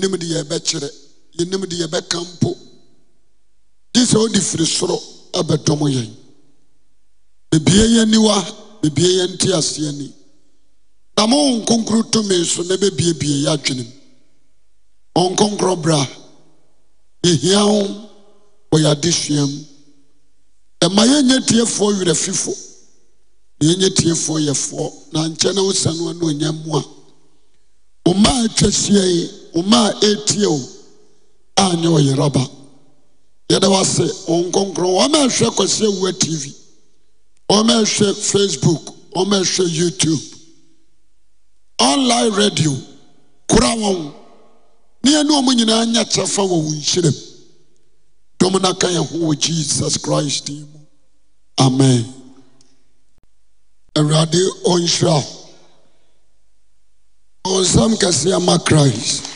yɛnim de yɛbɛkyerɛ yɛnim de yɛbɛka mpo gye sɛ wode firi soro abɛdɔm yɛn bebie yɛ aniwa bebie yɛ nte ni na mo nkonkro tumi nso na bɛbiebie yɛ adwene m ɔnkonkrɔ bra yɛhia wo wɔ yɛ adesua m ɛma yɛnyɛ tiefoɔ werɛ fifo na yɛnyɛ tiefoɔ yɛfoɔ na nkyɛ ne wo sa no ano ɔnya mu a wo mmaa atwa ɔma a ɛtie o anyɛ ɔyeraba yɛde wase wɔn kronkron wɔma ɛhwɛ Kwasi TV wɔma Facebook wɔma YouTube online radio kora wɔn ne yɛne wɔn nyinaa nyɛ kyɛfa wɔ wɔn nhyiram Jesus Christ mu amen awurade ɔnhyira ɔnsam kese ama Christ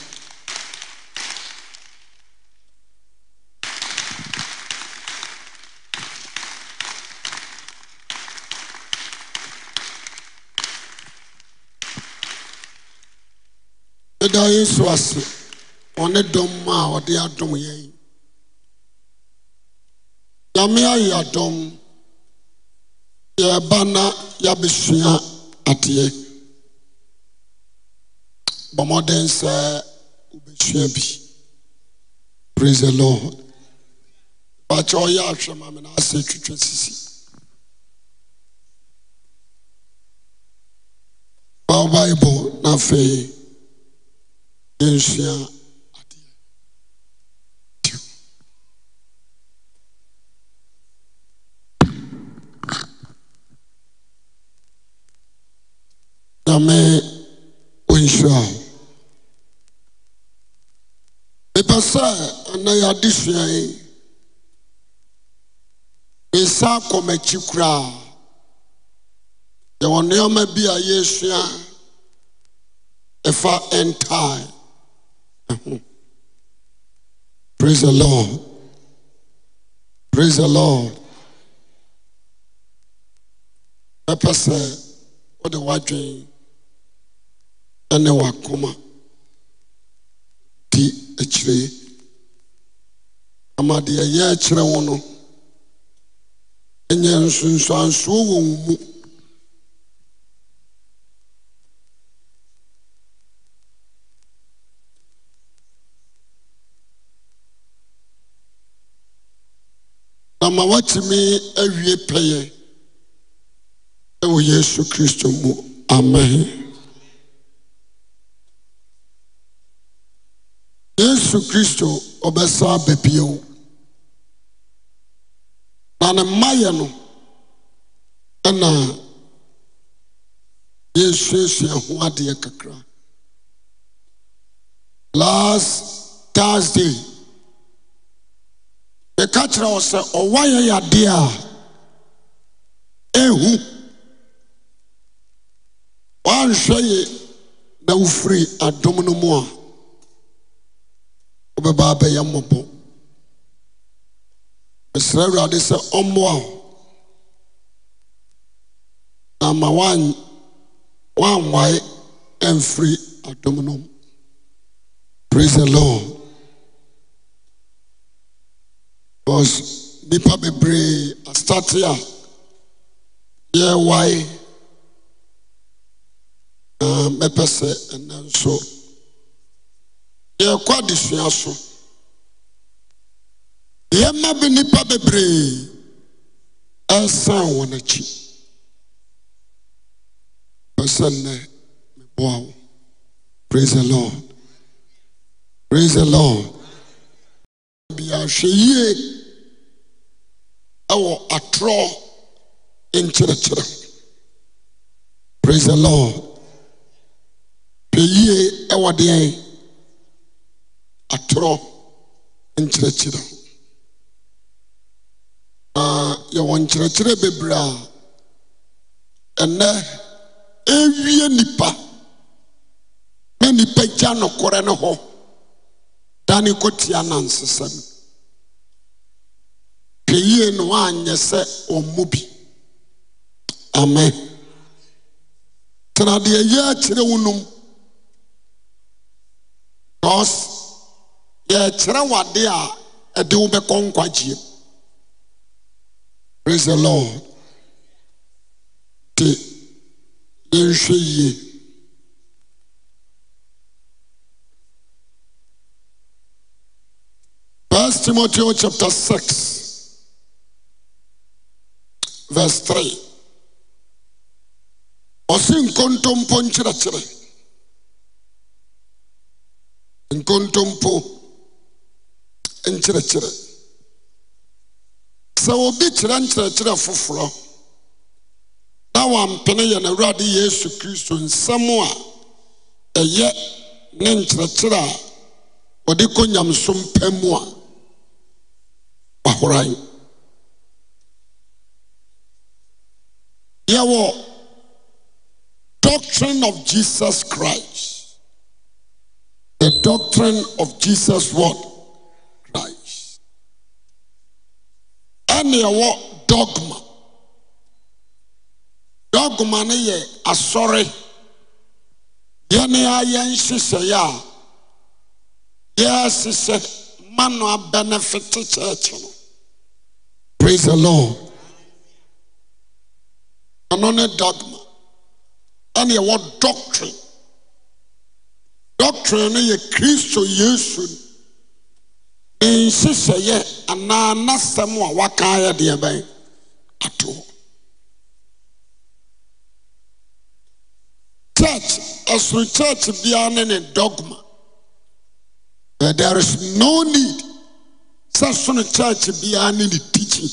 yi so ase ɔne dɔmm a ɔde adɔm yɛi nyame ayɔ adɔm yɛba na yɛbɛsua adeɛ bɔ mɔden sɛ wobɛsua bi pras e lord bakyɛ ɔyɛ ahwɛma menaasɛ twitwa sisi bawo bible na afei nsua ad ame nsua mipɛ sɛ ɛna yɛade suai mnsa kɔmakyi koraa yɛwɔnno ɔma bi a yɛsua ɛfa entie Praise the Lord. Praise the Lord. Pɛpɛ sɛ wode w'adwen di akyire ama deɛ ɛyɛ no ama w'atumi awie pɛyɛ ɛ wɔ yesu kristo mu ame yesu kristo ɔbɛsa baabio na ne mayɛ no ɛna yɛnsuasuaho adeɛ kakra last tursday mɛka kyerɛ wo sɛ ɔwa yɛ ayadeɛ a ɛhu wɔanhwɛ ye na wofiri adom nomu a wobɛbaa bɛyɛ mɔbɔ ɛsra awurade sɛ ɔmmɔa na ma woanwae amfiri adom nom pras e lor nnipa bebree astate a yɛrwae na mɛpɛ sɛ ɛna nso yɛrkɔ adesua so yɛma binnipa bebree ɛsa a wɔnakyi pɛ sɛ mnɛ meboa wo prais a lord prais a lord biahwɛ yie ɛwɔ atorɔ nkyerɛkyerɛ praise the lord pɛyie ɛwɔ deɛn atorɔ nkyerɛkyerɛ na yɛwɔ nkyerɛkyerɛ bebree a ɛnɛ ɛwie nipa, na nipa gya nokorɛ ne hɔ da ne kɔtia nansesɛm ɛyie ne ho ayɛ sɛ ɔmmu bi amen tena deɛ yɛakyerɛ wo nom bcause yɛkyerɛ wade a ɛde wo bɛkɔnkwa gyeem pras e lor nti yɛnhwɛ yie fis timoteo chapter 6 s3 ɔse nkontompo nkyerɛkyerɛ nkontompo nkyerɛkyerɛ sɛ obi kyerɛ nkyerɛkyerɛ foforɔ na wampene yɛ newurade yesu kristo nsɛm a ɛyɛ ne nkyerɛkyerɛ a ɔde kɔnyamso mpa mu a bahoran yɛwɔ doctrine of jesus christ the doctrine of jesus what christ ɛne yɛwɔ dogma dogma no yɛ asɔre yɛne a yɛnhyehyɛeɛ a yɛahyehyɛ ma no to church praise the lord ɛno ne dogma ɛne ɛwɔ doctrine doctrine no yɛ kristo yesu nhyehyɛeɛ anaa n'asɛm a waka yɛ deɛ bɛn ato hɔ church ɛsoro church biara ne ne dogma but there is no need sɛ soro church biara ne ne teaching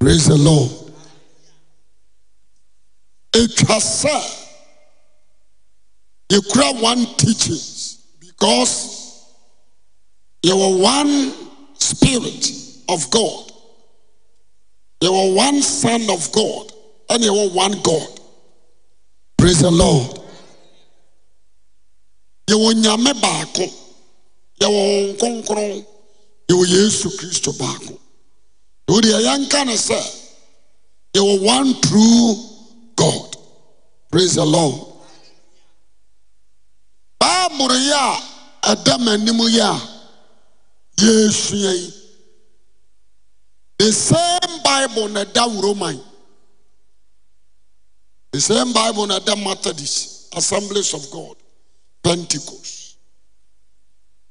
praise the lord It has said, "You cry one teachings because were one spirit of god were one son of god and you were one god praise the lord You were nyame baako you were yɛwɔ yesu Christo Bako wodeɛ yɛnka ne sɛ yɛwɔ one true god praise the lord bible yɛ a ɛda m'anim yɛ a the same bible na ɛda roman the same bible na ɛda methodist assemblies of god pentecost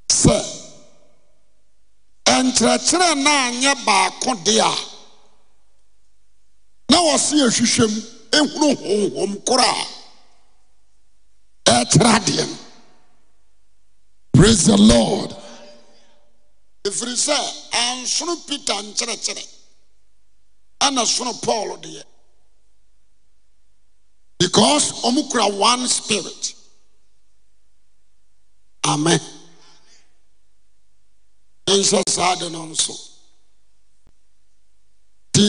sɛ nkyerɛkyerɛ naanyɛ baako deɛ a na ɔse yahwihwɛm hunu homhom kora a ɛkyera deɛ m prais the lord ɛfiri sɛ ɔnsono piter nkyerɛkyerɛ ɛna sono paul deɛ because ɔmukura one spirit ame ɛnhwɛ saa de no nso nti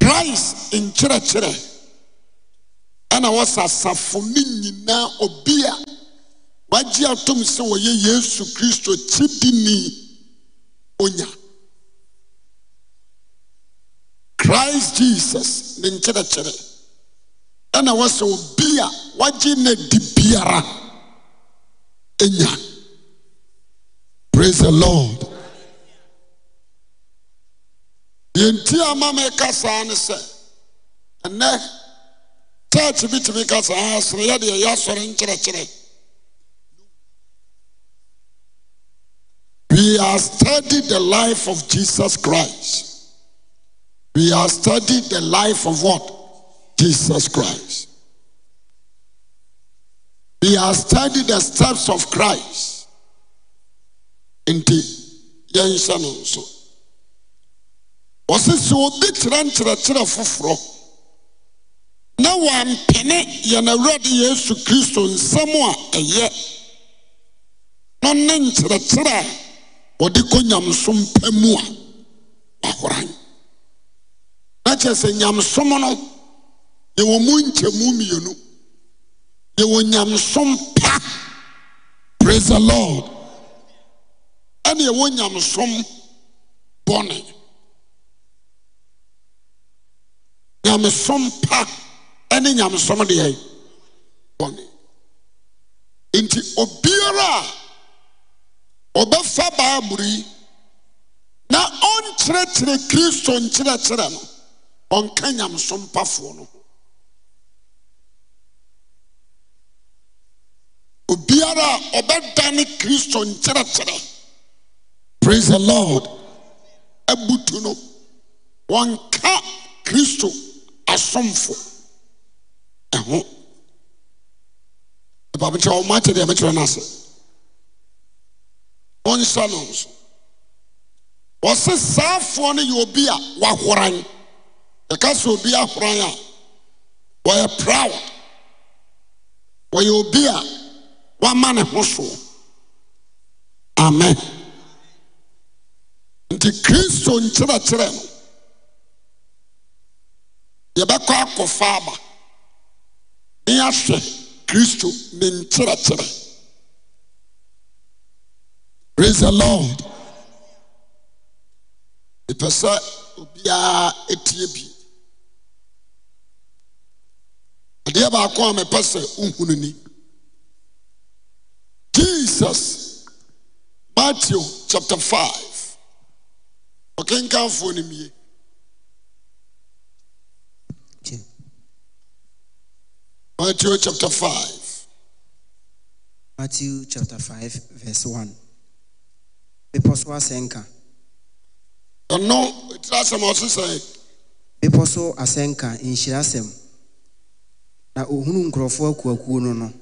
price nkyerɛkyerɛ ɛna wɔsa asafo ne nyinaa obi a wagye atom sɛ wɔyɛ yesu kristo kyidini onya christ jesus ne nkyerɛkyerɛ ɛna wɔsɛ obi a wagye na di biara ɛnya Praise the Lord. Yɛnti ama meka saa ne sɛ ɛnɛ church bi tumi ka saa asere ah, yɛdeɛ yɛasɔre nkyerɛkyerɛ. We are studying the life of Jesus Christ. We are studying the life of what? Jesus Christ. We are studying the steps of Christ. nti yɛnhyɛ no nso ɔsesɛ obi kyerɛ nkyerɛkyerɛ foforɔ na wɔampene yɛnawurade yesu kristo nsɛm a ɛyɛ no ne nkyerɛkyerɛ a ɔde kɔ nyamsom pa mu a wɔahoran na kyrɛɛ sɛ nyamsom no yɛwɔ mu nkyɛmo mmienu yɛwɔ nyamsom pa prais a lord ɛne ɛwɔ nyamesom bɔne nyamesom pa ɛne nyamesom deɛ bɔne nti obiara a ɔbɛfa baaburu yi na ɔnkyerɛkyerɛ kristo nkyerɛkyerɛ no ɔnka nyamesom pafoɔ no obiara a ɔbɛdane kristo nkyerɛkyerɛ praise the lord abutu no wɔnka kristo asomfo ɛho ɛbabekyerɛ wɔma akyɛ deɛ mekyerɛ no ase wɔnhyɛ no nso wɔse saafoɔ no yɛ obi a wahoran yɛka sɛ obi ahoran a wɔyɛ proud wɔyɛ obi a wama ne ho soɔ amen nti kristo nkyerɛkyerɛ no yɛbɛkɔ akɔfa aba ne ahwɛ kristo ne nkyerɛkyerɛ praise the lord mepɛ sɛ obiara ɛtie bi adeɛ baako a mepɛ sɛ wohunu ni jesus matthew chapter 5 ɔkenkanfoɔ no mie Matthew chapter five. Matthew chapter 5, verse 1. Bepɔso asɛnka. Ɛno tiri asɛm ɔso sɛ. Bepɔso asɛnka nhyira asɛm. Na ohunu nkurɔfoɔ akuakuo no no.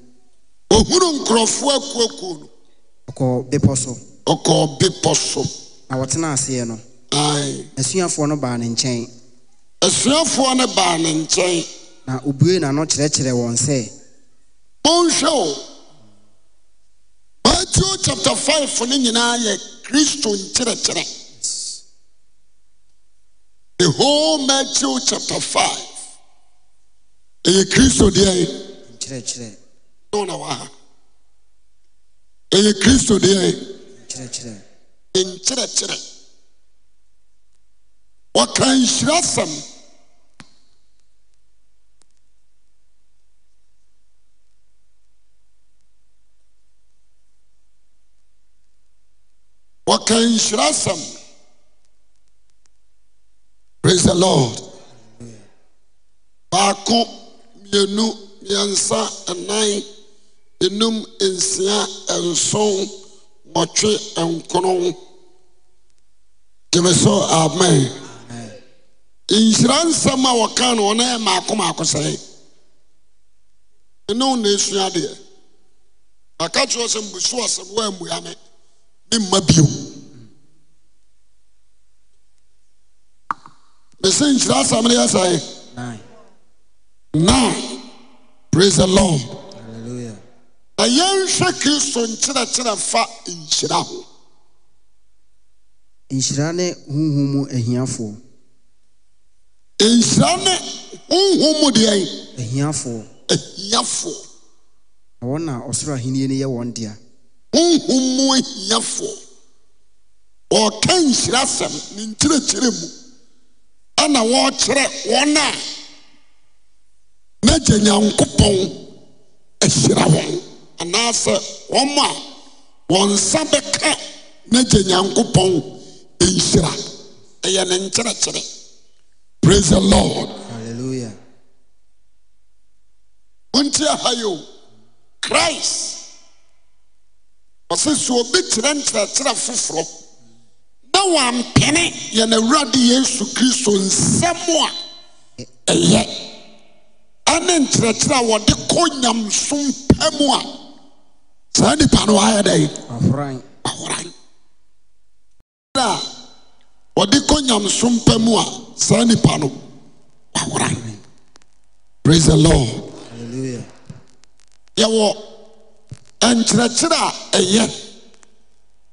Ohunu nkurɔfoɔ akuakuo no. Ɔkɔɔ bepɔ so. Ɔkɔɔ Na wɔtena aseɛ no. asuafoɔ no baa ne nkyɛn asuafoɔ ne baa ne nkyɛn na obuena no kyerɛkyerɛ wɔn sɛ mɔnhwɛw matew chapte 5i f ne nyinaa yɛ kristo nkyerɛkyerɛ e ho mattew chapte 5 ɛyɛ kristo deɛ nkyerɛkyerɛna w ɛyɛ kristo deɛkyerɛkyerɛ nkyerɛkyerɛ yiɛɛwɔka nhyirɛ asɛm prais e lord baako mmianu miɛnsa nnan nnum nsia nson mɔtwe nknon gyeme so amen nhyira nsɛm a wɔka no ɔna ɛ maakomaakosɛe ene na asuadeɛ baka kyerɛ wɔ sɛ mmuso ɔ sɛm woaammua me memma bio mɛ sɛ nhyira samene yɛsae na prais lorda na yɛnhwɛ kristo nkyerɛkyerɛ fa nhyira ho nhyira ne hohumu ahiafoɔ nsira ne honhom mu deɛn ahiafoɔ ahiafoɔ na wɔn na ɔsoro ahenni no yɛ wɔn dea honhom mu ahiafoɔ ɔka nhyira sɛm ne nkyerɛkyerɛ mu ɛna wɔrekyerɛ wɔn a n'agya nyankopɔn ahyira wɔn anaasɛ wɔn a wɔn nsa bɛka n'agya nyankopɔn nhyira ɛyɛ ne nkyerɛkyerɛ praise lorda wonti aha yio khrist ɔ se sɛ obɛ kyerɛ nkyerɛkyerɛ foforɔ na wampɛne yɛnewurade yesu kristo nsɛm a ɛyɛ ɛne nkyerɛkyerɛ a wɔde kɔnyamso mpa mu a saa nnipa no wɔayɛ dɛe ahoranɛ a wɔde kɔnnyamso mpa mu a saa nnipa no waworane prais e lord yɛwɔ nkyerɛkyerɛ a ɛyɛ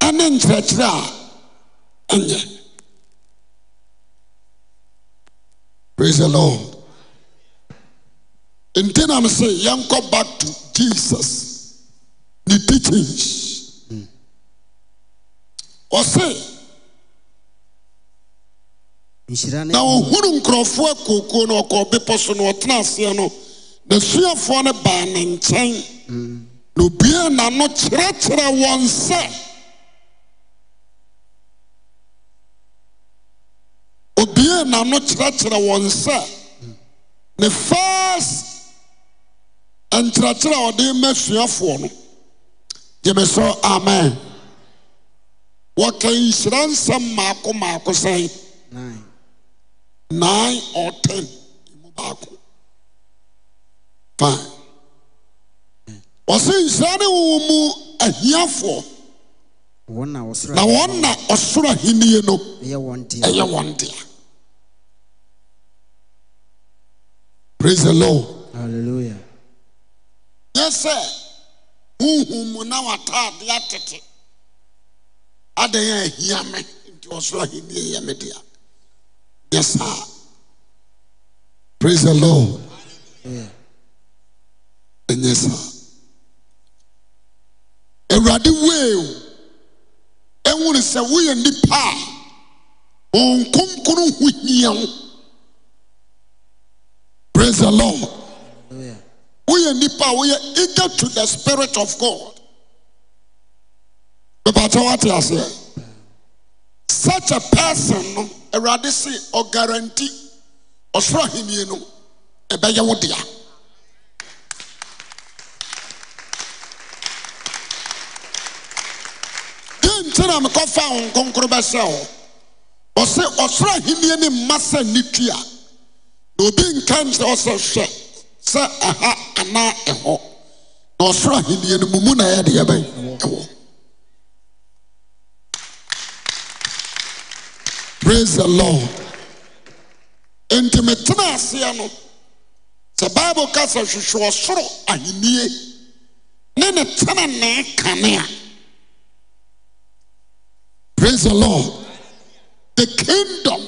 ɛne nkyerɛkyerɛ a nyɛ prais e lord ntinam se yɛnkɔ back to jesus ne dichang hmm. ɔse na ɔhuru nkurɔfoɔ akookuo no ɔkɔ ɔbepɔ so ne ɔtena aseɛ no nesuafoɔ no baa ne nkyɛn mm. na obie nano kyerɛkyerɛ wɔn sɛ obie na no kyerɛkyerɛ wɔn sɛ mm. ne firs nkyerɛkyerɛ a ɔde ma suafoɔ no gye me sɛ ama wɔkɛ nhyira nsɛm maako maakosɛn nine or ten mu baako fine ɔsɛ nhyira ne wo mu ahiafoɔ na wɔn na ɔsoro ahenni no ɛyɛ wɔn dea praise the lord hallelujah yɛ sɛ huhu mu na wataade atete adɛn a ahia me nti ɔsoro ahenni yɛ me dea Yes, sir. Praise the Lord. Yeah. And yes, sir. Awurade wee o ehunu sɛ woyɛ nipa a ho hia ho praise the lord woyɛ nipa a woyɛ eager to the spirit of god bɛbɛ ata wate aseɛ. such a person no awurade se ɔgaranti ɔsoro ahenni no ɛbɛyɛ wo dea de nti na mekɔfa wo nkonkoro bɛhyɛ wo ɔse ɔsoro ahenni ne mma sɛ ne tu a na obi nka nkyerɛ ɔsɛ hwɛ sɛ ɛha anaa ɛhɔ na ɔsoro ahenni no mu mu na ɛyɛ deɛ bɛn ɛwɔ praise the lord enti metena aseɛ no sɛ bible ka sɛ hwehwɛ ɔsoro ahennie ne ne tenenee kane a praise the lord the kingdom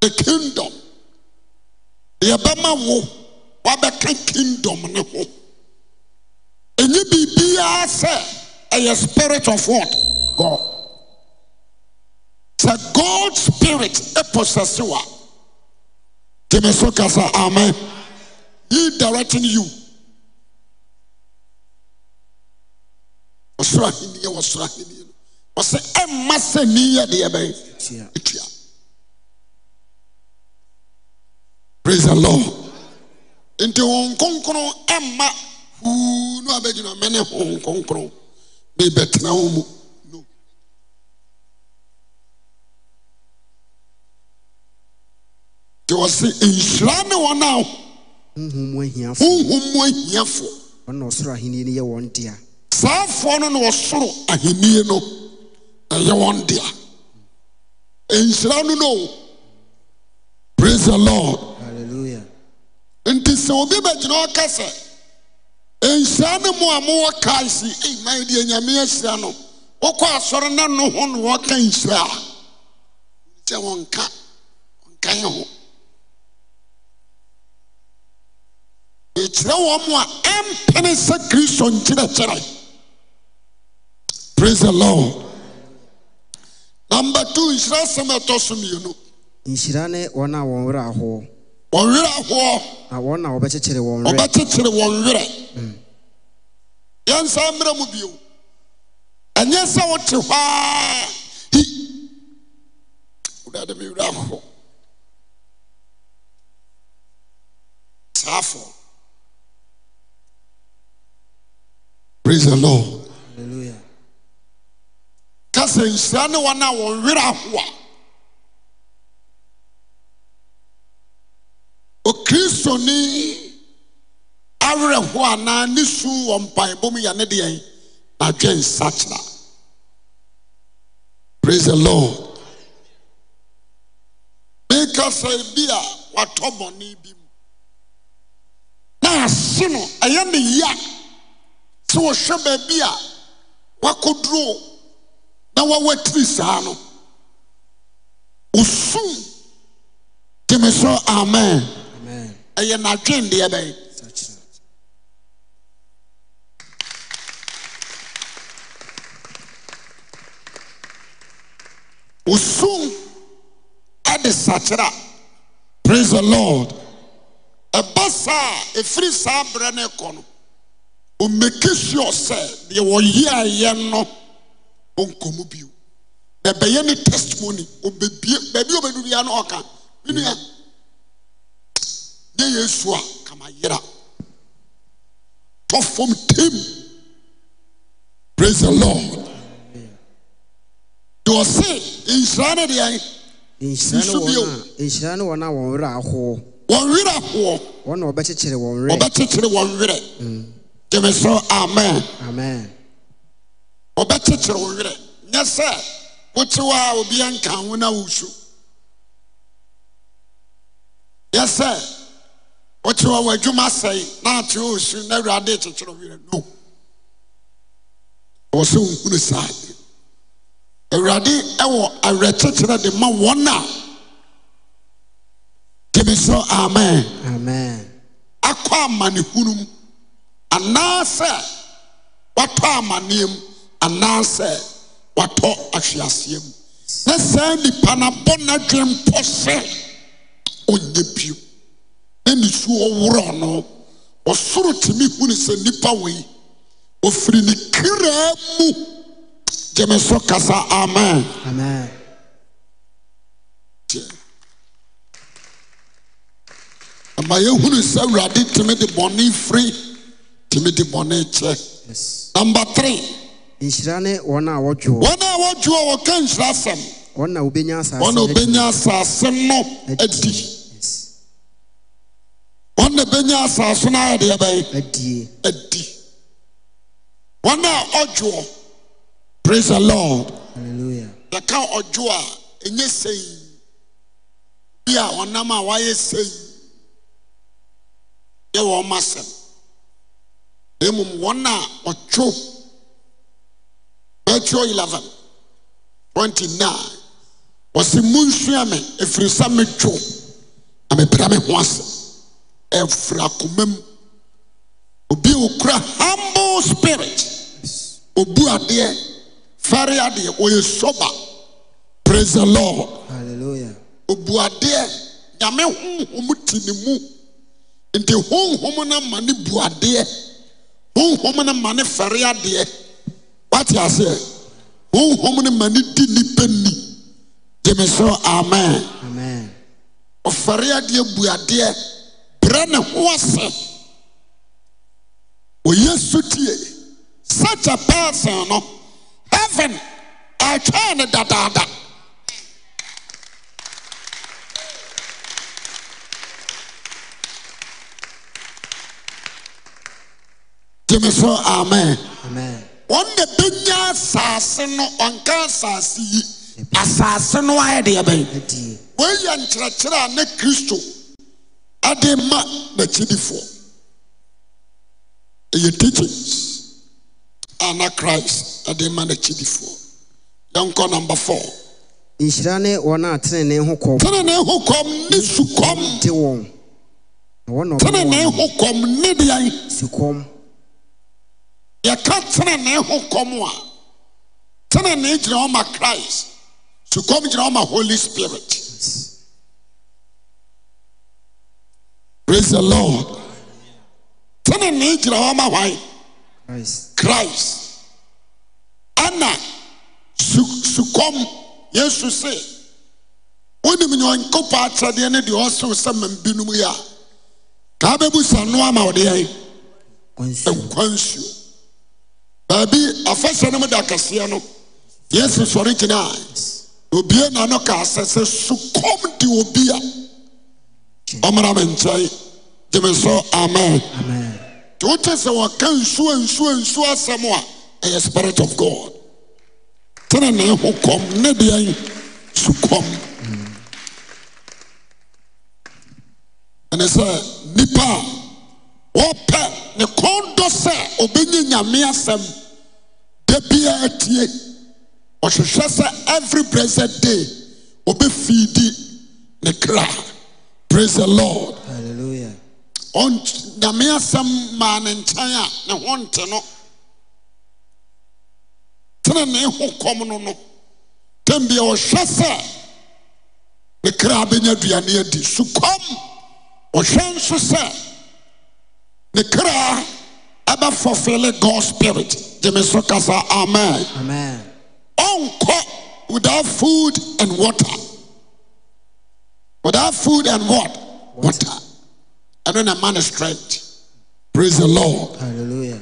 the kingdom yɛbɛma wo wabɛka kingdom ne ho ɛnyɛ biribiara sɛ ɛyɛ spirit of what god god spirit pɔ sɛsew a ti me so kasa ame i directin you ɔsorhenɔsoroe ɔ sɛ ma sɛ ni yɛdeɛ bɛ tua prais e low nti hɔh kronknon ma huu no abɛgina mene ho konkron ne bɛtena ho mu nti ɔse nhyira ne wɔn a honhom mu ahiafoɔ saafoɔ no na ɔsoro ahenni no ɛyɛ wɔn dea nhyira no no praise the lord nti sɛ obi bɛgyina ɔka sɛ nhyira ne mu a si deɛ nyame no asɔre na no ho na wɔka nhyira a yɛ ho ɛkyirɛ wɔ mo a ɛmpɛne sɛ kristo nkyira kyerɛ pras e lord numbe t nhyira asɛm ɛtɔ so mmieno nhyira ne ɔn werɛhoɔ erɛhoɔɔbɛkyekyere wɔnwerɛ mm. yɛnsa mmerɛ mu bio ɛnyɛ sɛ wokye hɔ a woademe werɛ hoɔ saafo asl ka sa nsira ne won a wɔwerɛ aho a okristoni awerɛ ho anaa ne suw wɔ mpan bɔm yɛ ne deɛn nadwe nsakyera prais e lord mekasa bi a watɔ bɔne bi mu na ase no ɛyɛ ne ya sɛ wɔhwɛ baabi a woakɔduroɔ na woawɔtiri saa no ɔsum di mi so amen ɛyɛ n'adwen deɛ bɛyɛ osum ɛde sakyera praise he lord ɛbɛ saa a ɛfiri saa berɛ ne ɛkɔ no ɔmɛkɛ su ɔ sɛ deɛ ɔyiayɛn no ɔnkɔmmɔ bio na bɛyɛ ne testimony ɛbe baabi ɔbɛdubia ne ɔka bina neɛ yesu a kamayera tɔfam tem pras e lor deɛ ɔse nhyira no deɛ nso bionhyira n ɔneɛhoɔ ɔnwerɛ ahoɔ nɔɛekere ɔbɛkyekyere wɔnwerɛ de me so amen ɔbɛkekyerɛ wo werɛ yɛ sɛ wotew a ɔbia nkan ho no awosu yɛ sɛ wotew a w'adwuma asɛe naate ɔsu na awurade kyekyerɛ w werɛ no ɛwɔ sɛ wohunu saade awurade wɔ awerɛkekyerɛ de ma wɔn na de mi so amen ame akɔ amane hunum anaasɛ watɔ amanneɛ m anaasɛ watɔ ahweaseɛ m ne saa nnipa nabɔ nn'adwenpɔ sɛ ɔnyɛ bio ne nesuo ɔworɛno wɔsoro tumi hunu sɛ nnipa we yi ɔfiri ne kiraa mu gyeme so kasa amen ama yɛhunu sɛ wurade tumi de bɔne firi timi de bɔne kyɛ nm 3 nhyira ne wn n a wɔdwoɔ wɔkɛ nhyira sɛmɛa na ɔbɛnya asasem no adi ɔna bɛnya asaso no ayɛdeɛ bɛɛ adie adi ɔn a ɔdwoɔ prais e lord dɛka ɔdwoɔ a ɛnyɛ sɛi bia ɔnam a wɔayɛ sɛm yɛwɔ ma sɛm mmom wɔn a ɔtwo meto 11 209 ɔse mu nsuame ɛfirisa metwo na mebra me ho ase ɛfiriakoma m obia wo kura humble spirit ɔbuadeɛ fare adeɛ ɔyɛ sɔ ba prese lord obuadeɛ yame homhom te ne mu nti homhomu no ma ne buadeɛ honhom no ma ne fɛre adeɛ wateasɛ honhom no ma ne di nnipa nni de me sɛ amen ɔfɛreadeɛ buadeɛ berɛ ne hoa se ɔyɛ sotee sache paɛsee no heven atwaɛ ne dadaada demi so ame wɔna bɛnya asaase no ɔnka asase yi asase no ayɛdeɛ bɛ wɔyɛ nkyerɛkyerɛ a na kristo aden ma n'akyidifoɔ ɛyɛ teachins ana christ aden ma n'akyidifoɔ dɛnkɔ namb fo nhyia ne ntneoe eone basuk yɛka tenene ho kɔm a tenene gyina hɔ ma christ sukɔm gyina hɔ ma holy spirit praise the lord na gyina hɔ ma kraịst christ ana sukɔm yesu se wonim nyɛ ɔnkɔpɔ akyerɛdeɛ ne deɛ ɔsew sɛ ma binom yi a kaa bɛbu sa noa ma wɔde baabi afasɛno mda akɛseɛ no yɛsesɔre gyinaa obie nanɔ ka asɛ sɛ sukɔm de obi a ɔmmramenkyerɛne de me so amen nti wote sɛ wɔka nsu ansuansu asɛm a ɛyɛ spirit of god tine neho kɔm ne deɛn sukɔm mm. ɛne sɛ nnipa a wɔpɛ ne kɔn dɔ sɛ ɔbɛnye nyamea sɛm da biaa atie ɔhwehwɛ sɛ every bresent day ɔbɛfiidi ne kraa prase he lord nyameasɛm maa ne nkyɛn a ne ho nte no tene ne ho kɔm no no tim bia ɔhwɛ sɛ ne kraa bɛnya duane adi sukɔm ɔhwɛ nso sɛ The kra ever fulfilling God's spirit. The Mesokasa, Amen. Amen. Unko without food and water. Without food and what? Water. water. And then a man is strength. Praise the Lord. Hallelujah.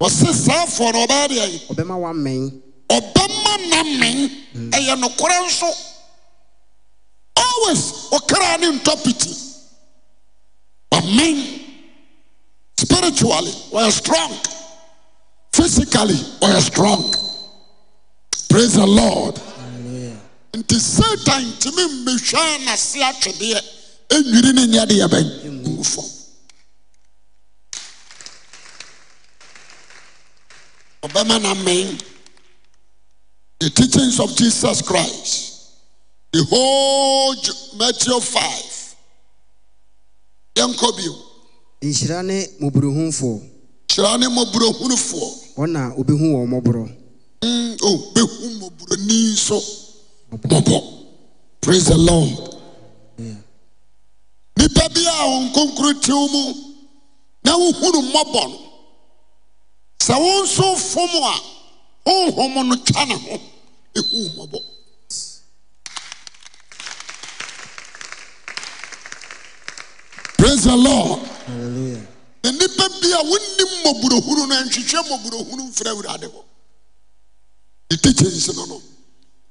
wɔse saa foɔ no ɔbaa de ayi. ɔbɛma wa mɛn. ɔbɛma na mɛn. ɛyɛ nokora nso always ɔkara ne ntɔpiti Spiritually, we are strong. Physically, we are strong. Praise the Lord. nti satan ntumi mmehwɛ n'ase atwedeɛ enwiri ne nyɛ deɛ bɛn ngu fam ɔbɛma na mmɛn the teachings of jesus christ the whole matthew five yɛnkɔ bio. nhyira ne mmɔborɔhunufoɔ hyira ne mmɔborɔhunufoɔ ɔna obɛhu wɔn praise the lord bi a wɔn mu na wohunu mmɔbɔ no sɛ wo nso fom a honhom no twa ne ho praise the lord aelya ne nnipa bi a wonnim mmɔborohunu no ntwehwɛ mmɔborohunu mfrɛ wurɛade hɔ ne tikyinsi no no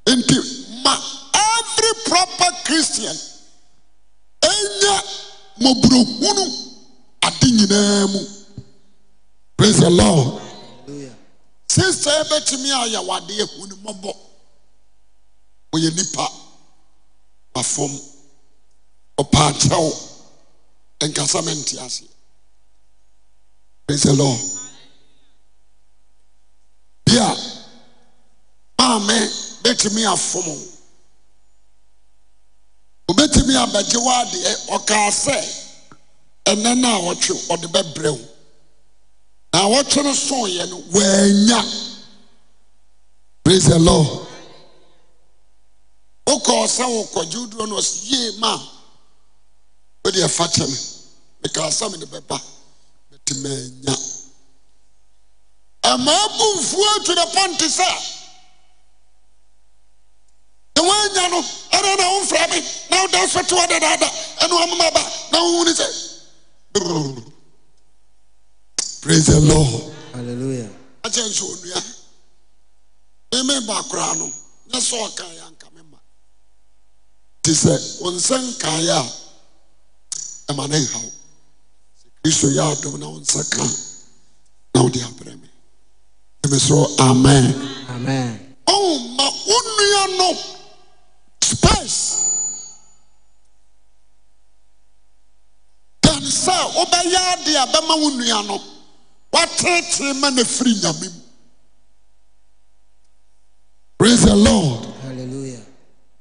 nti ma every proper christian ɛnyɛ mɔburohunu ade nyinaa mu pras e lor sista ɛbɛtumi ayɛwade ahu nmmɔbɔ woyɛ nipa wafom ɔpaakyɛw nkasa mente ase pras e lw bia maame bɛtumi afom o obɛtumi abɛgye waadeɛ ɔkaa sɛ ɛnɛ na a wɔtwe ɔde bɛbrɛ wo na wɔtwe no soeɛ no wanya pras e law wokɔɔ sɛ wokɔgyewodoɔ no ɔs yee maa wode ɛfakyɛne mekaasɛm ne bɛba mɛte maanya amaa bomfuɔ atwerɛ pɔnte sɛa nɛ woanya no ara na womfrɛ de na woda sɔ te wodadaada ɛne wamama ba na wowuno sɛ pras e laaeya akyensɛ onua m mɛba koraa no nɛ sɛ ɔkaaeɛ nka me ma nti sɛ ɔnsɛm kaaeɛ a ɛma ne nhaw iyɛnoɛn woe aen ma wo nnua no spice gan sɛa wobɛyɛa de a bɛma wo nnua no woatetee ma ne firi nyame m prais e lord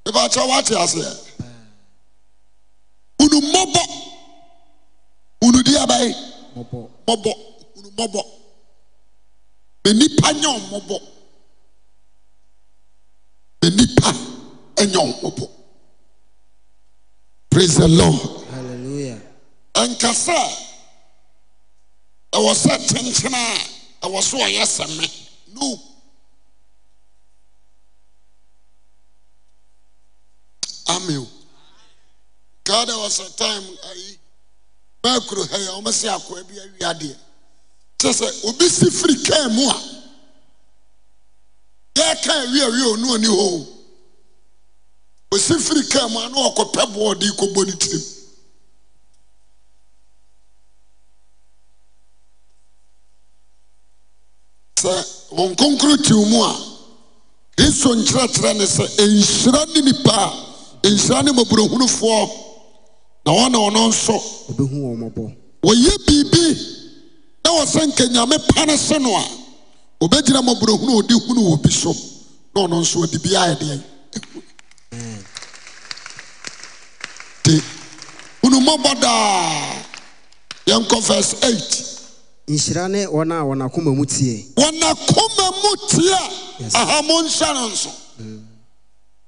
ɛfakyɛ woate aseɛ nomɔbɔ wunu di abaye ɔɔnumɔbɔ mennipa nyawmmbɔ benip nyaw mbɔ praise lordya nkasɛ ɛwɔ sɛ tentena a ɛwɔ so ɔyɛ sɛme noami ka ha was atimea baakuro ha yɛ wɔmɛsɛ akoa bi awi adeɛ kyerɛ sɛ obi si firi kaa mu a yɛka awiawie ɔno ɔni hɔ o osi firi kaa mu a na ɔkɔpɛ boɔ de kɔbɔ ne tirim sɛ wɔn konkro tiw mu a kristo nkyerɛkyerɛ ne sɛ nhyira ne nipa a nhyira ne mmɔborɔhunufoɔ na ɔne ɔno nso wɔyɛ biribi na wɔ sɛ nyame pa ne se no a ɔbɛgyina mmɔborɔhunu ɔde hunu wɔ bi so na ɔno nso ɔde bi ayɛ daa verse 8 nhyira ne wɔn a akoma mu tie akoma mu tie nsọ.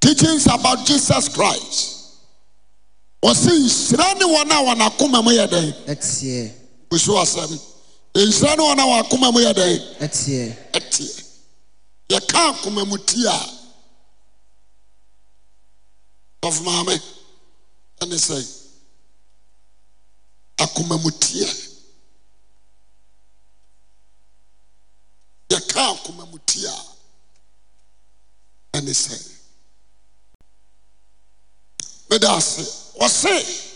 teachings about jesus christ wọsị nhyira ne wɔn a wɔn akoma mu yɛ dɛn ɛteɛ busu asɛm nhyira ne wɔn a wɔn akoma mu yɛ dɛn ɛteɛ ɛteɛ yɛka akoma mu ti a tɔfo maame sɛ akoma a ɔse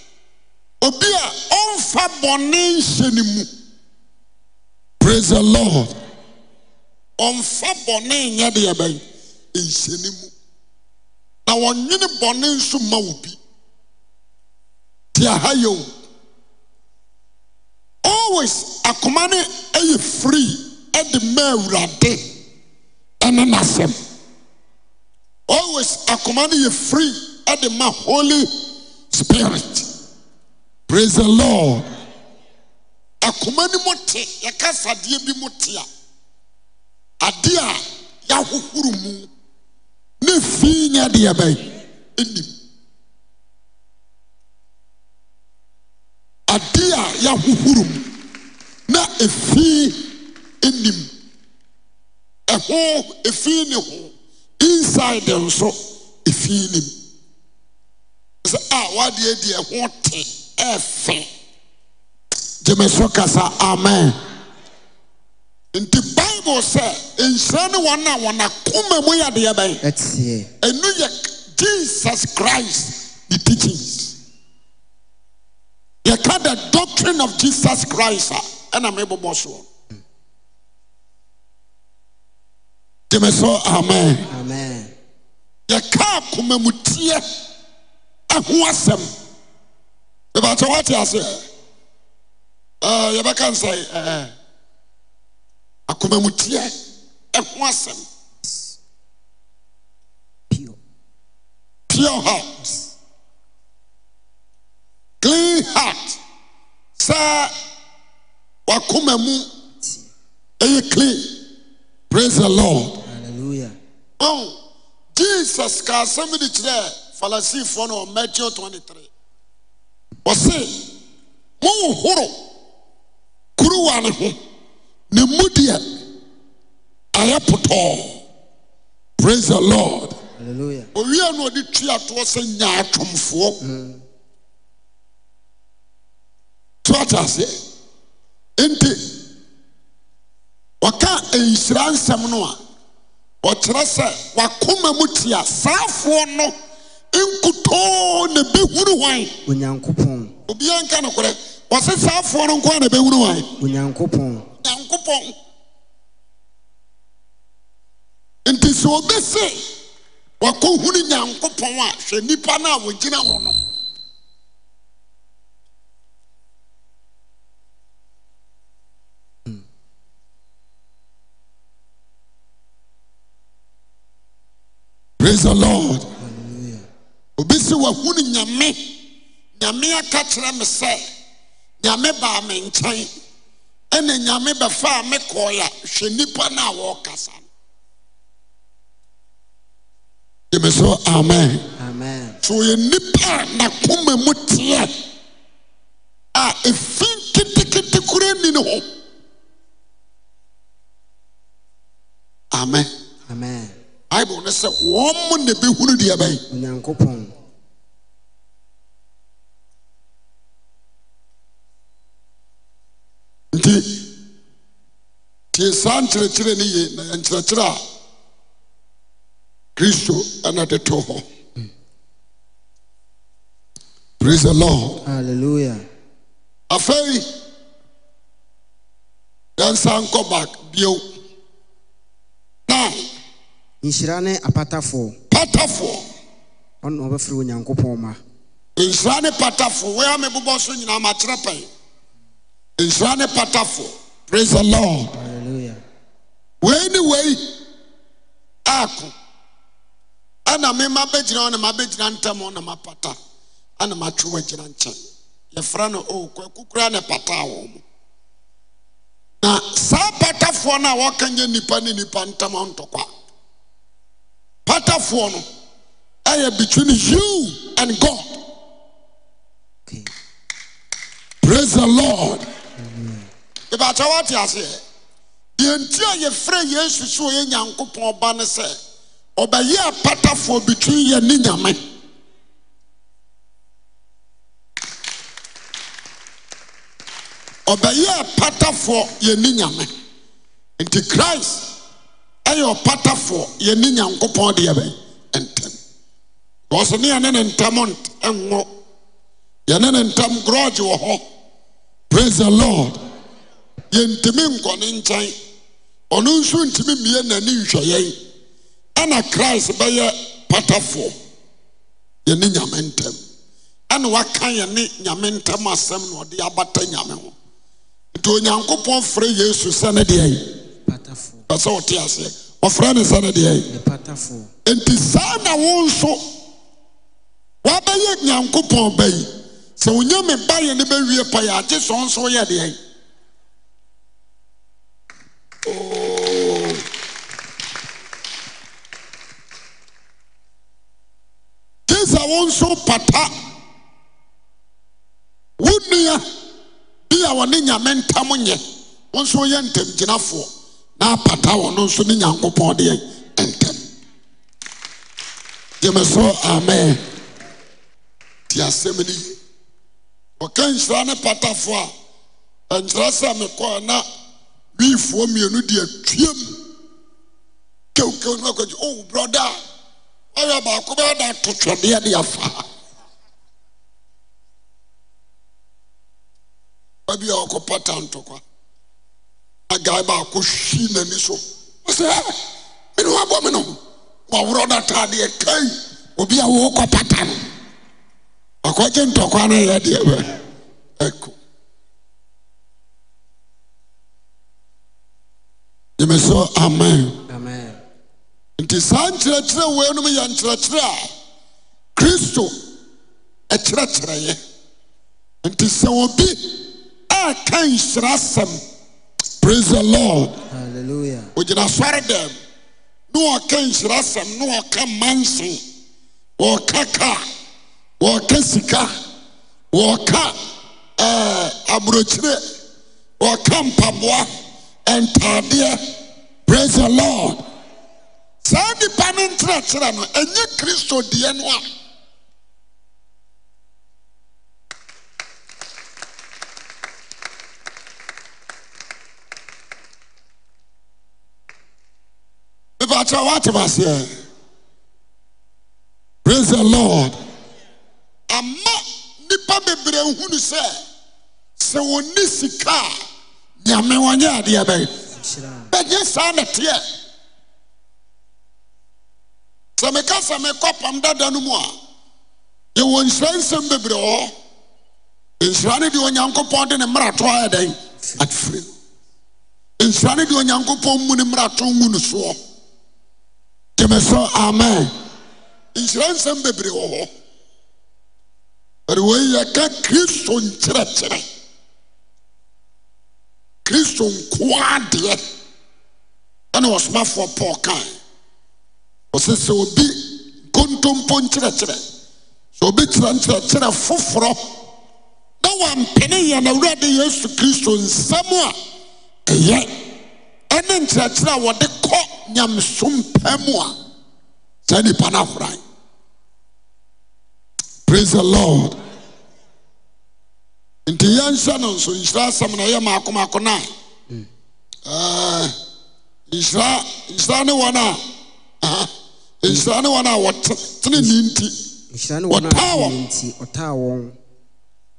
obi a ɔmfa bɔne nhyɛ ne mu prais he lord ɔmfa bɔne nyɛ de yɛbɛn nhyɛ ne mu na wɔnwene bɔne nso mma wo bi ti aha yɛo always akoma ne ɛyɛ frii de maa awurade ne n'asɛm always akoma ne yɛ frii de ma holy spirit praise the lord akoma ni mo te yɛka sadeɛ bi mo te a adeɛ a mu ne fi nyɛ deɛ bɛn ɛnim adeɛ a yɛahohoro mu na efi ɛnim ɛho ɛfii ne ho inside nso ɛfii nim sɛ a ah, wadeɛ deɛ ho te ɛfɛ gyeme so kasa amen nti bible sɛ nhyira ne wɔn a wɔn akoma mu yɛ adeɛ bɛn ɛnu yɛ jesus christ the teachings yɛka the doctrine of jesus christ a ɛna mebobɔ soɔ gyeme so amen yɛka akomamuteɛ ɛho asɛm ɛbɛkɛ wote ase ɛ eh, yɛbɛka n sɛ eh, eh. akomamu teɛ ɛho asɛm pu heart clean heart sɛ wakomamu ɛyɛ klen prais he lord oh, jesus ka sɛm midekyerɛɛ farisifoɔ nomato 23 ɔse mohoro kuruwa ne ho ne mudeɛ ayɛ potɔɔ prais he lord ɔwiea no ɔde teatoɔ sɛ nya atwomfoɔ saaaseɛ nti ɔka nnhyira nsɛm no a ɔkyerɛ sɛ wakoma mu ti a saafoɔ no nkutoo na bɛhunu hwan onyankopɔn obiaa nka nokorɛ wɔse saafoɔ no nko a na bɛhunu hwan onyankopɔn nyankopɔn nti sɛ obɛ se wakɔhunu nyankopɔn a hwɛ nnipa no a wɔgyina hɔ no Praise the Lord. sɛ wahu no nyame nyame aka kyerɛ me sɛ nyame baa me nkyɛn ɛnnɛ nyame bɛfaa me kɔɔe a hwɛ nnipa no wɔrekasa no dim so amen ntɛ ɔyɛ nnipa a n'akoma mu teɛ a ɛfi ketekete kora nni ne ho ame bible no sɛ wɔmɔ ne bɛhunu deɛ bɛinyankpɔ ɛsaa nkyerɛkyerɛ ni ye na ɛnkyerɛkyerɛ a kristo ɛnadeto hɔ pras lrdaleluya afei dɛnsankɔbak bio n nhyira ne apatafoɔ patafoɔ ɔnebɛfrɛ onyankopɔnma nhyira ne patafoɔ we amebobɔ so nyina makyerɛ pɛi nhyira ne patafoɔ prase lord wei oh, ne wei aako ɛna mema bɛgyina hɔ na mabɛgyina ntam na mapata ɛna na wagyina nkyɛn yɛfrɛ no o kwakukura ne pataa wɔ mu na saa patafoɔ no a wɔka nyɛ nnipa ne nnipa ntam ntɔkwa patafoɔ no ɛyɛ between you and God praise the Lord ìbàtà wọ́n ti àṣeyẹ. yɛnti a yɛfrɛ yesu sɛ ɔyɛ nyankopɔn ba ne sɛ ɔbɛyɛ apatafoɔ bitwin yɛ ne nyame ɔbɛyɛ apatafoɔ yɛ ne nyame nti christ ɛyɛ ɔpatafoɔ yɛ ne nyankopɔn deɛ bɛ ntɛm wɔso ne yɛne ne ntam nwo yɛne ne ntam gorɔgye wɔ hɔ praise the lord yɛntumi nkɔ ne nkyɛn ɔno nso ntimi mmiɛ nani nhwɛyɛn ɛna christ bɛyɛ patafoɔ yɛne nyame ntam ɛna waka yɛne nyame ntam asɛm na ɔde yɛabata nyame ho nti onyankopɔn frɛ yesu sɛnedeɛn bɛ sɛ ɔte aseɛ ɔfrɛ ne sɛnedeɛn enti saa na wo nso waabɛyɛ nyankopɔn bɛ yi sɛ onya me baeɛ ne bɛwie pa yɛ agye sɛ ɔ nso woyɛ deɛn gesa wo nso pata wonnua bi a wɔne nyame ntam nyɛ wo nso woyɛ ntamgyinafoɔ na apata wɔno nso ne nyankopɔn deɛ ntam demeso ama tiasɛm ni ɔka nhyira ne patafo a nkyerɛ sɛ mekɔana wiifoɔ mmienu de atwam kewkew no akɔgye oh broda ọ ɔyɛ baako bɛyɛ da atụtụ twɛdeɛ de afa babi a ɔkɔpata ntɔkwa agae baako hwi n'ani so sɛ mene wabɔ me no ho waworɔ no kai obi a wɔkɔpata no ɔkɔgye ntɔkwa no yɛ deɛ ɛko yimi so amen nti saa nkyerɛkyerɛɛ wɔanom yɛ nkyerɛkyerɛ a kristo ɛkyerɛkyerɛeɛ nti sɛ obi a ka nhyirɛ asɛm prais he lord ogyinasɔre dɛm ne wɔka nhyirɛ asɛm ne wɔka manson wɔka ka wɔka sika wɔka aborokyere wɔka mpaboa ntadeɛ pras he lord saa nnipa no nterɛkyerɛ no ɛnyɛ kristo deɛ no a payeɛwaebasɛ praise the lord ama nnipa bebrɛ hu nu sɛ sɛ wɔnni sikaa ame wɔnyɛ adeɛ bɛ bɛgye saa meteɛ sɛ meka sɛ mekɔpam dada no mu a yɛwɔ nhyira nsɛm bebree wɔ hɔ nhyira ne deɛ onyankopɔn de ne mmrato ayɛ dɛn afrɛ nhyira ne deɛ onyankopɔn mu ne mmrato wu nesoɔ deme so amen nhyira nsɛm bebree wɔ hɔ bɛde wɔiyɛka kristo nkyerɛkyerɛ kristo nkoaa deɛ ɛne wɔsomafoɔ pɔɔ kae ɔ sɛ sɛ obi nkontompo nkyerɛkyerɛ sɛ obi kyerɛnkyerɛkyerɛ foforɔ na wampene yɛ nawurade yesu kristo nsɛm a ɛyɛ ɛne nkyerɛkyerɛ a wɔde kɔ nyamso mpam a saa nnipa no ahoran prais he lord nti yɛ nhyiɛ no nso nhyira asɛm na ɛyɛ maakomakona nnhyira mm. eh, ne wn anhyira ne wɔn a tene ne nti ɔaa wɔn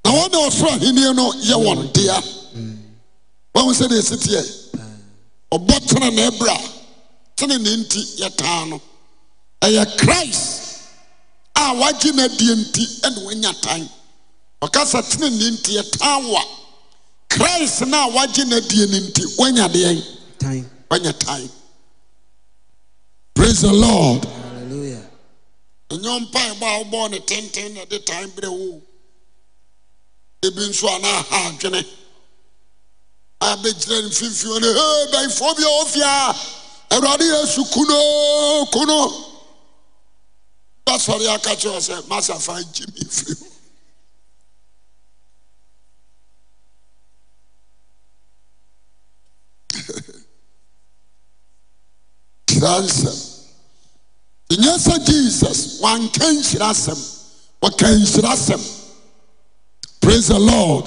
na wɔne ɔsoro ahenni no yɛ wɔn dea mm. wahu sɛdeɛ ɛsiteɛ ah. ɔbɔ tene na ɛbrɛ tene ne nti yɛtaa no ɛyɛ khrist a w'agye n' adiɛ nti ɛne woanya tan ɔkasa tene ne nti yɛtan wa christ na a wagye n'adie no nti woanya deɛn wanya tan praise the lord ɛnyɛ mpaebɔ a wobɔɔ ne tenten na ɛde tan berɛ wo ebi nso anaa ha adwene a bɛgyina ne mfimfini ne he bɛnfoɔ bi a ɔfie a awurade yesu kuno kuno bɛsɔre aka kyerɛ sɛ masafa gye me firi mu sɛ ɛnyɛ sɛ jesus wanka nhyira asɛm wɔka nhyira asɛm prais e lord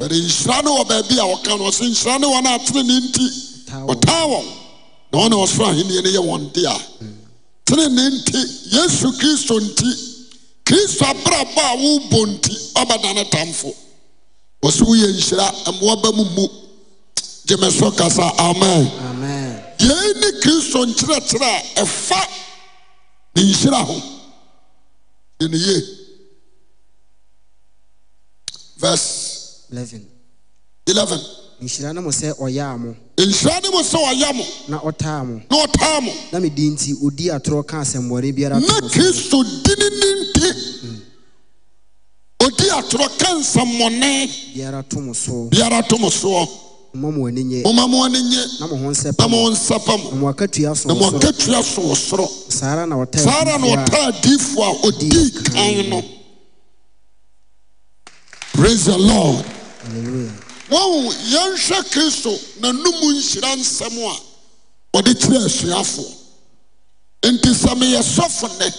bɔte nhyira ne wɔ baabi a wɔka no ɔ so nhyira ne wɔn a tere ne nti wɔtaa wɔn na wɔne ɔsoroahennie no yɛ wɔn de a mm. terene nti yesu kristo nti kristo abraba a worebɔ nti ɔbɛda ne tamfo wɔ so woyɛ nhyira mmoaba mu mu gyeme so kasa amen yei ne kristo nkyerɛkyerɛ a ɛfa ne nhyira ho ɛi no ye nhyira ne mo sɛ ɔyɛa monhyira ne mo sɛ t ka mn kriso dinnn atorɔ ka sɛmɔneɔitomsoɔ mma mo nye na mo ho nsɛ na mo akatua so wɔ soro saa ara na ɔtaa adiifoɔ a ɔdii kan no praise the lord hallelujah wɔn yɛnhwɛ kristo n'anum nhyira nsɛm a wɔde kyerɛ asuafoɔ nti sɛ meyɛ sɔfo nnɛ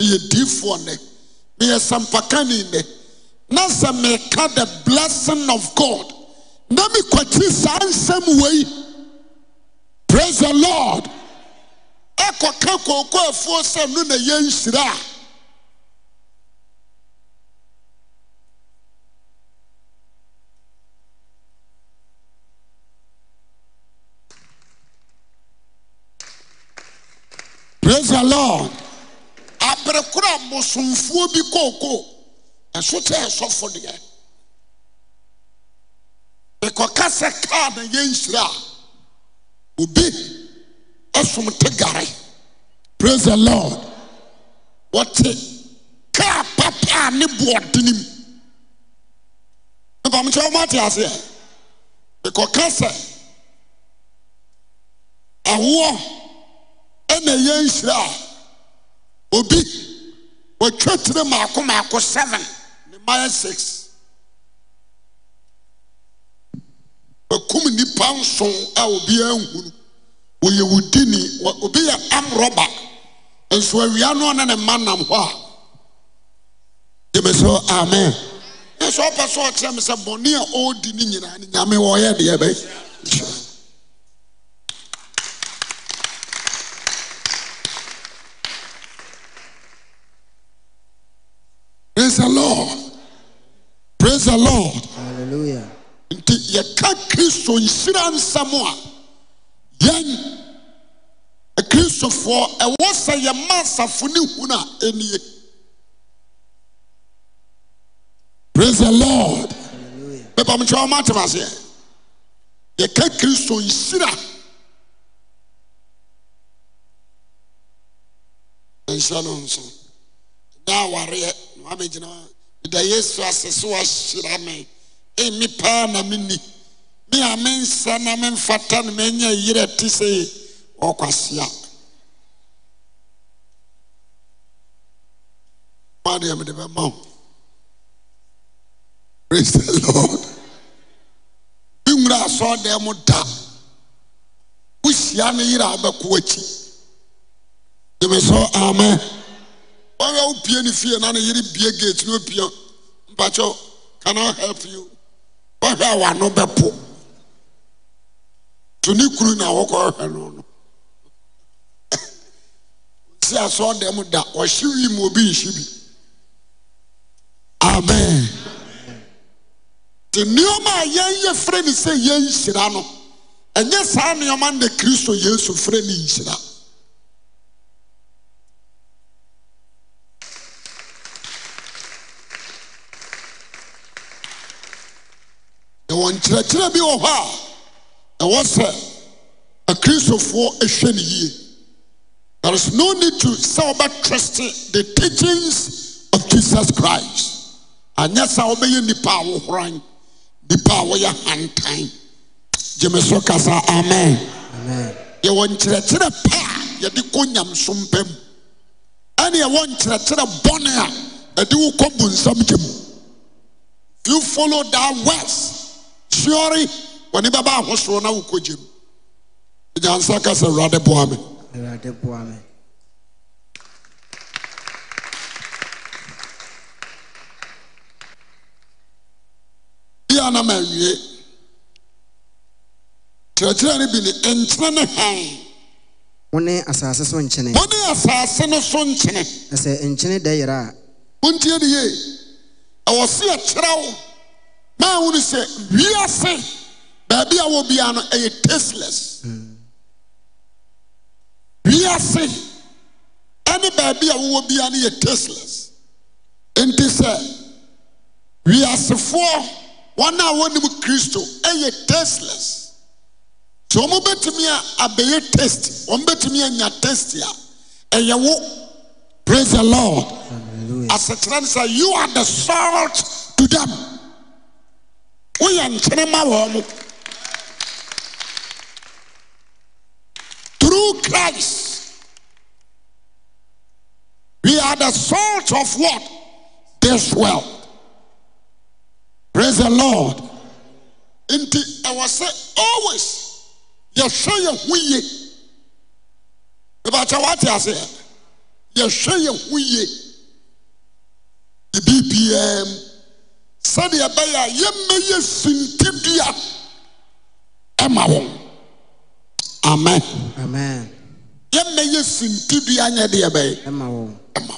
meyɛ diifoɔ nnɛ meyɛ sampakani nnɛ na sɛ meka the blessing of god na mekwakyi saa nsɛm wei prais he lord ɛkɔka kookɔafuɔ sɛ no na yɛnhyira a prais he lord aberekoro a mosomfoɔ bi kookoo ɛso kyɛ ɛsɔfo deɛ nekɔka sɛ kar nayɛ nhyira a obi ɔsom te gare pras he lord wɔte kar papa a ne boɔdenem nopamkyɛ woma atease ɛ nekɔka sɛ awoɔ na yɛ nhyira a obi waatwatire maako maako 7 ne mayɛ 6i bɛkum nson a obi yɛ amrɔba nso awia no ɔne ne nam hɔ a amen ɔpɛ ɔkyerɛ sɛ a ɔredi nyinaa nyame wɔyɛ deɛ Praise the Lord. Praise the Lord. Hallelujah. nti yɛka kristo nhira nsɛm a yɛn akristofoɔ ɛwɔ sɛ yɛ ma asafo ne hunu a ani prais he lord bɛpɔmkerɛ womatamaseɛ yɛka kristo nhira nano ns ɛawareɛ wabɛgyina da yesu ase sɛ wahyira me ɛnni paa na menni me a mensa na memfata no manya yerɛ te sɛ ɔkwasea madeɛ mede bɛma wo praise the lord menwura asɔɔdan mu da wohyia ne yere abɛko akyi gyeme sɛ amen wɔwɛ wopie ne fie na ne yere bie gate ne opia mpakyɛw can i help you ɔhwɛwa no bɛpo to ne kunu noa wɔkɔhwɛno no sia sɛ ɔdam da ɔhyɛ yii mobi nhye do amen nti nneɔma a yɛnyɛ frɛ ne sɛ yɛ nhyira no ɛnyɛ saa nneɔma n dɛ kristo yesu frɛ ne nhyira nkyerɛ bi wɔ hɔ a ɛwɔ sɛ akristofoɔ ɛhwɛ ne yie there is no need to sɛ wobɛtrɛste the teachings of jesus christ anyɛ sɛ wobɛyɛ nipa a wohoran power a woyɛ hantan gyeme so kasa amen yɛwɔ nkyerɛkyerɛ pɛ a yɛde kɔ nyamso mpa mu ɛne yɛwɔ nkyerɛkyerɛ bɔne a ɛde wo kɔ bu gye mu you follow that west hyiɔre w'ani bɛba ahosoɔ na wokɔgye m agyansa ka sɛ awurade boa me bia na mawie kyerɛkyerɛ no bi ne nkyene ne hann wone asase so nkyene wone asase no so nkyene na nkyene da yerɛ a wontie ne yie ɛwɔ se Man, when you say, we are safe, baby, I will be on a tasteless. We are safe. Any baby, I will be on a tasteless. And they say, we are safe for one hour with Christ, a tasteless. So, I'm going to be a bit a test. I'm going to be test here. And you praise the Lord. As a translator, you are the salt to them woyɛ nkyene ma wɔ mo through christ we are the salt of what this world praise the lord nti ɛwɔ sɛ always yɛhwɛ yɛ ho yie mebakyɛ woate aseɛ yɛhwɛ yɛ ho yie biribiaa mu sɛdeɛ ɛbɛyɛ a yɛmmɛyɛ fintidua ɛma wɔn amen amen yɛmmɛyɛ fintidua nyɛ deɛ ɛbɛyɛ ɛma wɔn ɛma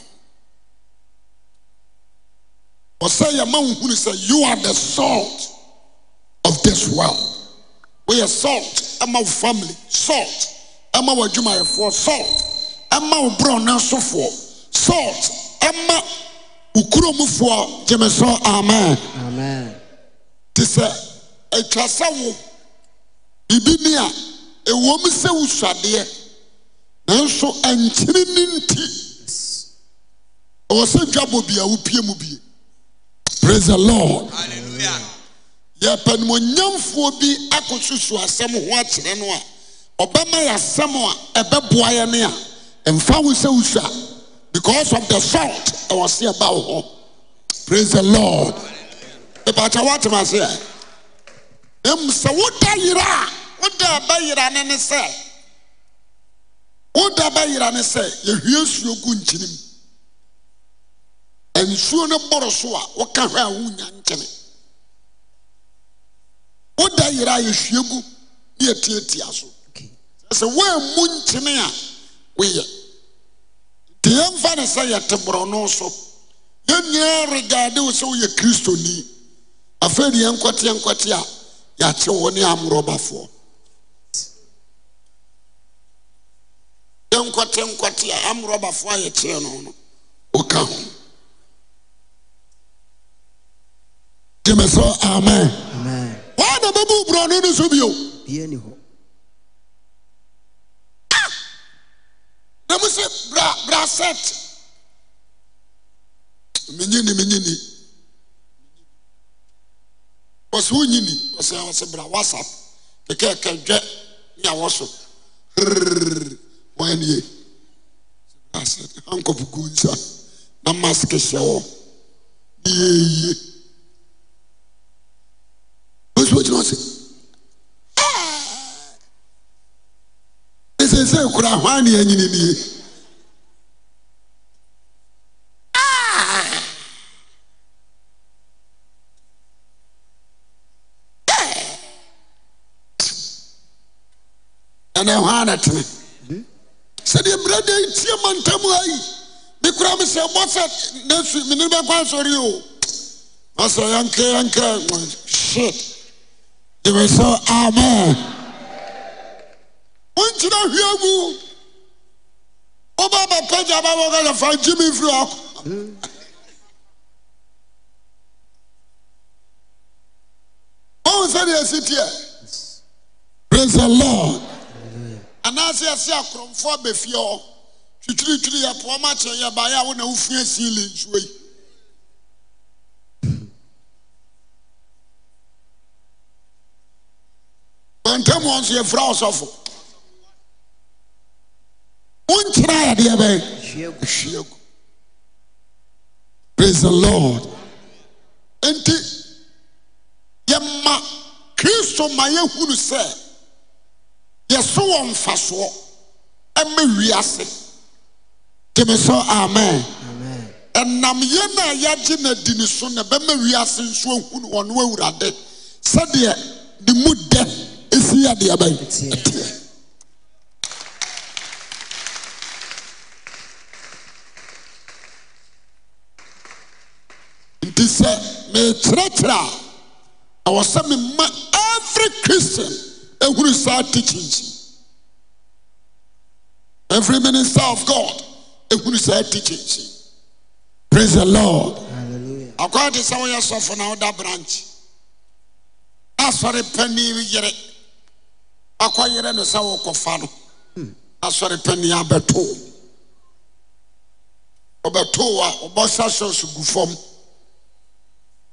ɔsɛ yɛma nhunu sɛ you are the salt of this world woyɛ salt ɛma wo family salt ɛma w'adwumayɛfoɔ salt ɛma wo borɔ ne sofoɔ salt ɛma wokuromfoɔ gyeme so amen nti sɛ atwa sɛ wo biribi ne a ɛwom sɛ wosuadeɛ nanso nkyere ne nti ɔwɔ sɛ dwa bɔ bia wopie mu bie pras e lord yɛ panimonyamfoɔ bi akɔ susu asɛm hɔ akyerɛ no a ɔbɛma yɛ asɛm a ɛbɛboa eɛ ne a ɛmfa wo sɛ wosua because of the sort ɛwɔ seɛ ba wo hɔ prais he lord ɛbakya woatamaseɛ m sɛ wodayerɛ awodaba yerannsɛ woda ba yera ne sɛ yɛhwiɛ suo gu nkyinim nsuo no borɔ so a woka hwɛ a wonya nkyene woda yera a yɛhwie gu ne yɛtiɛatia so ɛsɛ woamu nkyene a woyɛ nti yɛmfa ne sɛ yɛte borɔno so yɛn nyinaa regade wo sɛ woyɛ kristoni afei de a yɛakye wo ne amorɔbafoɔ yɛnkwɛte nkwɛte a amorɔbafoɔ a yɛkyerɛ no no woka ho gyeme sɛ amen waa na bɛbu borɔno no so bio mei i ɔsɛoyini se bra whasapp kɛkɛkɛdwɛ nawɔ so hnogsa na maskhyɛ wɔ neyɛyeɛssɛ kora hɔaneɛnyinine ɛne ɛhɔ a ne tene sɛdeɛ mmirɛ de tie ma ntam ayi me kora me sɛ bɔ sɛ nasu mene bɛkɔ asɔre o ɔsɛ yɛnkɛ yɛnkɛ shit they were so amen wonkyerɛ hwea gu woba bɛpɛgya ba wɔkasa fa gye me firi ɔkɔ ɔhu sɛdeɛ ɛsi teɛ praise the lord anaasɛ ɛse akorɔmfoɔ abɛfie hɔ twitwiritwiri yɛpoɔ makyeɛ yɛbae a wone wofiasini nuyinaɔyɛfura wo sɛfo wonkyerɛ yɛdeɛ ɛ pais r nti yɛma kristo ma yɛhunu sɛ yɛso wɔ mfasoɔ ɛmɛ wiase tèmi sọ amen ɛnam yɛn na yɛagye na di ne so na bɛma wiase nso ehunu wɔn awurade sɛdeɛ di mu dɛ esi adeɛ bɛyi ɛteɛ. nti sɛ mekyerɛkyerɛ a ɛwɔ sɛ mema every christian ɛhunu saa te kyinkyi every minisa of god hunu saa te kyinkyie prais he lord akaa te sɛ woyɛ sɔfo no woda branche asɔre pani yere akɔyere no sɛ wokɔfa no asɔre pani abɛtoo ɔbɛtoo a ɔbɛsɛ sɛso gu fam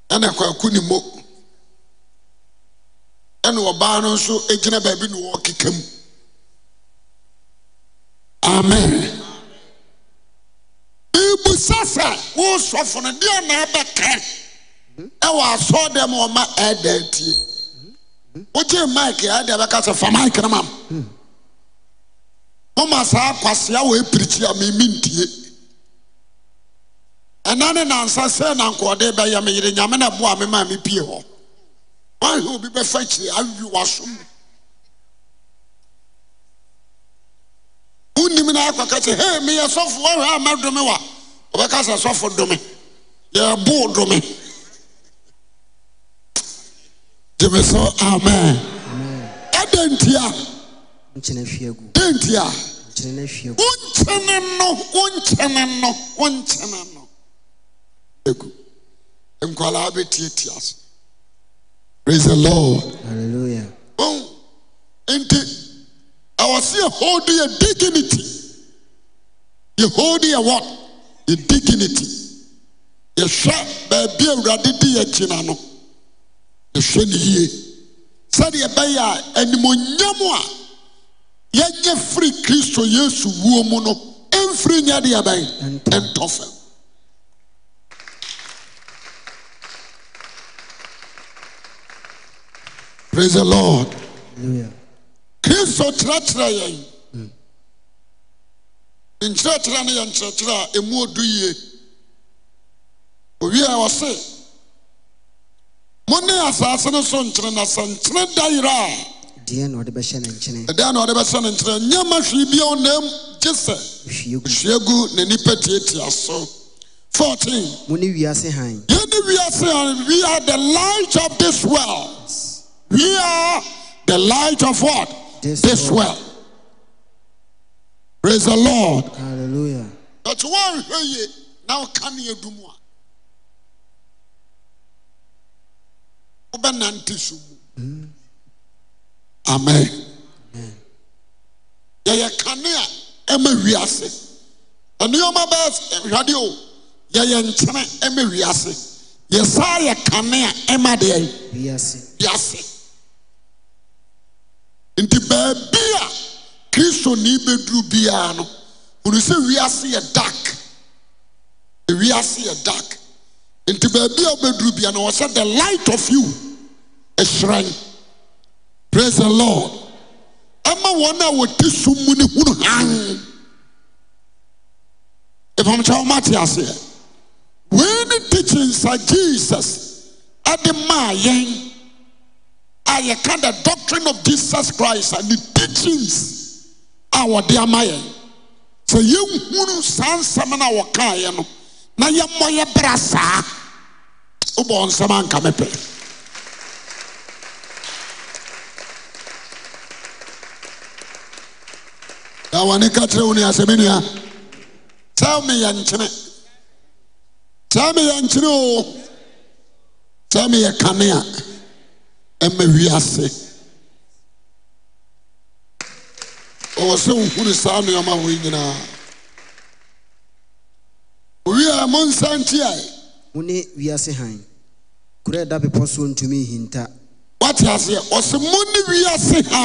ɛna kwako ne mmo ɛne ɔbaa no nso gyina baabi ne wɔrekeka mu amen bibusa sɛ woresɔfo no deɛ na ɛbɛka ɛwɔ asɔɔ dɛ ma ɔma ɛda ntie wogye mike a ɛde bɛka sɛ fa mike no ma m moma saa kwasea wɔ apirikyi a mimi ntie ɛna ne nansa sɛ nankɔɔde bɛyɛ me yere nyame na ɛboa me ma me pie hɔ ahewobi bɛfa kyiri awew som wonim na akaka kyɛ he meyɛ sɔfo ahwɛ a mɛ dome wa ɔbɛka sɛ ɛsɔfo dome yɛbo dome deme so ame dantaawnnwne n wonkne no nkwalaa bɛtie tiaso prais layanti ɛwɔ sɛ yɛhɔw de yɛ dignity yɛhɔw de yɛwɔ yɛ dignity yɛhwɛ baabia awurade de yɛgyina no yɛhwɛ ne yie sɛde ɛ bɛyɛ a animonyam a yɛyɛ firi kristo yesu wuo mu no ɛmfiri nyade yɛbɛyɛ nɛntɔ sɛ praise the lord kristo kyerɛkyerɛ yɛn nkyerɛkyerɛ no yɛ nkyerɛkyerɛ a ɛmu ɔdu yie owie a ɔse mo ne asase no so na sɛ nkyene da yerɛ a ɛdeɛn na ɔde bɛhyɛ ne nkyene nyɛma hwee bia ɔnam gye sɛ hwie gu na nipa tiatia so 14 mo ne wiase han yɛne wiase han we are the light of this world yes. We are the light of what? This, this world. Praise the Lord. Hallelujah. But one hey, now can you do more? Hmm. Amen. Amen. Yɛyɛ kanea ɛma wiase. Anioma bɛɛ radio. o. Yɛyɛ nkyene ɛma wiase. Yɛsaa yɛ kanea ɛma deɛ. Wiase. Wiase nti baabi a kristoni bɛduru biara no hunu sɛ wiase yɛ dark wiase yɛ dark nti baabi a wobɛduru biara no wɔsɛ the light of you ɛhyerɛn praise the lord ɛma wɔn a wɔte sum mu ne hunu hann ɛfamkyɛ wɔmate aseɛ wei ne teachings a jesus ɛde maa yɛn yɛka the doctrine of jesus christ ane teachings a wɔde ama yɛn sɛ yɛhunu saa nsɛm no wɔkaeeɛ no na yɛmmɔyɛ brɛ saa wobɔ nsɛm anka mepɛ a waneka kyerɛ wo neasɛminua t me yɛnkyene tl me yɛnkyene o tɛ me yɛ kanea iɔwɔ sɛ wohu nu saa nneɔma wɔi nyinaa owiea monsa ntia aɛapɔsɔn wataseɛ ɔsɛ mo ne wiase ha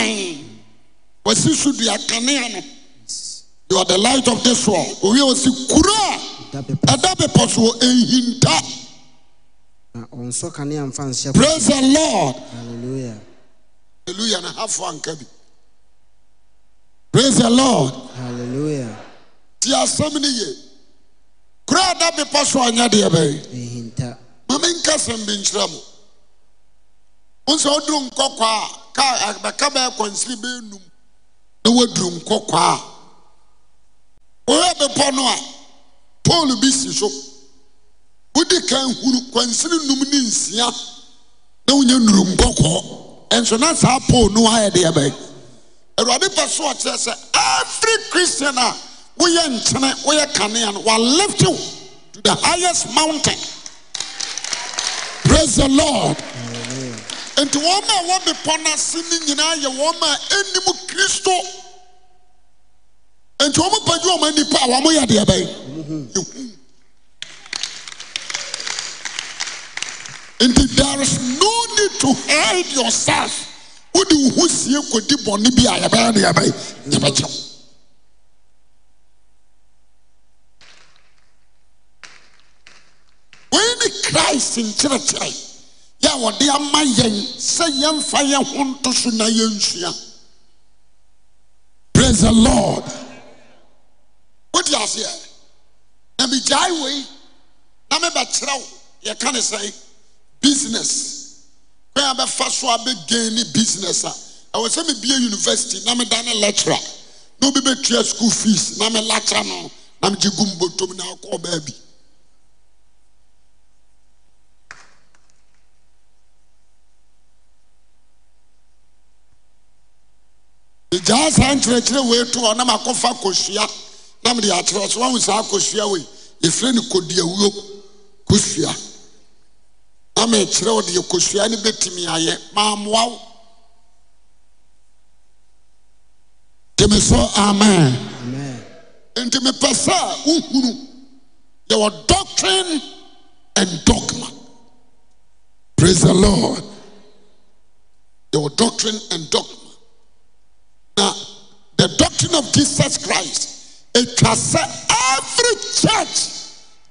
waasi so duakanea no ea the light of tis ol wiea ɔs kraɛdabpɔ soɔ hinta ɔnsɔ kanea mfa nhyɛ praise the lord hallelujah hallelujah na hafo anka bi praise the lord hallelujah ti asɛm ye kura da bepɔ so anya deɛ bɛyɛ ehinta maame nka sɛm bi nkyerɛ mo nso oduru nkɔkɔ a kaa bɛka bɛyɛ kɔnsiri bɛyɛ num na waduru nkɔkɔ a wɔyɛ bepɔ no a Paul bi si so. wode ka nhuru kwansine num ne nsia ne wonyɛ nurumpɔkɔɔ ɛnso na saa pono ayɛ deɛ bɛɛ aruabipɛ so ɔkyerɛ sɛ afri christian a woyɛ nkyenɛ woyɛ kanea no wa lift to the highest mountain pras he lord nti wɔmaa wobepɔ noase ne nyinaa yɛ wɔma a ɛnnim kristo nti ɔmɛpadwi ɔma nnipa a woamoyɛ deɛ bɛɛ mhm. nti there is no need to hide yourself When wo ho sie kɔdi bɔne bi a yɛbɛyɛ ne yɛbɛyɛ nyɛbɛkyerɛ wei ne christ nkyerɛkyerɛ yɛ a wɔde ama yɛn sɛ yɛmfa yɛn ho nto so na yɛnsua praise the lord wodi aseɛ na megyae wei na mebɛkyerɛ wo yɛka ne sɛe busines kwan a bɛfa so a bɛgen ne business a ɛwɔ sɛ mebie university na meda ne letara ne obɛbɛtua schul fees na melakya no na megye gumɔto n kɔɔbaabi gyae saa nkyerɛkyerɛ weɛtoa na maakofa kɔsua na mede akyerɛ w woaho saa ksua wei yɛfirɛ ne kɔdiawuo kosua ama ɛkyerɛ wo deɛ kosua ne bɛtumi ayɛ maamoa wo temi so amen nti mepɛ sɛ a wohunu yɛwɔ doctrine and dogma praise the lord yɛwɔ doctrine and dogma na the doctrine of jesus christ ɛtwa sɛ every church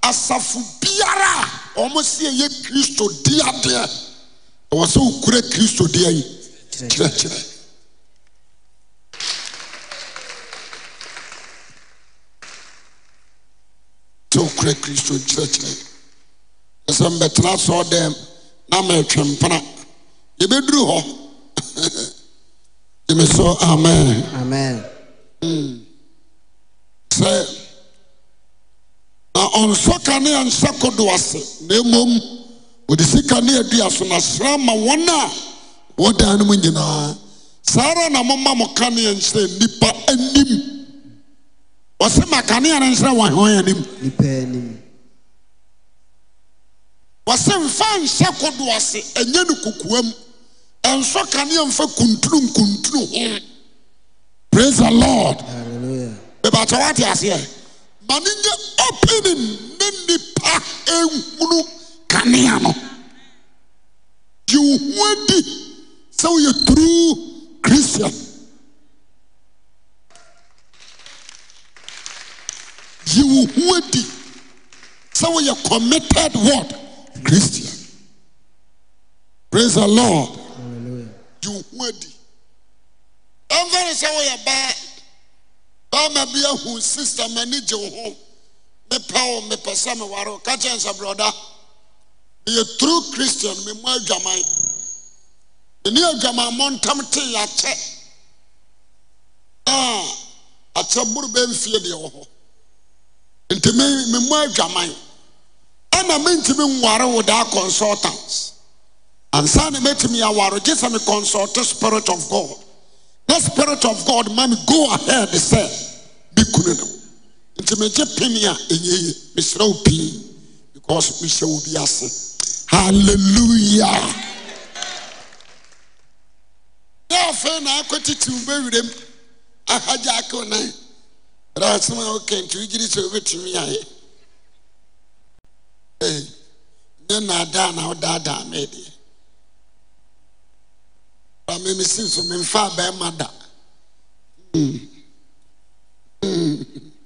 asafo biara a ɔmo sɛ ɛyɛ kristo de adeɛ ɔwɔ sɛ wokura kristo de ay kyerɛkyerɛ sɛ wokr kristo kyerɛkyerɛ ɛsɛ mbɛtena sɛ de na meɛtwempena yɛbɛduru hɔ dime s amen hmm. ɛ dose nmmom ɔde si kaneadua so nahera ma wɔn a ɔda no m nyinaa saa ara na moma mo kanea nhyerɛ nnipa anim wɔ se ma kanea ne nhyerɛ wɔhe anim wɔsemfaa nhyɛ kodoase nyɛ no kukoa m ɔnsɔ kanea mfa kunturu kuntuu ho prais a lord bɛbaka woateaseɛ ma ne nyɛ opening ne nnipa nhunu kanea no deɛ ohu adi sɛ woyɛ true christian deɛ ohu adi sɛ woyɛ committed word christian praise the lord deɛ ohu adi ɛmfa ne sɛ woyɛ baa ama bi ahu system ani gyew ho me pɛwo mepɛ sɛ meware ka kyɛnesɛ brɔda meyɛ true christian memm adwama mni adwaman mmɔntam tee akyɛ a ah, ayɛ borobɛmfie meɛ wɔ hɔ nti mmmadwamae ɛnna mentim nwarewo daa consultant ansa ne mɛtimi ɛawaro gye sɛ me cɔnsulte spirit of god na spirit of god ma me go ahed sɛ ɛkunu no nti megye pene a ɛnyɛye mesrɛ wo pii because mehyɛ wo bi ase halleluya yɛ afei na akɔtitiw bɛwerɛm ahagya akonan ɛrɛ asɛm a woka nti wogyiri sɛ wobɛtumi ayɛ nyɛ naadaa na wodaadaa medeɛ ba memesi so memfa abɛɛma da hmm. ɛne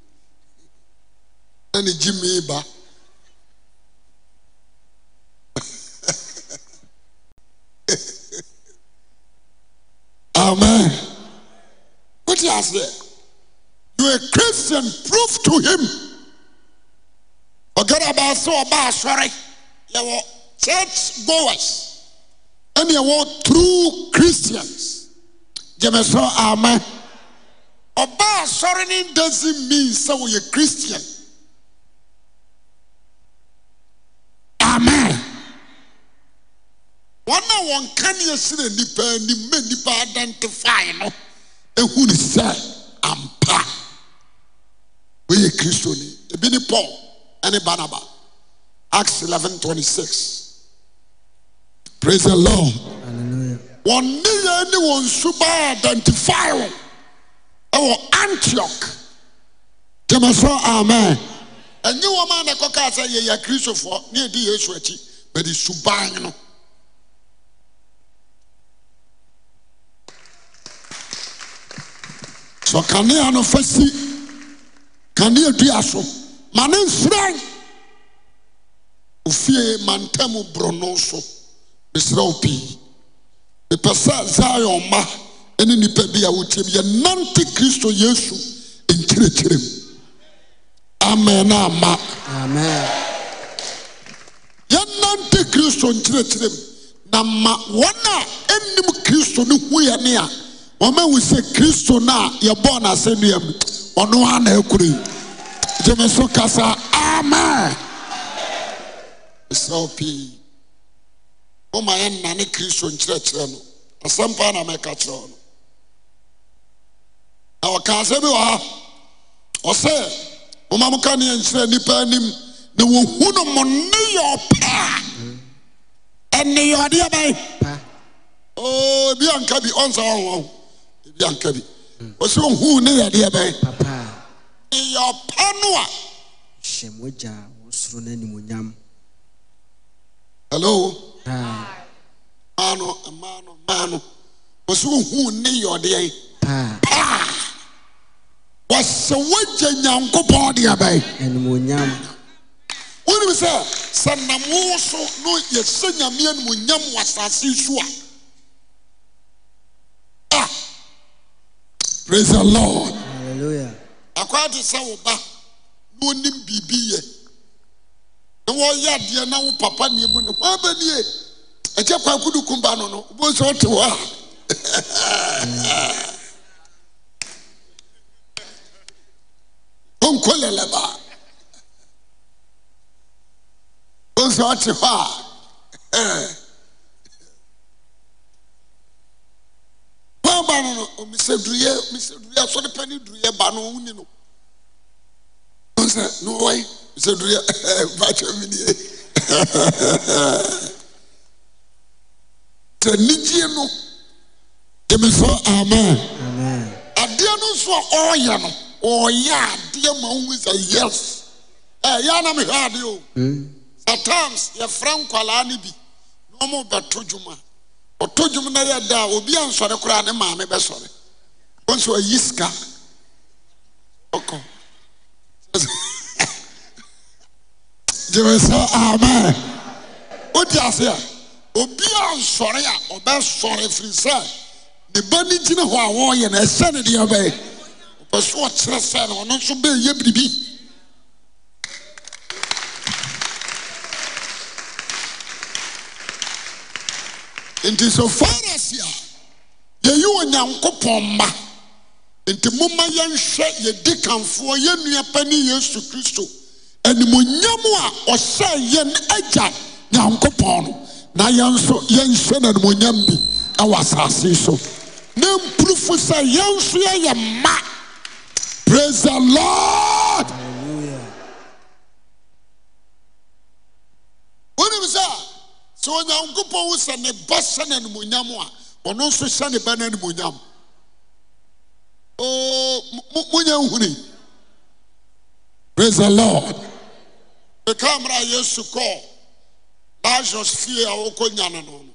gye me ba amen wote aseɛ you a christian prove to him ɔgadabaa sɛ ɔba asɔre yɛwɔ church goers ɛne ɛwɔ true christians gyeme so amen ɔba asɔre doesn't mean sɛ woyɛ christian amen One a wɔn ka ne ahyire nnipa The man who is identify no ehu ne sɛ ampa woyɛ kristoni ebi ne paul ɛne barnaba acts eleven twenty six praise the lord wɔn ne yɛn ne wɔn suba identify wɔn. ɛwɔ antiok damɛ sɛ amen ɛne wɔmaa na kɔkaa sɛ yɛyɛ kristofoɔ ne ɛdi yesu aki made suban no sɛ kanea no fa si kaneadua so eh, ma ne nsrɛn ofie mantam borono so mesrɛ w pii epɛ sɛ xion ma ɛne nnipa bi a wɔtirim yɛnante kristo yesu nkyerɛkyerɛm amen na ama yɛnante kristo nkyerɛkyerɛm na ma wɔn a ɛnim kristo no hu yɛ ne a wɔmahu sɛ kristo no a yɛbɔɔ nnua mu ɔno a na akuro yi gyeme so kasa amen ɛsɛ wo pii woma yɛnnane kristo nkyerɛkyerɛ no asɛmpa na mɛka kyerɛ wo no aɔkaa sɛ bi wɔ ha ɔ sɛ moma mo ka ne ɛ nkyerɛ nnipa nim ne wɔhu no mo nne yɛ ɔpaa ɛne yɛ ɔdeɛ bɛn bianka bi ɔnsa h bianka bi wɔ sɛ ɔhuu nne yɛ deɛ bɛn neyɛ ɔpa no a hyɛ mɔgya wosoro no animonyam allo m ma no ɔ sɛ wɔhuu nne yɛɔdeɛna wɔsɛ woagya nyankopɔn de abae wonim sɛ sɛ nam wo so no yɛsɛ nyame animonyam wɔ asase yi so a a praise the lord akwaa te sɛ wo ba na onim biribi yɛ na wɔyɛ adeɛ na wo papa nneɛmu no hɔ abanie ɛkyɛ kwakodukum ba no no wobɛhu sɛ wote hɔ a ɛu sɛ ɔtye faaaba nnmisɛdrɛmisɛdurueɛ a sɔ ne pɛ ne durueɛ ba no onni no us nɔe misɛdruɛ akyɛmintɛ nigyie no demisaɔ ama adeɛ no nso a ɔryɛ no ɔyɛ a deɛ ma wohu sa yɛs yɛ namhɛ adeɛ o satimes hmm. yɛfrɛ nkwalaa ne bi na ɔmabɛtɔ dwom a ɔtɔ dwom na yɛda a obi a nsɔre koraa ne maa me bɛsɔre boso ɔyi sika emsɛ aman ogase a obi a nsɔre a ɔbɛsɔre firi sɛ ne ba ne gyina hɔ a wɔyɛ no ɛsɛne deɛ bɛɛ ɛ so ɔkyerɛ sɛ ne ɔno nso bɛɛ yɛ biribi nti sɛ farisi a yɛyiwɔ nyankopɔn mma nti momma yɛnhwɛ yɛdi kamfoɔ yɛnnua pɛ ne yesu kristo animonyam a ɔhɛ yɛn agya nyankopɔn no na yɛnso yɛnhwɛ no animonyam di ɛwɔ asase so ne mpurufo sɛ yɛnso yɛyɛ mma shonim sɛa sɛ onyankopɔn wo sɛ ne ba hyɛ ne nomonyam a bɔno nso hyɛ ne ba no anemunyam oh, monya nhuni prese lord mɛka mmarɛ a yesu kɔɔ naajɔsie a okɔnya ne no no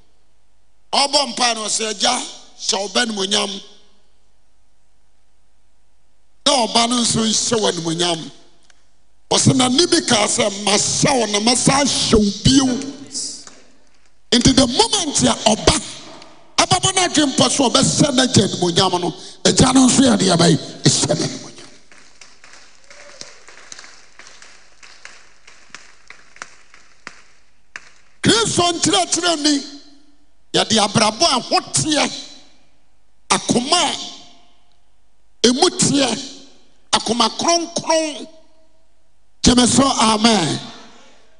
ɔbɔ mpaa na ɔsɛ agya hyɛw bɛ nomonyam na ọba no nso nhyɛ w' animonyam ɔsɛ n'anibi kaa sɛ mahyɛ wo na mɛsa ahyɛ wo bio nti the moment a ɔba ababɔ no adwempa so na gya animonyam no agya no nso yɛdeɛ bɛyɛ ɛhyɛ na animonyam kristo nkyerɛkyerɛ ni yɛde abrabɔ a ho teɛ akoma a ɛmu teɛ akoma kronkron kyemɛ sɛ ama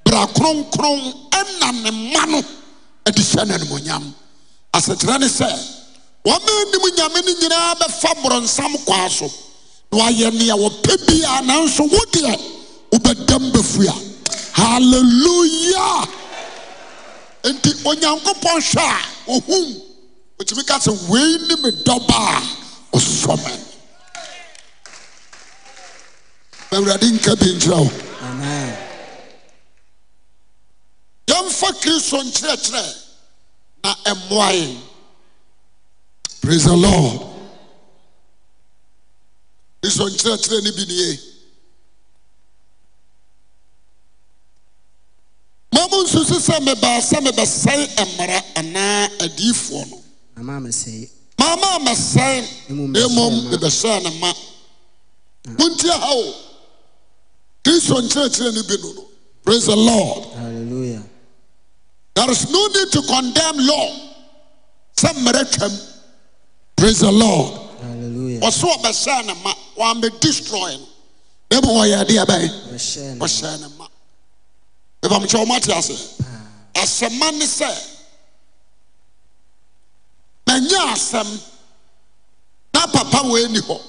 bra kronkron ɛna ne ma no ade hyɛ ne nomonyam asɛkyerɛ ne sɛ ɔmaanim nyame no nyinaa bɛfa mmorɔnsam kwaa so na wayɛ nea wɔpɛ bia ananso wodeɛ wobɛdam bɛfua halleluya enti onyankopɔn hwɛ a ɔhum ɔkimi ka sɛ wei nim dɔ ba a ɔsɔ mano ɛawuradenka binyira yɛmfa kristo nkyerɛkyerɛ na ɛmmoae pris e lord kristo nkyerɛkyerɛ ne bi nie mamu nsu su sɛ mebaa sɛ mebɛsɛe mmara anaa adiyifoɔ no mamaaɛsɛdmom mebɛsɛe ane ma monti ahao Kristo nkyerɛkyerɛ ne bi Praise the Lord. Hallelujah. There is no need to condemn law. Some mmerɛ twam. Praise the Lord. Hallelujah. Ɔso ɔbɛhyɛ ne ma. Wɔamɛ destroy no. Na bi wɔyɛ adeɛ bɛyɛ. Ɔhyɛ ne ma. Bɛba mo kyɛ ɔmo ate ase. Asɛmma ne sɛ. Manya asɛm. Na papa wɔ ani hɔ.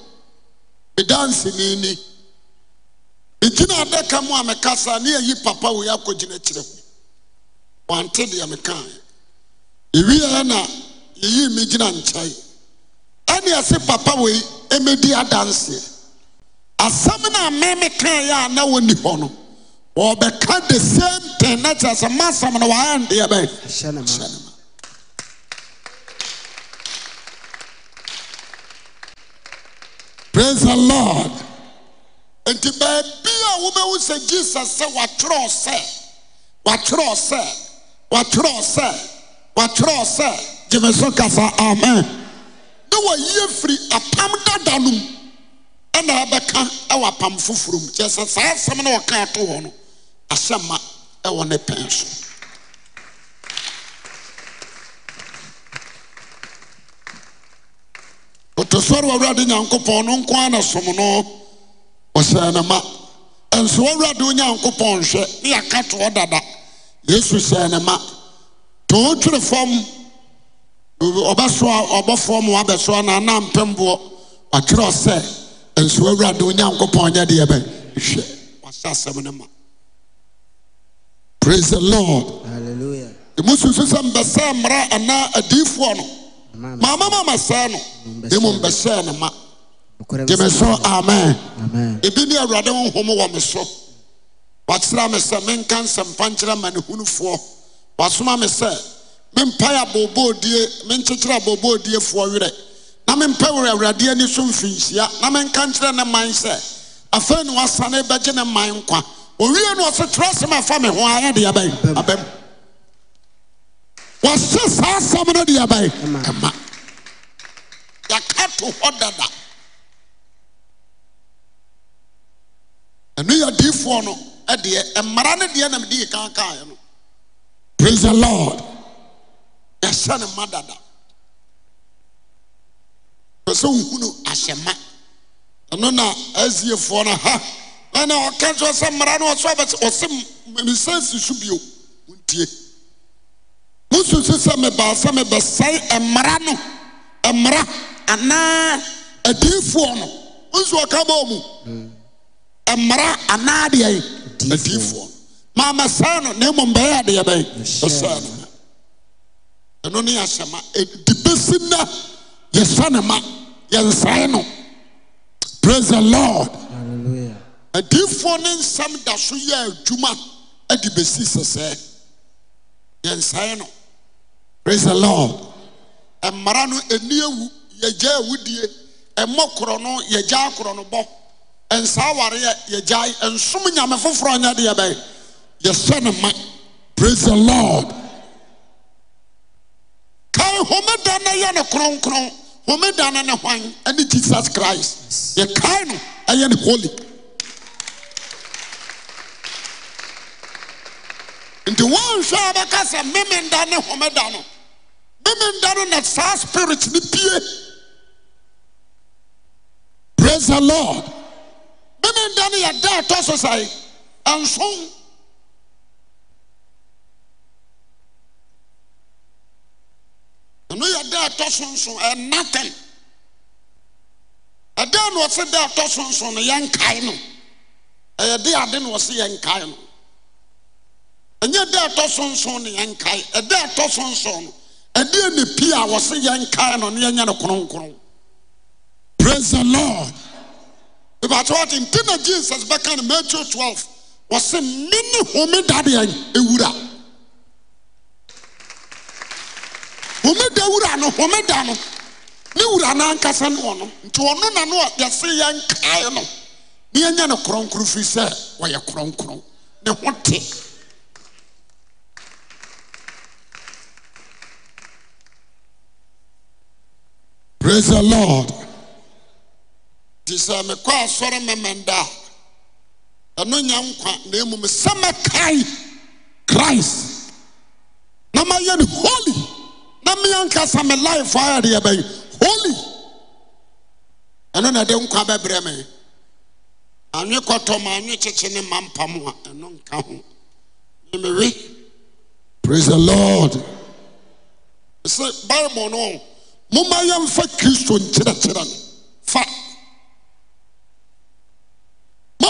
Medansi ni ni. gyina dɛ ka mo a mekasa ne yɛyi papa ei akɔgyina kyirɛ ho wante deɛ me kaeɛ iwieɛ na yeyiie megyina nkyɛe ɛneɛse papa ei mɛdi adanseɛ asɛm no meme kaeeɛ a na wonni hɔ no wɔbɛka de same ten nekyerɛ sɛ masam no wyɛ ndeɛ bɛɛ pas ld nti baabi a wobɛwu sɛ jesus sɛ watwerɛ sɛ waterɛ sɛ werɛ sɛ waterɛ sɛ gyeme so kasa amen ne wɔyɛ firi apam dada nom na abɛka wɔ apam foforom kyerɛsɛ saa sɛm ne wɔka to hɔ no ahyɛ ma wɔ ne pɛn so ɔtosɔre wawurade nyankopɔn no nkoa ne som no ɔsɛɛ ne ma nsoa wurɛdenonyankopɔn nhwɛ ne yɛka to ɔ dada yesu sɛɛ ne ma tɔwo twerefam ɔbɔfoɔ mabɛso a na anampeboɔ wakyerɛ ɔ sɛ nsoawuraden onyankopɔn nyɛdeɛ bɛ hwɛ wasɛ asɛm ne ma prais he lord de mosusu sɛ mbɛsɛ mmarɛ ɛna adiifoɔ no maama mamɛ sɛɛ no demu mbɛsɛɛ ne ma gyeme so amen ebi ne awurade honhom wɔ me so wakyerɛ me sɛ menka nsɛmpa nkyerɛ amanehunufoɔ wasoma me sɛ mempae abooboodie menkyekyere abooboodiefoɔ werɛ na mempɛ wɔ awurade ani so mfinhyia na menka nkyerɛ ne man sɛ afei ne wasane bɛgye ne man nkwa owie no ɔse twerɛ asɛm afa me ho ayɛ de abɛn abɛm wɔhyɛ saa asɛm no de abɛn ɛma yɛka to hɔ dada ɛno yɛ diifoɔ no ɛdeɛ mmara ne deɛ na mede yɛ no praise the lord yɛhyɛ ne ma dada pɛ sɛ wohunu ahyɛma ɛno na asiefoɔ no ha ɛna ɔka nso sɛ mmara no ɔso abɛsɛ ɔse mesa si so bio wontie sɛ no anaa no nso ɔka bɔɔ mu ɛmmara anaaadeɛn adiifoɔ mamɛsae no ne mmbɛyɛdeɛ bɛ ɛsɛ no ɛno ne yɛhɛma ɛdibɛsi e, na yɛsane ma yɛnsae no pras e lord adiyifoɔ ne nsɛm da so yɛ adwuma adibɛsi sɛ sɛɛ yɛnsae no pras he lord ɛmmara no ɛni awu yɛgyae wudie ɔmɔ korɔ no yɛgyaa korɔ no bɔ ɛnsaa awareyɛ yɛgyae nsom nyame foforɔ nyɛ de yɛ bɛɛ yɛsɛne ma pras the lord kae homeda no yɛ ne kronkron homeda no ne hwan ne jesus christ yɛkae no ɛyɛ ne holi nti wonhwɛa bɛka sɛ memenda ne homeda no memenda no na saa spirit ne pie prais the lord bɔne da no yɛda ɛtɔ so sae ɛnson ɛno yɛda ɛtɔ so nson ɛnaten ɛda na ɔse da ɛtɔ so nson no yɛnkae no ɛyɛ de ade na ɔse yɛnkae no ɛnyɛ da ɛtɔ so nson no yɛnkae ɛda ɛtɔ so nson no ɛdeɛ ne pii a wɔse yɛnkae no ne yɛnyɛ no kronkron praise the lord bɛbɛakyɛ wɔte na jesus bɛka no matthew 12 wɔse mene homeda wura no no ne n'ankasa ne wɔ no nti ɔno na no a nọ. yɛnkae no ne yɛnyɛ no kronkron firi sɛ te praise the lord ti sɛ mekɔ a sɔre me mɛnda a ɛno nyɛ nkwa na mum sɛmɛkae christ na maayɛ ne holi na meyanka sa me li ayareɛ bɛy holi ɛno nade nkwa bɛbrɛ me anwekɔtɔ m anwekyekye ne mampa mo a ɛno nka ho nime re prais he lord ɛ se bible no momayɛ mfa kristo nkyerɛkyerɛ no fa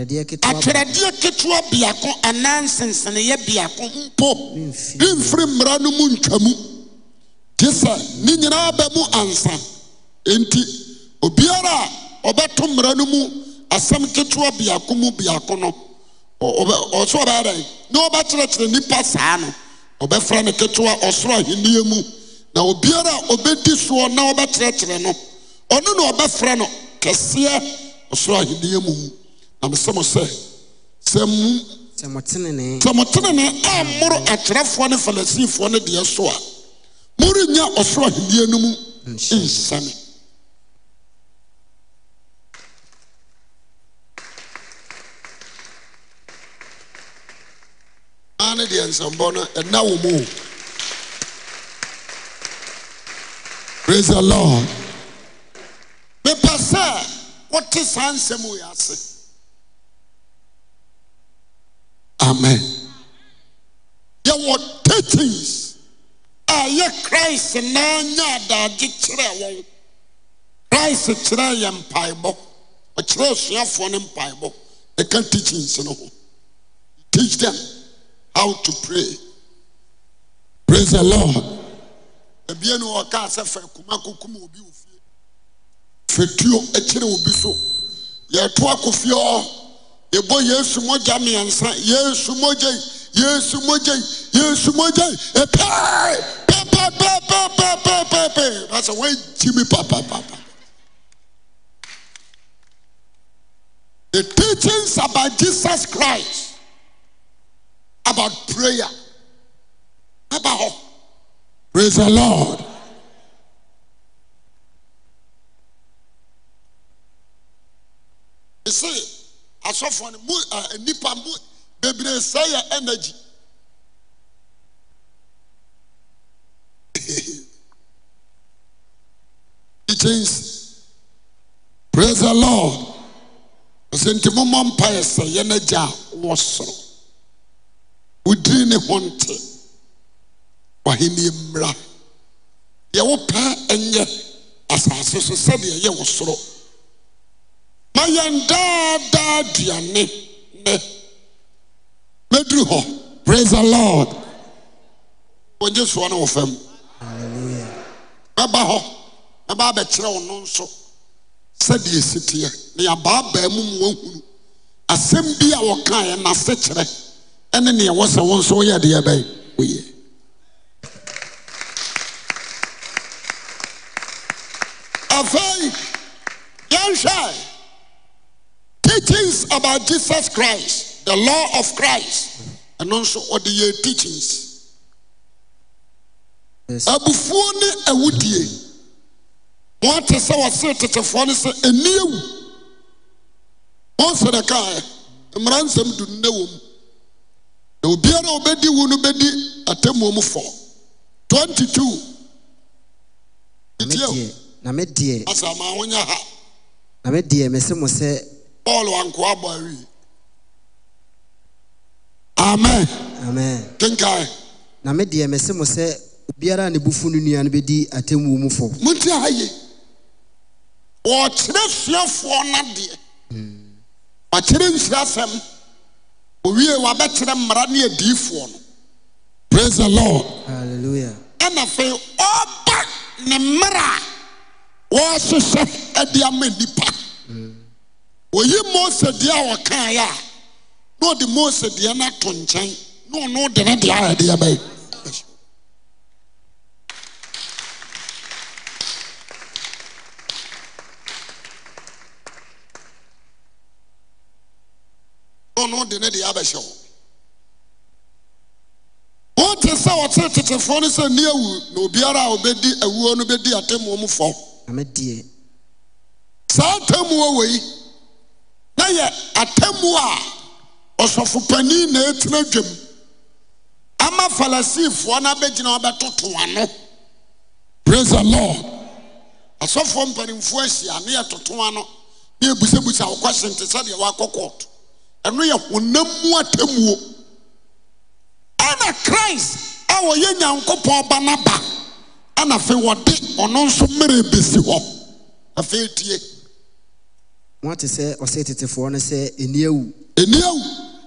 atwerɛdeɛ katewa biako anaa nsenseneeɛ biako mpo nemfiri mmara no mu ntwa mu tiɛ sɛ ne nyinaa bɛ mu ansa einti obiara a ɔbɛto mmara no mu asɛm katewa biako mu biako no ɔ so ɔbɛyɛ da ne ɔbɛkyerɛkyerɛ nnipa saa no ɔbɛfrɛ no ketewa ɔsoro ahenniɛ mu na obiara a ɔbɛdi soɔ na ɔbɛkyerɛkyerɛ no ɔno ne ɔbɛfrɛ no kɛseɛ ɔsoro ahenniɛ mu mu sɛ sɛ ɛsɛ motenene a mmoro akyerɛfoɔ ne farisifoɔ no deɛ so a morenya ɔsor ahewiɛ no mu nsɛm deɛ nsɔɛna pras l mepɛ sɛ wote saa nsɛm ɛ ase amen There yɛwɔ tatins a yɛ christ naa nya adaagye kyerɛɛ wɔn christ kyerɛɛ yɛ mpaebɔ ɔkyerɛɛ suafoɔ ne mpaebɔ ɛka teachings no ho teach them how to pray praise the lord abia ne wɔkaa sɛ fa akuma kokum obi wɔ fie fatuo akyerɛ obi so yɛto akɔ fie ɔ yɛbɔ yesu mogya yesu mogya yesu mogya yesu mogya ɛpɛɛ pɛpɛpɛpɛpɛpɛpɛ asɛ wɔagyi me papapapa The teachings about Jesus Christ, about prayer, about Praise the Lord. ia beresɛɛen prese lor ɔ sɛ nti momma mpaeɛ sɛ yɛnagya a wɔ soro wodiri ne honte wahenimmra deɛ wopɛ ɛnyɛ asase so sɛdeɛ yɛwo soro mayɛn daadaa duane ne mɛduri hɔ prase lord wɔngye soɔ ne wɔ fa mu bɛba hɔ na bɛabɛkyerɛ wo no nso sɛdeɛ siteɛ nea baa baa mom wanhunu asɛm bi a wɔka ɛn'asekyerɛ ɛne nea wɔ sɛ wo nso woyɛ deɛ bɛɛ woyɛ about Jesus Christ, the law of Christ, and also all the teachings. abufuo ne awudie moate sɛ wɔsere tetefoɔ no sɛ ɛni awu monsɛdɛ kaɛ mmara nsɛm du nnɛ wɔ mu na obiara a wɔbɛdi wo no bɛdi atammuo mu fɔ 22 na medeɛ asɛ amaa wonyɛ ha na medeɛ mese mo sɛ Paul wankuaba wi. Amen. Amen. Kenkai. Na me deɛ mese mo sɛ obiara ne bufu no nua no bɛdi atemmuo mu fɔ. Monti aha yie. Wɔkyerɛ suafoɔ n'adeɛ. Wakyerɛ nsira asɛm. Owie wabɛkyerɛ mmara ne adiifoɔ no. Praise the Lord. Hallelujah. Ɛna afei ɔba ne mmara a wɔhyehyɛ adi ama nipa. Mm. ɔyi mose deɛ a wɔkaeɛ a na ɔde mose deɛ no ato nkyɛn na de ne deɛ ayɛ deɛ bɛyɛ ɔno de ne deɛ abɛhyɛ hɔ wote sɛ wɔte tetefoɔ no sɛ nni awu na obiara a ɔbɛdi awuo no bɛdi atemmuo mu fɔ saa atemmuo wɔ yi na yɛ atamu a ɔsɔfopanin na ɛtena dwam ama farisifoɔ no abɛgyina wɔbɛtoto ano praise the lord asɔfoɔ mpanimfoɔ ahyia ne yɛtoto ano ne yɛbusabusa wo question te sɛdeɛ wɔakɔ court ɛno yɛ honam mu atamuo ɛna christ a wɔyɛ nyankopɔn ba n'aba ba ɛna afei wɔde ɔno nso mmerɛ bɛsi hɔ afei tie wate sɛ ɔse tetefoɔ no sɛ ɛni awu ɛni awu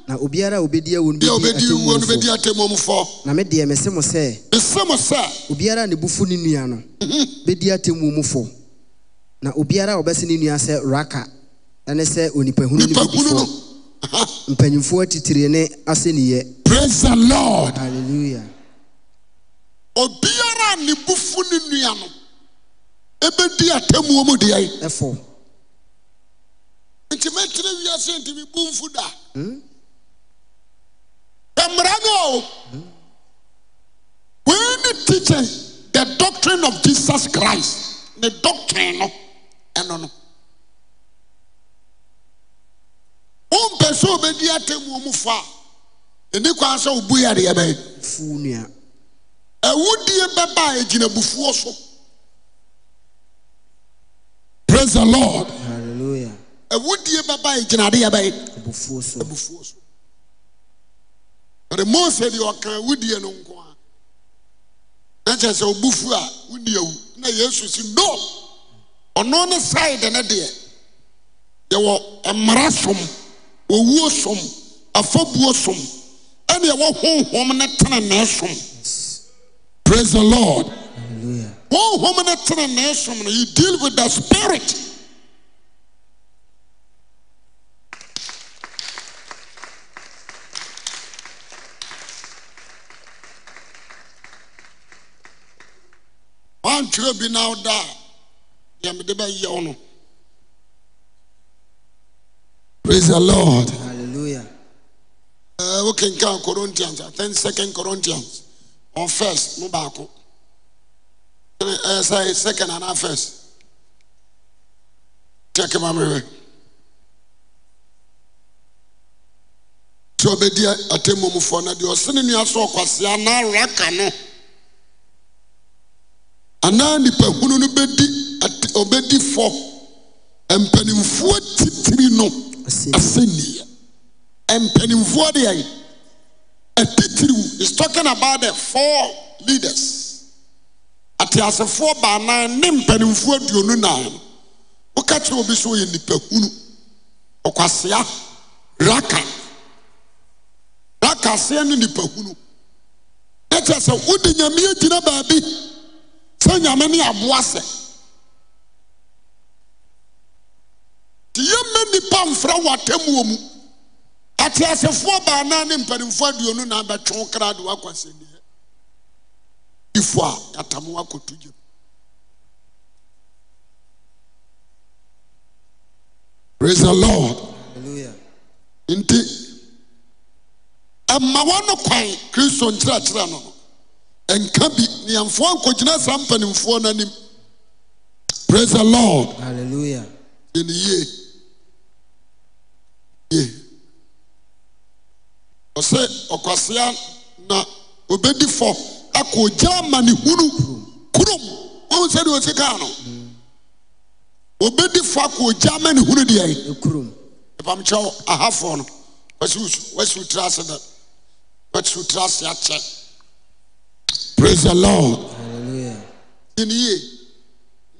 na obiara a obɛdi awu no bɛdi wuo no bɛdi atemmumfoɔ na me deɛ mese mo sɛ mese mo sɛ obiara a ne bufu ne nua no mhm. bɛdi atemmu mufoɔ na obiara a ɔbɛse ne nua sɛ raka ɛne sɛ onipahunu no bɛdifoɔ mpanyimfoɔ titiri ne asɛnniiɛ praise the lord hallelujah obiara a ne bufu ne nua no ɛbɛdi atemmuo mu deɛ ɛfo ntimɛkyerɛ wiasɛntimibumfo da hmm? ɛmmara ne wei ne tekyɛ the doctrine of jesus christ ne doctrine no ɛno no wompɛ sɛ obɛdi atammuomu faa ɛni kwan sɛ wobu yɛde yɛbɛyfuo nu a ɛwudie bɛba a agyina bufuo so pras he lord awudie bɛba yɛ gyinade yɛbɛyɛ abufuo so abufuo so bɛde mose deɛ ɔka awudie no nko a na kyerɛ sɛ ɔbufu a wodi awu na yesu si no ɔno ne side ne deɛ yɛwɔ mmara som wɔwuo som afabuo som ɛne yɛwɔ honhom ne tenenee som praise the lord honhom ne tenenee som no you deal with the spirit ntwrɛ bi naodaa eh, eh, eh, ɛ mede bɛyɛwo no pas wokenka corintians athin second corintians ɔ first no baakosɛ second ana first tɛkmaɛ sɛ obɛdi atemmomfoɔ na deɛ ɔsene nuaso ɔkwɔseɛ naa erɛka no anaa nipahunu no bɛdi ɔbɛdi fɔ mpanimfoɔ titiri no asɛ nia mpanimfoɔ de aɛ atitiriwo is talkin about he fou leaders ateasefoɔ baanaa ne mpanimfoɔ aduonu naano woka kyerɛ wobi so woyɛ nnipahunu ɔkwɔsea raka raka aseɛ no nipahunu nɛ kyɛ sɛ wode nyamea gyina baabi sɛ nyame ne aboa sɛ nti yɛma nnipa mfrɛ wɔ mu ateasefoɔ baanaa ne mpanimfoɔ aduonu na bɛtwe kra de asɛnniɛ ifo a yɛatam woakɔto gyam praise the lord nti ɛma wɔ no kwan kristo nkyerɛkyerɛ no no nka bi neamfoɔ nkɔgyina saa mpanimfoɔ n'anim. Praise the he lord alleluya yɛne yie ye ɔ sɛ ɔkwasea na ɔbɛdi fɔ akɔ ɔgyaa ma ne hunu kurom ɔhu sɛdeɛ ɔsi kaa no ɔbɛdi fɔ akɔ ɔgyaa ma ne hunu deɛ ɛpamkyɛw ahafoɔ no wɔsi wotiri ase dɛ wɔsi wotiri ase akyɛ pras e lorda ti niyie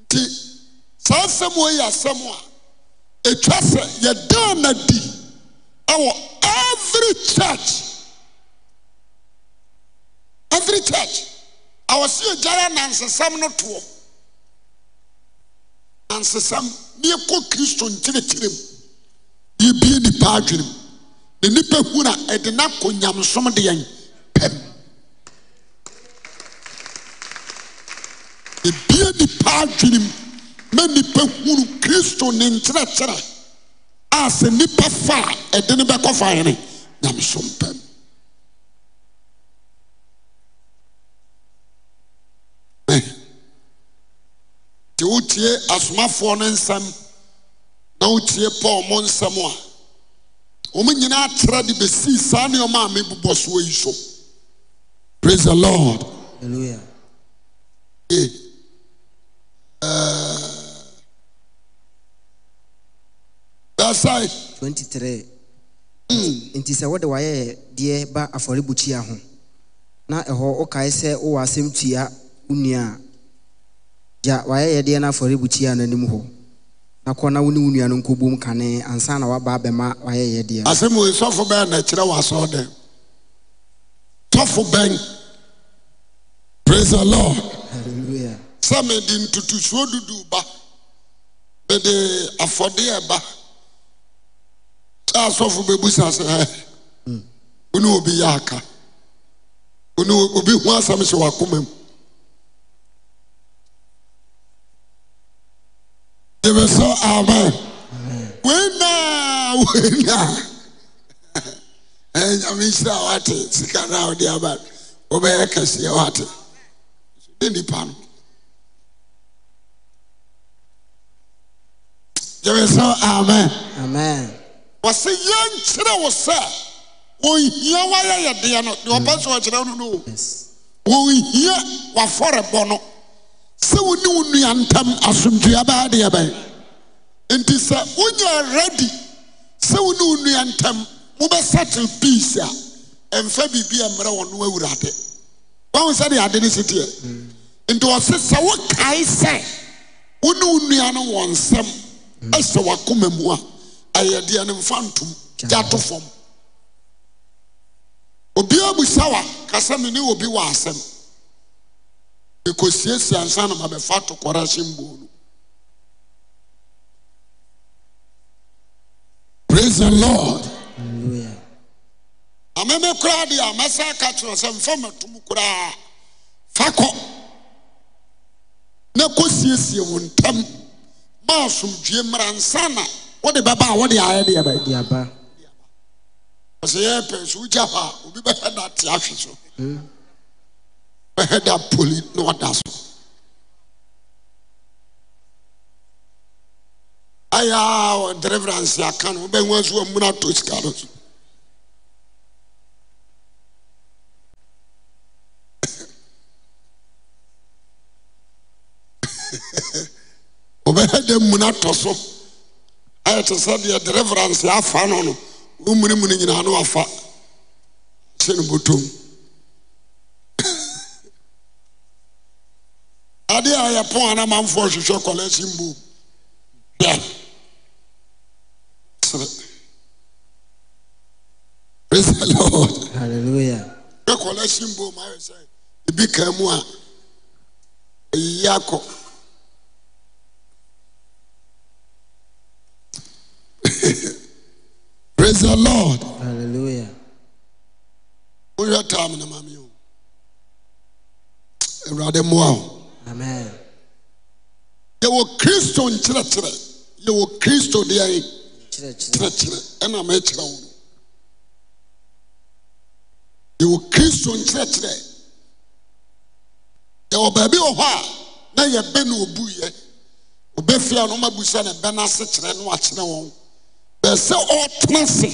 nti saa asɛm ɔ ɔyɛ asɛm a ɛtwa sɛ yɛdaa na di awɔ every church every church awɔ sɛ yɛgyare nansesɛm no toɔ nansesɛm meɛkɔ kristo nkyerekyerɛ mu deyɛbi nnipaa adwenem ne nnipa hu nu a ɛde ne kɔnyam som deɛn nebie nnipaa dwenem ma nnipa hunu kristo ne nkyerɛkyerɛ a sɛ nnipa faa ɛde ne bɛkɔ fae ne nyamso mpam nti wotue asomafoɔ no nsɛm na wotue paul mo nsɛm a woma nyinaa atrɛ de bɛsii saa nne ɔmaa mebobɔ so oyi so prais ha lord aside. 23. nti sɛ wode wayɛ deɛ ba afɔrebukyia ho na ɛhɔ wokae sɛ wowɔ asɛm tua wo nua a gya wayɛ yɛdeɛ no afɔrebukyia no anim hɔ na kɔ na wo ne wo nua no nkɔbom kane ansa na waba abɛma wayɛ yɛdeɛ no asɛm wei sɔfo bɛn na ɛkyerɛ wɔ asɔɔ dɛn tɔfo bɛn praise the lord sɛ mede ntotosuo dudu ba mede afɔdeɛ ba sɛ asɔfo bɛbusa sɛ wo ne obi yɛ aka ụmụ obi nwa asɛm hyɛ wakoma mu gyeme amen weinaa weinaa nyame wate sika na wode aba wobɛyɛ kɛseɛ wate ne nipa no amen amen wɔsɛ yɛ nkyerɛ wo sɛ wonhia wayɛ yɛdeɛ no deɛ wɔpɛ so wɔkyerɛ wo no no wo wonhia wafɔrebɔ no sɛ wone wo nnua ntam asomdua baa deɛ bɛn enti sɛ wogya redi sɛ wone wo nnua ntam wobɛsatel peas a ɛmfa biribi a mmarɛ mm. wɔ no awurade wawo sɛde ɛ ade ne sitiɛ nti ɔse sɛ wokae sɛ wone wo nnua no wɔ nsɛm ɛ sɛ woakomamu a ɛyɛ deɛ ne mfa ntom gya to fam obiaa busa wa kasɛ me ne obi wɔ asɛm mekɔsiesie ansa na bɛfa to kɔrɛhye mbuo no praise the lord ameme koraa deɛ a mɛsa ka kyerɛ sɛ mfa matom koraa fa kɔ na kɔsiesie wo ntam ma asomdwe mmara nsa na wode bɛbawode baɔsɛɛpɛ sowoya hɔ obi bɛhɛ da te ahw so hmm. bɛhɛ da poi ne da soɛ drivirɛnseaka no wobɛ so ammuna tɔ sika no o obɛhɛda mmuna tɔ so ayɛ te sɛdeɛ deriverɛnse afa no no wo munimune nyinaa na afa ɛhye no botom ade a yɛpɔ ana mamfo hwehwɛ kɔlecyi m bom ɛɛ kɔleci m boaɛsɛ ɛbi ka mu a yakɔ Praise the Lord. Hallelujah. Woyɛ time na mami o. Awurade mmoa o. Amen. Yɛwɔ Kristo nkyerɛkyerɛ. yewo Kristo deɛ nkyerɛkyerɛ. Ɛna mɛkyerɛ wo no. Yɛwɔ Kristo nkyerɛkyerɛ. Yɛwɔ baabi wɔ hɔ a na yɛbɛ na obuyɛ. Obɛfia no ma busa na ɛbɛ n'ase kyerɛ no akyerɛ wɔn ɛsɛ ɔtena ase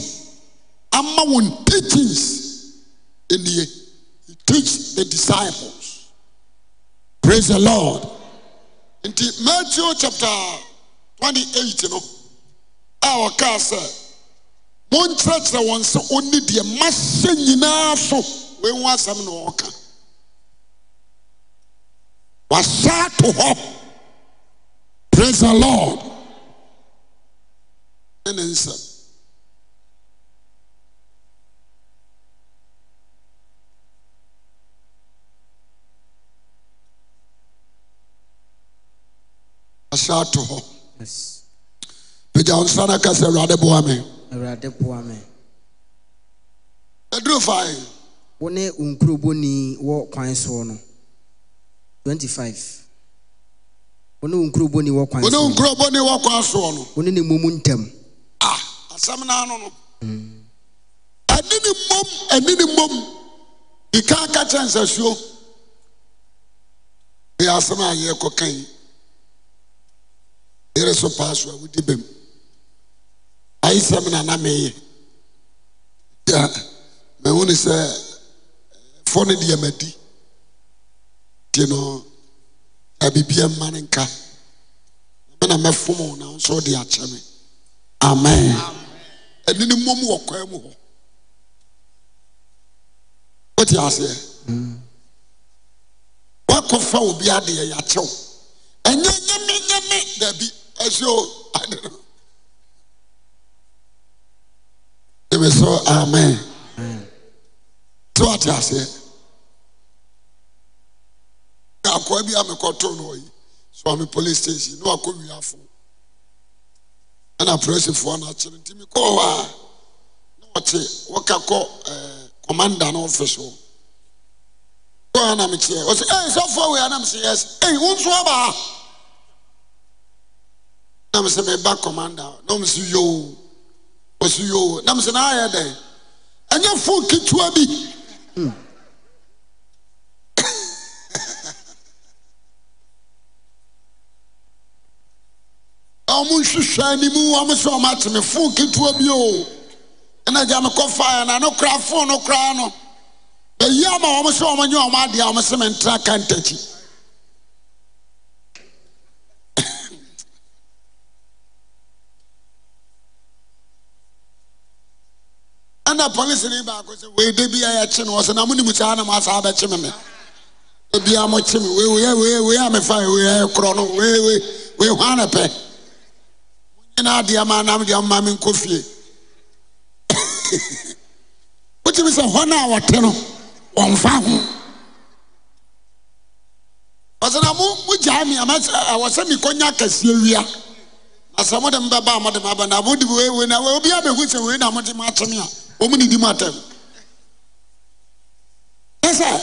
ama wɔn teachings nie teach the disciples praise the lord nti matthew chapter twenty eight no a ɔkaa sɛ wɔnkyerɛkyerɛ wɔn sɛ ɔne deɛ mahyɛ nyinaa so wɔn asɛm na ɔka wahyɛ ato hɔ praise the lord ɛna nsɛm ahyɛ ato hɔ pagya wo nsa no aka sɛ awurade boa me awurade boa me ɛduru fae wo ne wo wɔ kwan soɔ no 25 wo ne wo nkurobɔni wɔ kwan soɔ no wo ne ne Ah. asɛm naa no no anine mo ani ne mom ika ka kyɛnesasuo yɛ asɛm na ayɛɛ kɔkai yere so paa so a wode ba m ayesɛmi na na meyɛ mahu ne sɛ fɔ no de amadi nti no abibia mma ne nka mɛna mɛfomɔ o na o so wɔde akyɛme ae anino mmom wɔ kwaa mu hɔ wote aseɛ waakɔ fɛ ɔ biade ɛyakyew ɛnɛ ɛ daabi ahɛ a mso amen sɛ wate aseɛ akoa bia mekɔto no ɔyi soame police sati ne wakɔ wiafo ɛna prɛsifoɔ no akyero ntimi eh, kɔɔ hɔ eh, a ne wɔte wɔkakɔ commanda ne ɔfihyewɔ kɔa namekyeɛ wɔ sɛ sɛfo we a nam se yes e wo nso abaa nam sɛ meba commanda nemso yoo wɔ so yoo na m se na ayɛ dɛn anyɛ foɔ ketwewa bi ɔmo nhwehwɛ nim ɔm sɛ ɔmaateme foo ketea bio ɛna gya mekɔfaɛ na no korafo no kora no bɛyiama ɔm sɛ ɔmnyɛ ɔma ade ɔmseme ntra ka ntakyia polisyn aasɛ wei da biayɛkyene ɔ sɛ na monema ne m asa a bɛkyeme me aia moke ɛ a mefa koɔ no eihɔ a ne pɛ na adeɛ ma nam deɛ ama me nkɔ fie wotumi sɛ hɔ no a wɔte no wɔmfa ho ɔsɛ na mogyaa me ama sɛ mekɔnya kɛseɛ wia na sɛ mode mbɛba a mode maba na mode weiwei na obiaa bɛhu sɛ wei na mode makyene a ɔmu ni di mu atɛm ɛ sɛ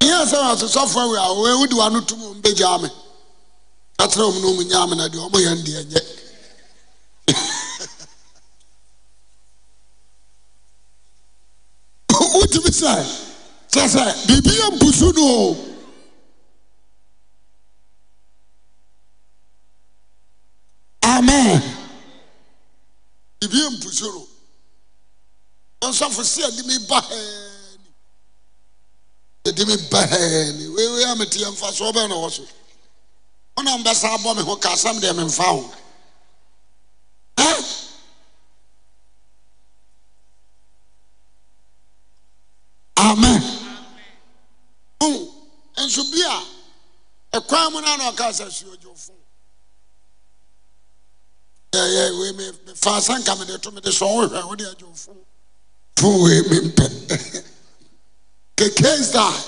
ɛyɛ sɛ asosɔfoɔ wei a wei wode wa no tom ɔmbɛgyaa me atramnomunyaamna de ɔmɔyɛn deayɛ wotimi sɛ sɛɛ sɛ birbia mpuso no amɛ birbia mpuso no ɔsɛfo seadimi bahɛdimi bahɛni wewe a meteyɛmfa so ɔbɛna wɔ so onabɛsa abɔ me hoka sɛm deɛ memfa ho a nso bia ɛkwa mu no anɔɔkaa sɛsdofoimfa sɛnka mene tomede sɛwohwɛ wo de adwofoɛ kɛksaa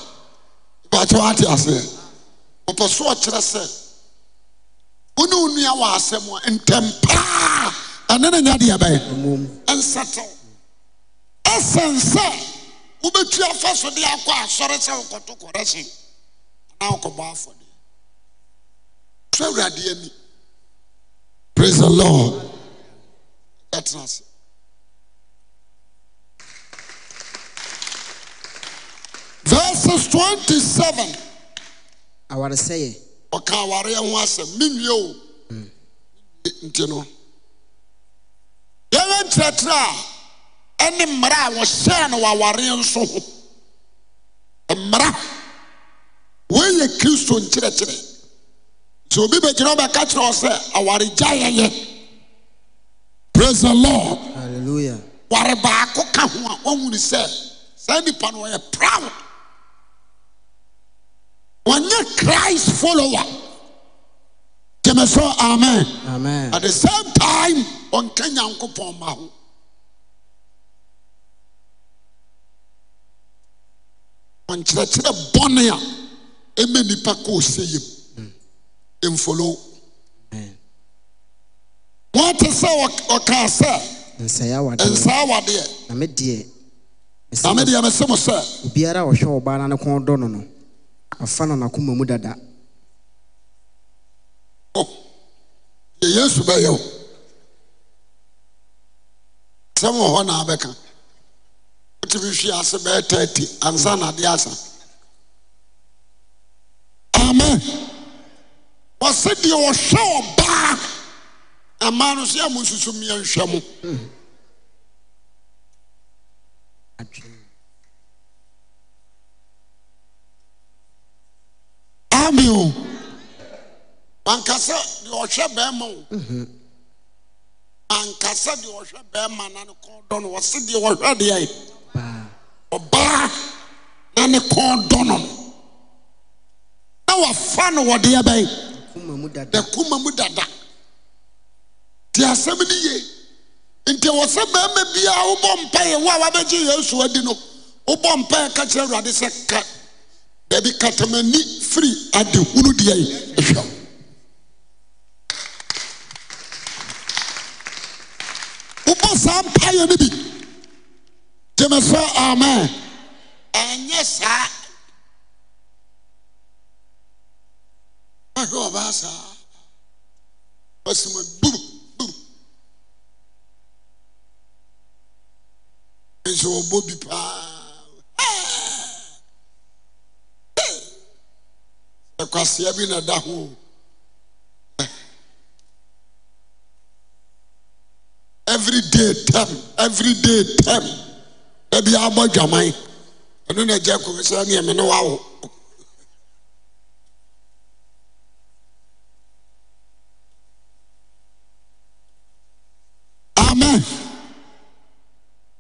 ɛkyɛwateaseɛ ɔpɛ soɔkyerɛ sɛ wone wo nnua wɔ asɛm a ntɛm paa ɛne ne nyɛ deɛ bɛyɛ ɛnsɛtew ɛsɛn sɛ wobɛtu afa so de akɔ asɔre sɛ wokɔto kɔrɛhye anaa wokɔbɔ awurade ani praise the lord ɛtena us. verses 27 awaresɛyɛ ɔka awareɛ ho asɛm menwie o nti no yɛyɛ nkyerɛkyerɛ a ɛne mmara a wɔhyɛɛ no wɔawareɛ nso ho mmara wɔiyɛ kristo nkyerɛkyerɛ sɛ obi bɛgyina wobɛka kyerɛ wo sɛ awaregyaeɛyɛ prais lord ware baako ka ho a woahunu sɛ saa nnipa no ɔyɛ wɔnyɛ christ followa demɛ so amen a the same time ɔnkɛ nyankopɔn ma ho ɔnkyerɛkyerɛ bɔne a mɛ nnipa kɔɔsɛ yim mfoo wɔte sɛ ɔka sɛ ssɛɛdeɛa mɛdeɛ mese m sɛ bira ɔhwɛ ɔbaana nkɔdɔ no no afa no n'akomamu dada dɛ yesu bɛyɛ w sɛmhɔ naa bɛka wotumi hwee ase bɛɛta ti ansa nadeɛ asa ama wɔsɛ deɛ ɔhwɛ ɔ baa amaa no so a monsuso mia nhwɛ mo hwɛ baima o ankasɛ deɛ ɔhwɛ baima nane kɔɔ dɔ no wɔsedeɛ wɔhwɛ deɛɛ ɔbaa n'a ne kɔɔ dɔ no n na wafa no wɔdeɛ bɛɛ dakoma mu dada nti asɛm no ye nti wɔ sɛ baima biaa wobɔ mpaeɛ wo a woabɛgye yɛ suadi no wobɔ mpaɛ ka kyerɛ awurade sɛ ka daabi katamani firi ade hunu deɛe de hwɛw saa mpaa yɛni bi gyeme sɛ ama ɔnyɛ saa wahwɛ ɔbaa saa wasɛma duruduru tɛ wɔbɔ bipaa ɛkwasea bi na da hoo vda tm everyday tam na biabɔ dwama ɔnongyakosaeme ne woa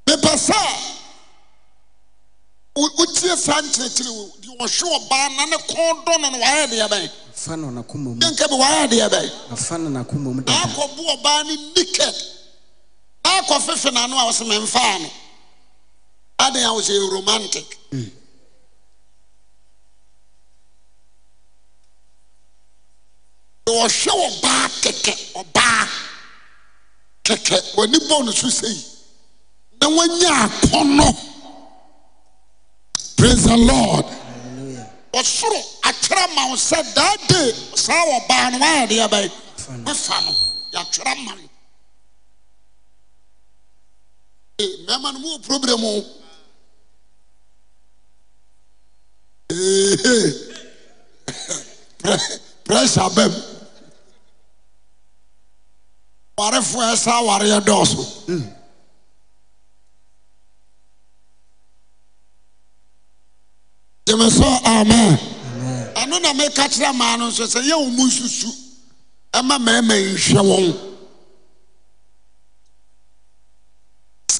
mepɛ sɛa wotie sa nkyerɛkyerɛo deɛ ɔhwe ɔbaana ne kɔ dɔnane ydebaɛebadaakoɔbaa no nikɛ akɔfefe nano a ɔsɛmemfaa no aden a woseɛ romantic mm. ɔhwɛ ɔbaa kɛkɛ ɔbaa kɛkɛ w'ani bɔ no so sɛi ne woanyaakɔ nɔ prase he lord ɔsoro atwerɛ mawo sɛ daa de saa wɔbaa no waayɛdeɛbɛɛ mo sa no yɛatwerɛ mano Eh, maima no muɔprobrɛmupressabam warefo ɛsa wareɛdɔɔso deme sɛ ama ano na mɛka kyerɛ maa no nso sɛ yɛ wɔ mu nsusu ɔma maima hwɛ wɔn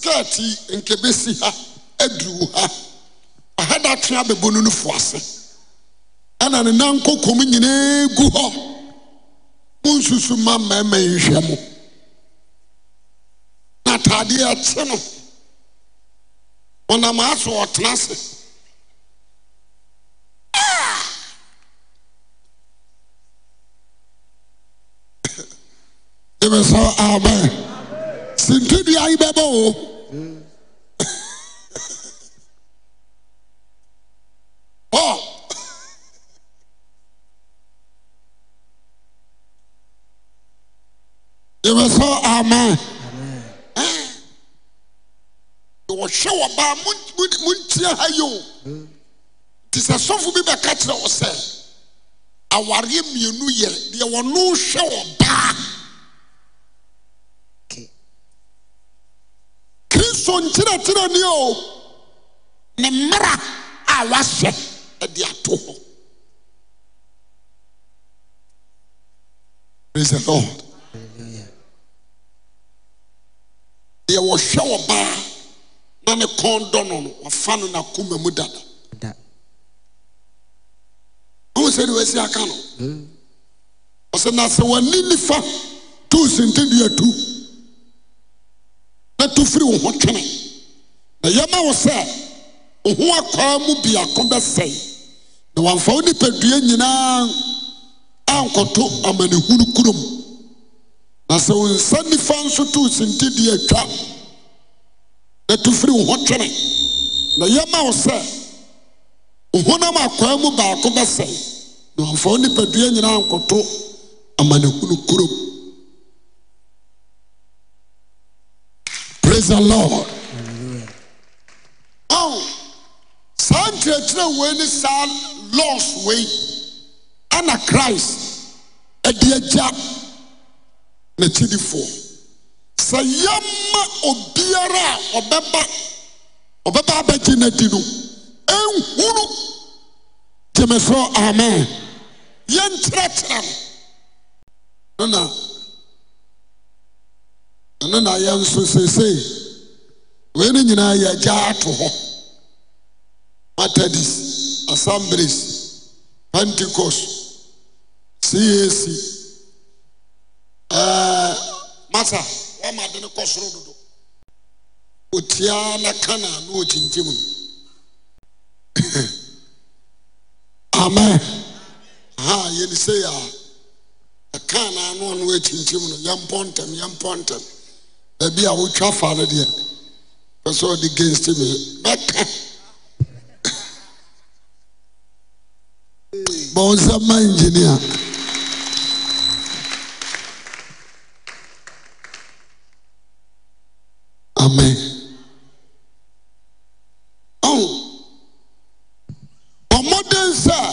taati nke si ha aduru ha ahadakwe abɛbɔ no no ase ɛna ne kokom nyinaa gu hɔ monsusu ma mmarima nhwɛ mo na ataadeɛ no ɔnam aso ɔtena ase ɛbɛ ah! sɛ amen sintidua yi bɛbɛ o yɛmɛsɛ ama ɛwɔhwɛ wɔbaa monkyia ha yio nti sɛ sɔfo bi bɛka kyerɛ wo sɛ awareɛ mmien yer deɛ wɔno hwɛ wɔ baa kristo nkyerɛtyirɛni o ne mmera a woaasɔ ɛde ato hɔ ais yɛwɔhwɛ wɔbaa na ne kɔn dɔnɔ no ɔfa no n'akomamu dada ohu sɛ de w'asi aka no mm. ɔ sɛ na sɛ w'ani nifa too sntiduatu na tofiri wo ho twene na yɛma wo sɛ ɔho akwaa mu biako bɛsɛe na wamfa wo nipadua nyinaa ankɔto amanehunu kurom na sɛ wo nsa nnifa nso too sintideɛ atwa na tu firi ho twene na yɛma wo sɛ wo honam akwaa mu baako bɛsɛe na wamfa wo nipadua nyinaa ankɔto amanehunu kurom praise the lord nkyerɛkyerɛ wɔi ne saa los wei ana christ ade agya nakyidifoɔ sɛ yɛma obiara a ɔbɛba ɔbɛbaabɛgye no di no ɛnhunu gyeme so amen yɛnkyerɛkyerɛ no nn ɛne na yɛnso seesei wei no nyinaa yɛagya ato hɔ matadis assemblees penticost cas eh, masa wmadene kɔ soro dodo ɔtiaa nɛkana no ɔkyintim no ama a yɛne sei a ɛkanaa nono akyimtim no yɛmpɔntɛm yɛmpɔntɛm aabia wotwa fa no deɛ fɛ sɛ ɔde gestymi mɛka maosɛ ma ngyinia ame ɔmmɔden oh. sɛ a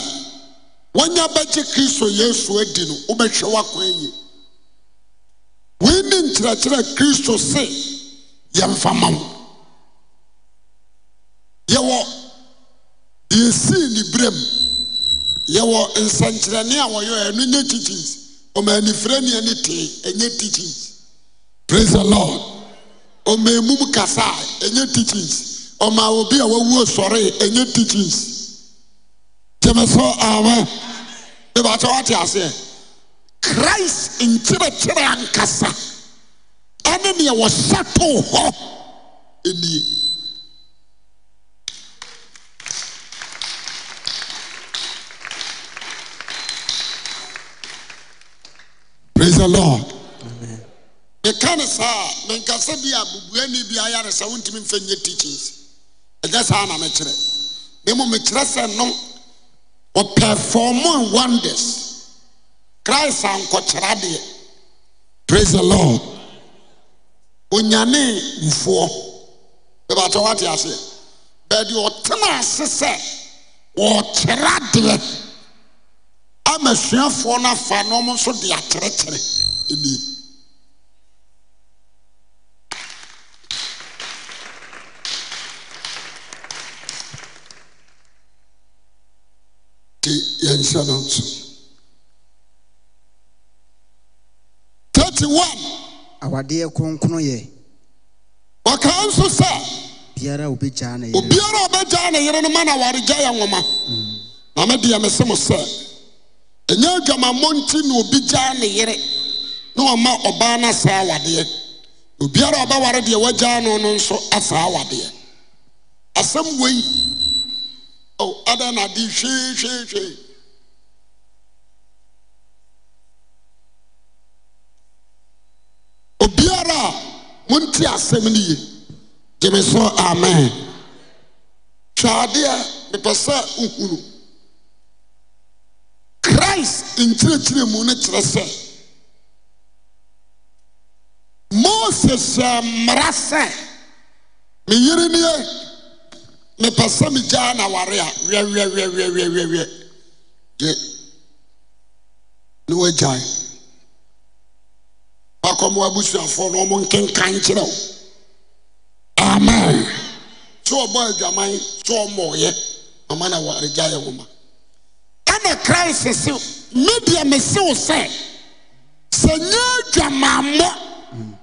wɔnyɛ bɛkye kristo yesu adi no wobɛhwɛ w'akwanyi weine nkyerɛkyerɛ a kristo sɛ yɛmfama wo yɛwɔ deɛsii nebrɛm yɛwɔ nsɛnkyerɛnne a wɔyɔɛno nyɛ techins ɔmaa nifrɛ nnea ne tee ɛnyɛ teachins prais he lord ɔma mum kasaa ɛnyɛ teachins ɔmaa obi a woawuo sɔre ɛnyɛ teachins kyɛmɛ sɛ ama nebɛakɛ wote a sɛɛ khrist nkyerɛkyerɛ ankasa ɛne neɛwɔhɛ to hɔ nni meka ne saa a menkasɛ bi a bubua ni bi ayare sɛ wontimi mfanyɛ techinsi ɛgya saa na mekyerɛ na mmom kyerɛ sɛ no ɔperforme wonders christ ankɔkyera deɛ prais he lord onyanee mfoɔ bɛbatɔ woateaseɛ batdeɛ ɔtem ase sɛ wɔkyera deɛ ama suafoɔ no afa na ɔmo nso de akyerɛkyerɛ nie ti yɛnhyɛ no nso thirty one. awadeɛ kronkron yɛ. wɔkaa nso sɛ. biara obɛgyaa ne yere. obiara obɛgyaa ne yere no ma na wɔregya mm. yɛ nwoma. na me deɛ me se mo sɛ. enye adwamammɔ nti na obi gyaa ne yere na ɔma ɔbaa no asaa awadeɛ obiara a dị deɛ wagyaa no no nso asaa awadeɛ asɛm wei adan na ade hweehweehwee obiara a monte asɛm no ye gyeme so amen twɛ adeɛ mepɛ sɛ christ nkyerɛkyerɛ mu no kyerɛ sɛ mose mmara sɛ meyere nie mepɛ sɛ na naware a wɛwɛwɛwɛwɛwɛ ye ne woagyae wakɔma wabusuafoɔ no ɔmo nkenka nkyerɛ wo amen sɛ ɔbɔ adwaman sɛ ɔmmɔɔyɛ ama na waregyaeɛ wo ma crisse media mesewo sɛ sɛ nyɛ dwamammɔ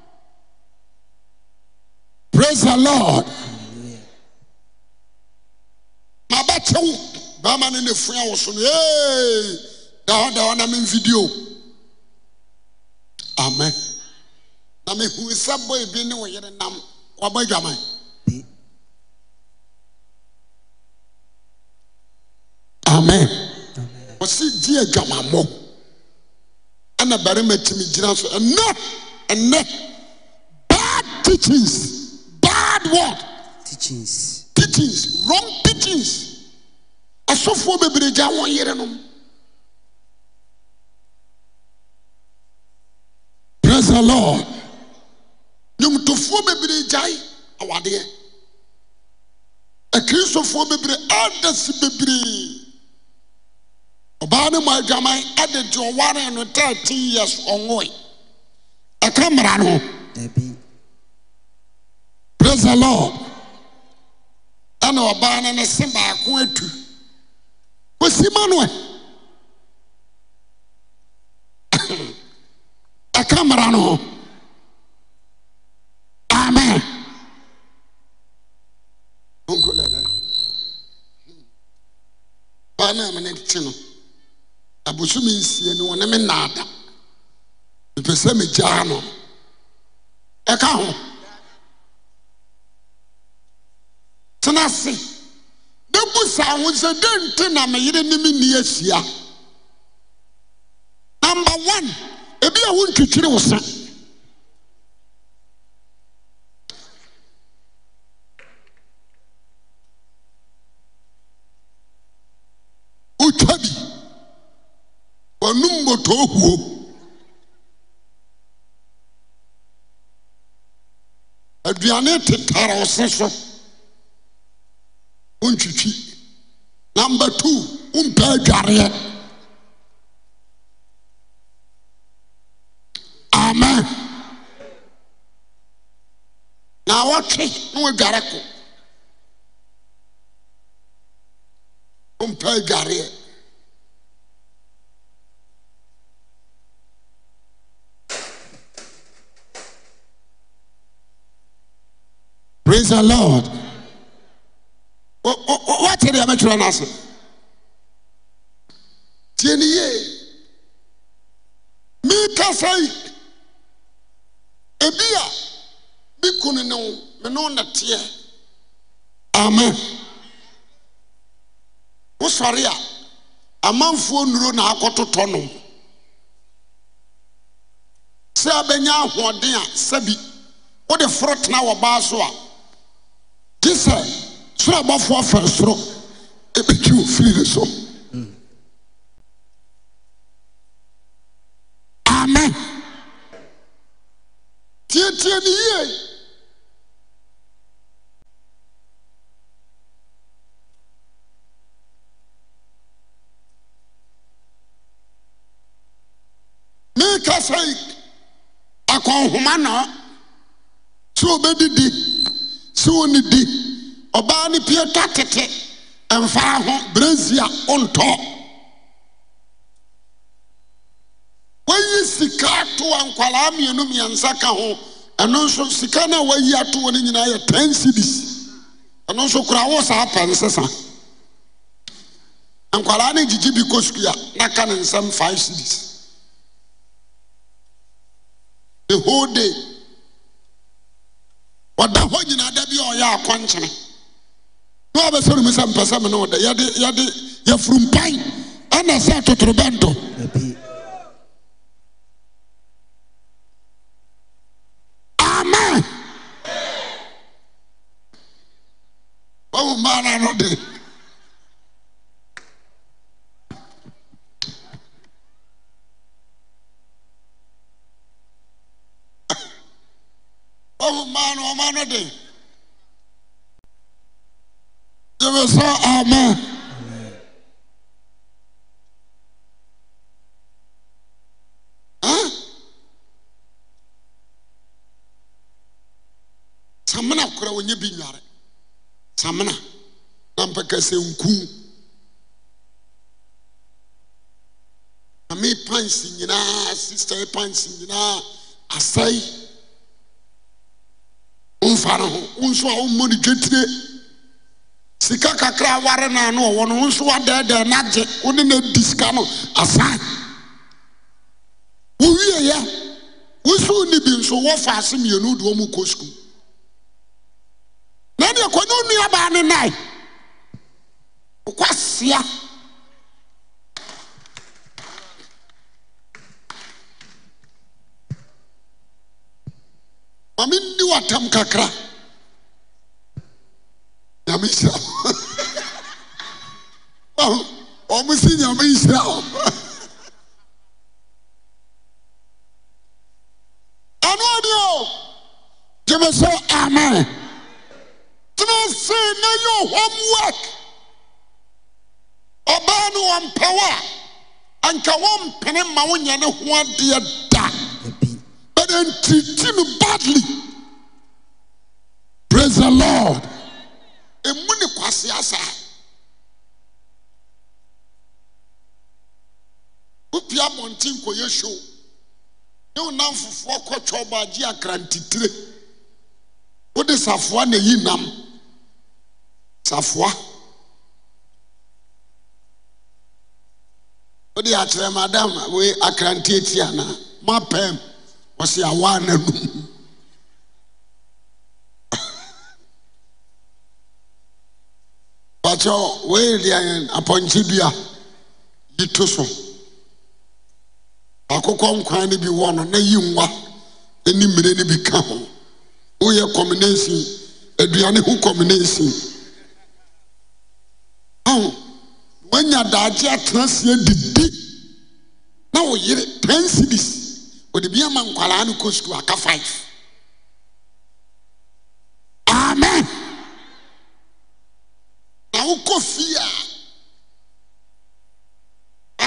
prais he lord mabɛkɛwo baima no nɛfua a wo so no daɔda ɔnammvideo amen na mehu sɛ bɔabi ne wo yere nam wabɔ adwaman amen ɔsɛgye adwamammɔ na barima timigyira so ɛnɛ ɛnɛ bad techins bad wat tecins wrong teachins asofoɔ bebree gyae wɔnyerenom pres e lord nwomtofoɔ bebree gyae awadeɛ akristofoɔ bebree ades bebree ɔbaa ne mu adwaman ɛde te ɔware no years ɔnwoe ɛka mmara no praise the lord ɛna ɔbaa no ne se baako atu kɔsi ma no ɛ ɛka mmara no amen ɔnkɔ lɛ amene no abosom nsia no wɔne me naada mepɛ sɛ megyaa no ɛka ho tena ase bɛbu saa ho sɛ nti na me yere ne si nni ahyia number one ebi a wontwitwiri wo duane te taraɔse so wontwitwi namb tu wompaa dwareɛ ama na wɔtwe ne woadwareko ompaa dwareɛ s waatede a bɛkyerɛ no ase tiɛni yee mekasa yi ɛbia mekumi ne o me no neteɛ ama wosɔre a amanfoɔ nnuro naakɔtotɔ no sɛ abɛnya ahoɔden a sɛbi wode foro tena wɔbaa so a ye sɛ sorobɔfoɔ afɛ soro ɛbɛki wɔfiriri so amɛ tietiɛniye meka sɛi akɔnhoma naa sɛ obɛdidi sɛwo ne di ɔbaa ne pie tɔ tete mfaa ho bresi a ontɔ wayi sika ato ankwaraa mmienomyɛnsa ka ho ɛno nso sika ne wayi atoɔ no nyinaa yɛ 10 sidies ɛno nso kora wɔ saa pɛ nsesa nkwaraa ne gyegye bi kɔ sku a na ka ne nsɛm 5i sidies e whoday ɔda hɔ nyinaa da bia a ɔyɛ akɔnkyene ne wabɛsɛ nem sɛ mpɛ sɛme ne wda ɛde yafurumpan nɛ ɛsɛ totorobɛntɔ aa wwɔ maana no de akɛsɛnku ame pansi nyinaa sister pansi nyinaa asɛe womfa ne ho wo nso a wommɔ ne dwetire sika kakra ware naa no ɔwɔ um um no wo nso woadɛɛdɛɛ no agye wo ne n'adi sika no asae wowieyɛ wo nso wo ni bi nso wɔfa ase mmienu de wɔ kɔ sukuu na deɛ kɔne wo nnuabaa ne nae okɔasia ma mendi watam kakra nya ɔmosɛ nyamesa aneɔneo temɛ sɛ ama temɛ se nayɛ homework baa no wɔ mpɛw a anka wo mpene ma wo nyɛne ho adeɛ da but ntiriti no badly prais e lord mu ne kwaseasaa wopia mɔnte nkɔyɛ hyow ne wonam fofoɔ kɔkwɔwbɔ agye akrantitire wode safoa n' yinam safoa ode akyerɛmadam akranteati anaa mapɛm wɔsɛ awaa naanum kyɛ wɛeɛɛ apɔnkyedua yito so akokɔ nkwaa ne bi wɔ no na yinwa nimmire no bi ka ho woyɛ kɔmunasi aduane ho kɔminansi woanya daagye atraseɛ didi na wo yere 10n sedies odebiama nkwaraa no kɔ sukuu aka 5i amen na wokɔfii a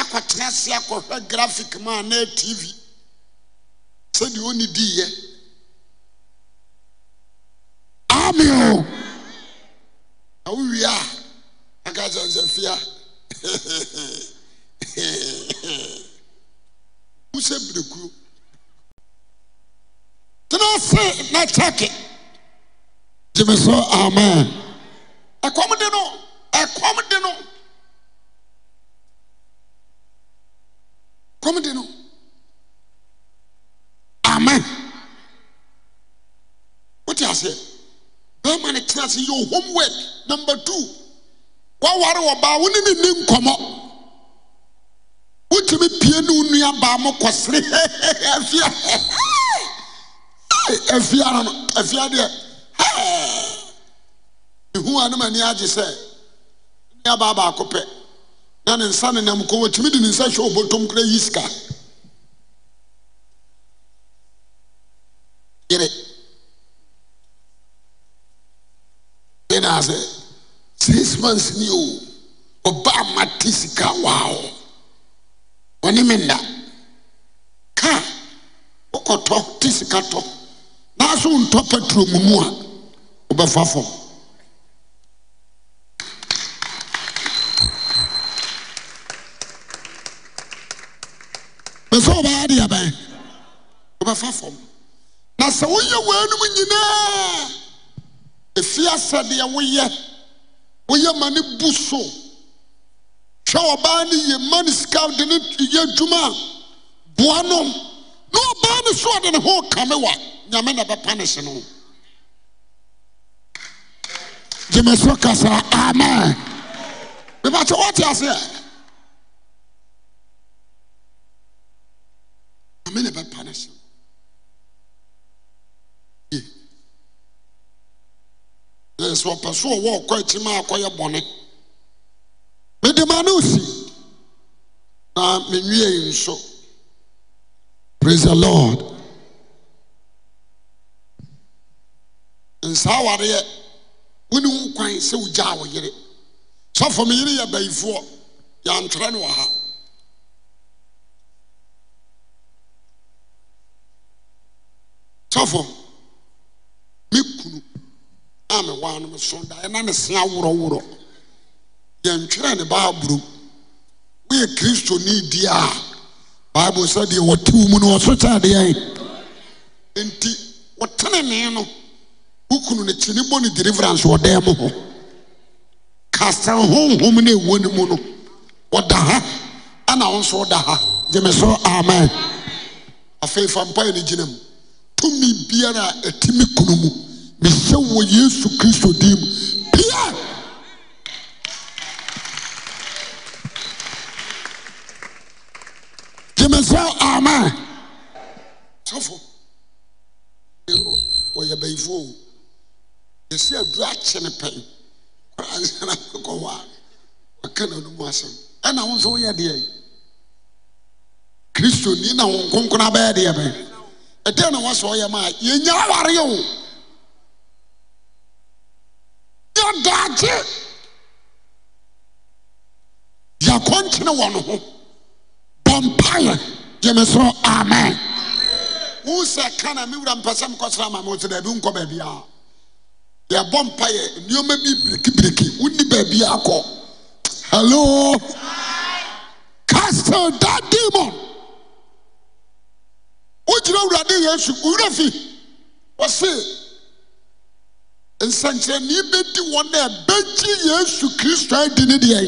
akɔtera aseɛ akɔhwɛ graphic maanɛɛ tv sɛdeɛ onni diɛ ameo na wowie a akasasafia wosɛ birekuo tena ase na kyɛke gyeme so amen ɛkɔm de no ɛkɔm de no kɔm de no amen wote aseɛ bɛrima no tena ase yɛ homework number two woware wɔbaa wone nenni nkɔmmɔ wotumi pie ne wo nnuabaa mɔ kɔserea afia nom afiadeɛ nehuu a ne ma nni agye sɛ nniabaabaakɔ pɛ na ne nsa ne nnam ko ɔkumi de ne nsa hwɛ wobotɔm kora yi sika aase ssmsne o ɔbaama te sika waao 'nem nna ka wokɔtɔ te sika tɔ naaso wontɔ paturo mumu a wobɛfa fam me sɛ wobɛya deaban wobɛfafam na sɛ woyɛ w'anom nyinaa ɛfi asɛdeɛ woyɛ woyɛ ma ne bu so twɛ ɔbaa ne yɛ mane scow de ne yɛdwuma a boanom ne ɔbaa no so ade ne hore kamewa nyame ne ɛbɛpane he noh gyemaso kasaa aman bɛbɛkyɛ wotease nyamene bɛpanehye o ɛsɛ ɔpɛ so ɔwɔ ɔkɔ atimaa kɔyɛ bɔne mede ma na osi na menwiei nso pras a lord nsaa wareɛ wone w kwan sɛ wogyaa wo yere sɛfo meyere yɛ aba yifoɔ yɛantwerɛ ne wɔ ha sɛf a mewaa no meso da ɛna ne sea worɔworɔ yɛntwerɛ ne di a bible sɛ deɛ wɔte ọtụtụ mu no ɔso kyɛ adeɛ na wɔtenene no wokunu no kyini bɔ ne deliverance ɔdan mu hɔ kasa honhom ha ha amen mpa gyina mu biara a kunu mu misɛ wɔ yesu kristo din mu bia deme sɛ amaa sf ɔyɛ bayifoɔ o yɛsɛ abua akye ne pɛ raɛnakwa kananom asɛm ɛna wosɛ woyɛ deɛ kristoni na wo nkronkona bɛyɛdeɛ bɛ ɛdɛ na wosɛ woyɛ maa yɛnyara wareyɛ wo a dyakɔnkyere wɔ ne ho bɔ mpayɛ gye me soro amen wo sɛ ka na mewura mpɛ sɛ mkɔsrɛ ma mooto daabi nkɔ baabiaa yɛbɔ mpayɛ nnuɔma bi birikibiriki wonni baabiaa kɔ hallo castl dadimɔn wogyina wurade yɛ asu wwerɛ fi ose nsɛnkyerɛnne bɛdi wɔn a bɛgye yesu kristo adi ne deɛ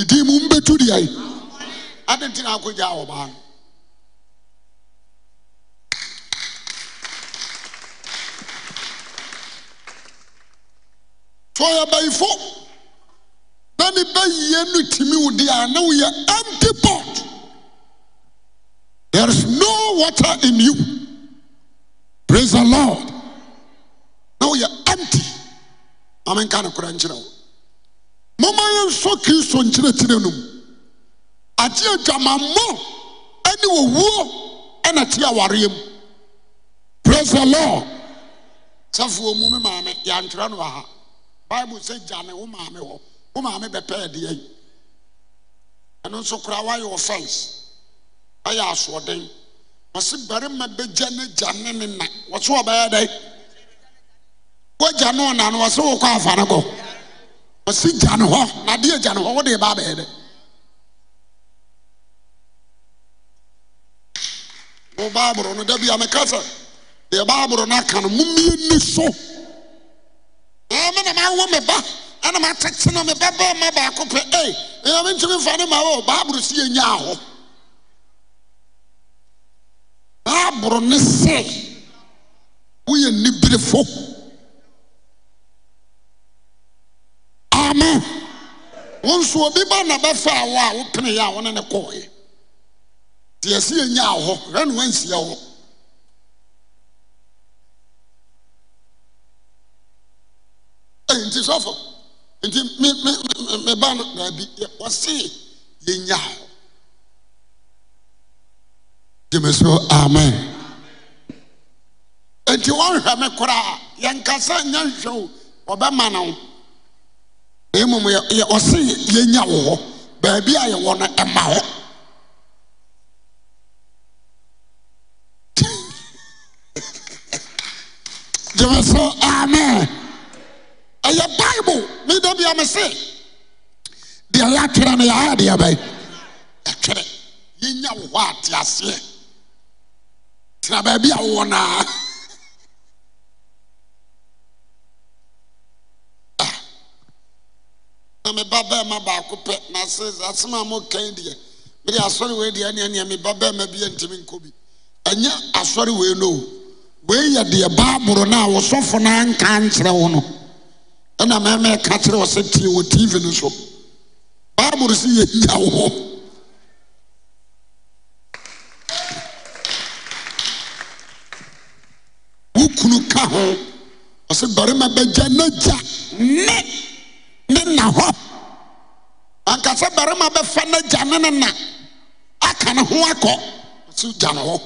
ɛdi mu mbɛtu deɛ ade nti akɔgya ɔbaa so ɔyɛ bayifo bɛyie no tumi wo deɛ a na woyɛ empty pot there is no water in you praise the lord na woyɛ anti mamenka no kora nkyerɛ ho moma yɛ nsɔ kristo nkyerɛtirɛ no mu ateɛ gyama mmɔ ne wɔwuo na teɛ awareɛ m pres e law sɛfo ɔmu me maame yɛantwerɛ no wɔ ha bible sɛ gyane wo maame wɔ wo maame bɛpɛɛ deɛn ɛno nso koraa woayɛ ɔfense wayɛ asoɔden mɔ se barima bɛgya ne gya ne ne na wɔse wɔbɛyɛ dɛn waagya ne ɔna no ɔse wo kɔafa ne gɔ ɔse gya ne hɔ nadeɛ gyane hɔ wode ɛbaabɛɛdɛ mo baborɔ no dabia meka sɛ ɛ baborɔ no aka no mommiɛnni so mɛ ne mawo me ba ana maatete no meba bɛma baakopɛ ɛmɛtomi fa ne ma wo baabrɔ sɛ yɛanyaa hɔ baaborɔ ne sɛ woyɛ nni birefo amen nso obi ba na fa wo a ya, a wo ne ne kɔɔeɛ nti yɛsɛ yɛnyaa hwɛ ne woansia hɔ nti sɔfo nti no yɛnya so amen nti wɔnhwɛ me koraa yɛnkasa nyɛ nhwɛ o ɔbɛma na ho mmom ɔse yɛnya wo hɔ baabi a yɛwɔ no ɛma hɔ gyeme sɛ amen ɛyɛ bible meda bia me se deɛ yɛatwerɛ no yɛayɛ deɛ bɛe ɛtwerɛ yɛnya wo hɔ a te aseɛ tena baabi a wowɔ naa na meba bɛrima baako pɛ na ase asɛm a mokan e, deɛ mede asɔre wei deɛ neɛ neɛ meba bɛrima bi yɛntimi nkɔ bi ɛnyɛ asɔre wei no o wei yɛ deɛ baaboro no a wɔsɔfo no anka nkyerɛ wo no ɛna mɛma ɛka kyerɛ wɔ sɛ tie wɔ tiivi no so baaboro yɛ yɛhia wo hɔ ka ho ɔsɛ barima bɛgya na gya ne ne na hɔ ankasa barima bɛfa n'agya ne ne na aka ne ho akɔ ɔsi gya ne ho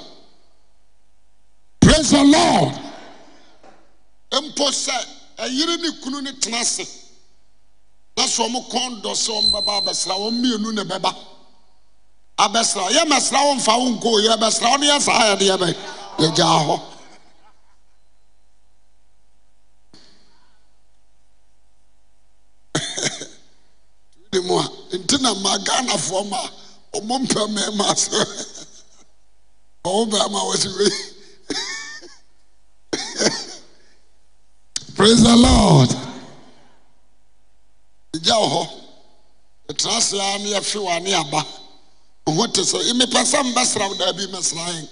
praise the lord mpo sɛ ɛyere ne kunu ne tena ase na so ɔmo kɔn dɔ sɛ ɔmo bɛba abɛsra wɔn mmienu ne bɛba abɛsra yɛ mɛsra wɔn fa wɔn nko yɛ bɛsra wɔn yɛ saa yɛ de yɛ bɛ yɛ gya hɔ. m a nti na maghanafoɔm a ɔmompɛ mamaas wo bram aw preser lord ɛgyawo hɔ ɛtraseɛ aa ne yɛfewaa ne aba ɔho te sɛ mepɛ sɛm bɛsra wodaa bi ma sraɛn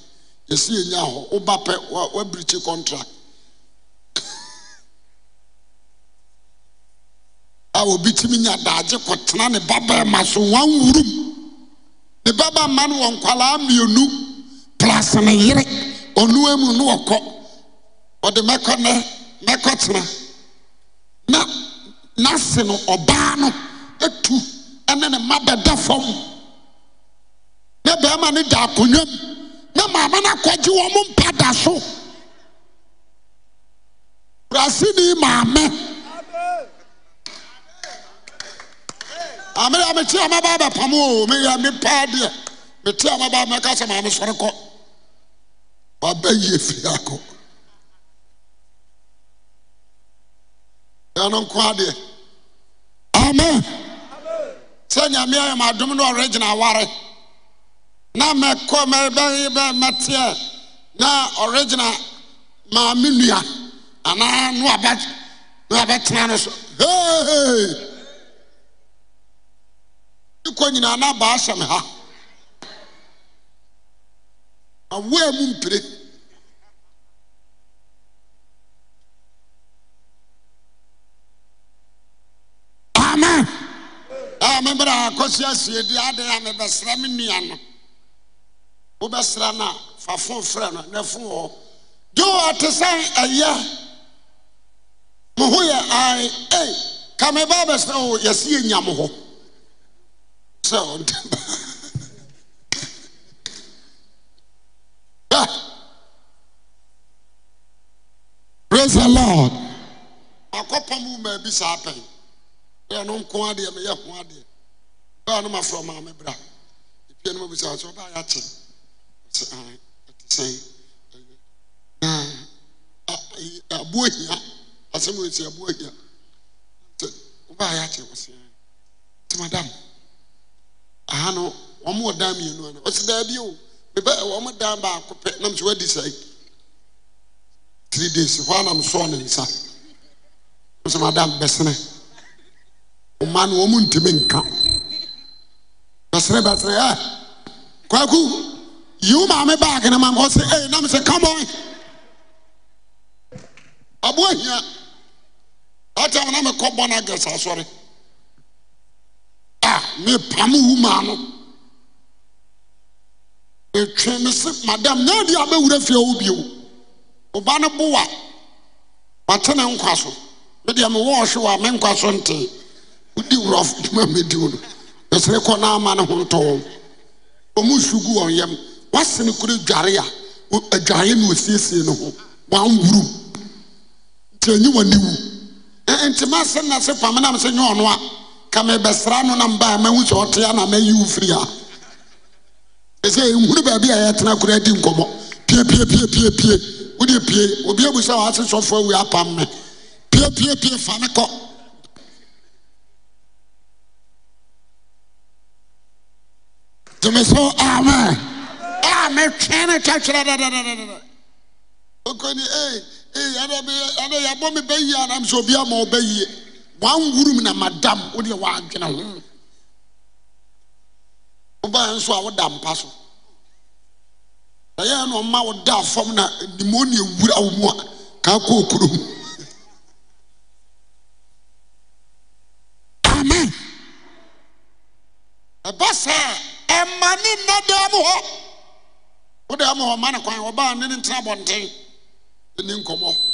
yɛsɛ yɛnya w hɔ woba pɛ wabirekyi contract a obi tumi nya daagye kɔtena ne babarima so wanwurum ne babarima no wɔ nkwalaa mmienu plus ne yere ɔno amu ne ɔkɔ ɔde mɛkɔ nɛ mɛkɔtena na n'ase no ɔbaa no atu ne ne mma bɛda fam ne barima no da akonnwa mu na maama no akɔgye wɔn mpa da so brasini maame. amede ah, ah, a mete amabaa bɛpam o meyɛ mepaa deɛ mete ma mɛka sɛ maame sɔre kɔ baba yie firi ya ɛno nko amen sɛ nyame ma maadom no ɔregyina aware na mɛkɔ mɛteɛ na ɔregyina maame nua anaa noabɛtena no so hei kɔ nyinaa na abaa hyɛ me ha awoa mu mpire amen a ah, mebrɛ asie di ade a mebɛsrɛ me nua no wobɛsrɛ besra na fa fon frɛ no na fo wɔ Do at ate sɛ ɛyɛ mo ho yɛ ae ei ka meba bɛsrɛ wo yɛse yɛnya mo hɔ Ah. resal maakɔpɔ m wo ma abisaapɛn ɛno ko adeɛ meyɛ hoadeɛ bɛa no mafrɛ ɔmaa me brɛ fianombisa ɔ wobɛayɛ akye ɛaboa hia asɛmɛsɛ aboa hia wobɛayɛ akye w s ti madam aha no wɔn wɔ dan mmienu ana ɔsi dan bi o bɛbɛ wɔn dan baako pɛ nam so wɔadi sɛ three days hɔ anam soɔ ne nsa ɔsɛ ma dan bɛsene ɔmaa no wɔn ntumi nka bɛsene bɛsene ɛ eh, kwaku yiwu maame baage eh, na maame ɔsɛ ɛ nam sɛ kamɔn aboahia ɔtɛ wɔn nam kɔ bɔ na gɛsɛ asɔre. mepam wo maa no etwe me se madam nyɛ ade abɛwura fie wo bio ɔba no bowa mate ne nkwa so medeɛ mewɔ ɔhwe wɔ a me nkwa so nte wodi wurɔfo ma medi wo no mesere kɔ na ama ne ho ntɔɔ ɔmu nsu gu wɔn yam wasene koro dware a adware ne ɔsiesie ne ho wanwuru nti anyi w'ani wu nti masɛ se a kamebɛsra no na mbaa mawusɛ ɔtea na mayiwo firi a ɛ sɛ huno baabi a yɛtena koraa adi nkɔmmɔ piepieepie wodeɛ pie obia bu sɛ ɔase sɔfo wuapam me piepiepie fane kɔ t so am metwɛ ne twɛtwerɛ yɛbɔ mebayie anam sɛ obiaama ɔbayie wanwurum na madam wodeɛ waadwene ho wobaɛ mm. nso a woda mpa so ɛyɛ no ɔma woda fam na nimone wura wo mu a kaa kɔɔ kurom amen ɛba saa ɛma ne nna daa mu hɔ wodaa mu hɔ ma ne kwan wɔbaa ne ne ntena abɔnten ne nkɔmmɔ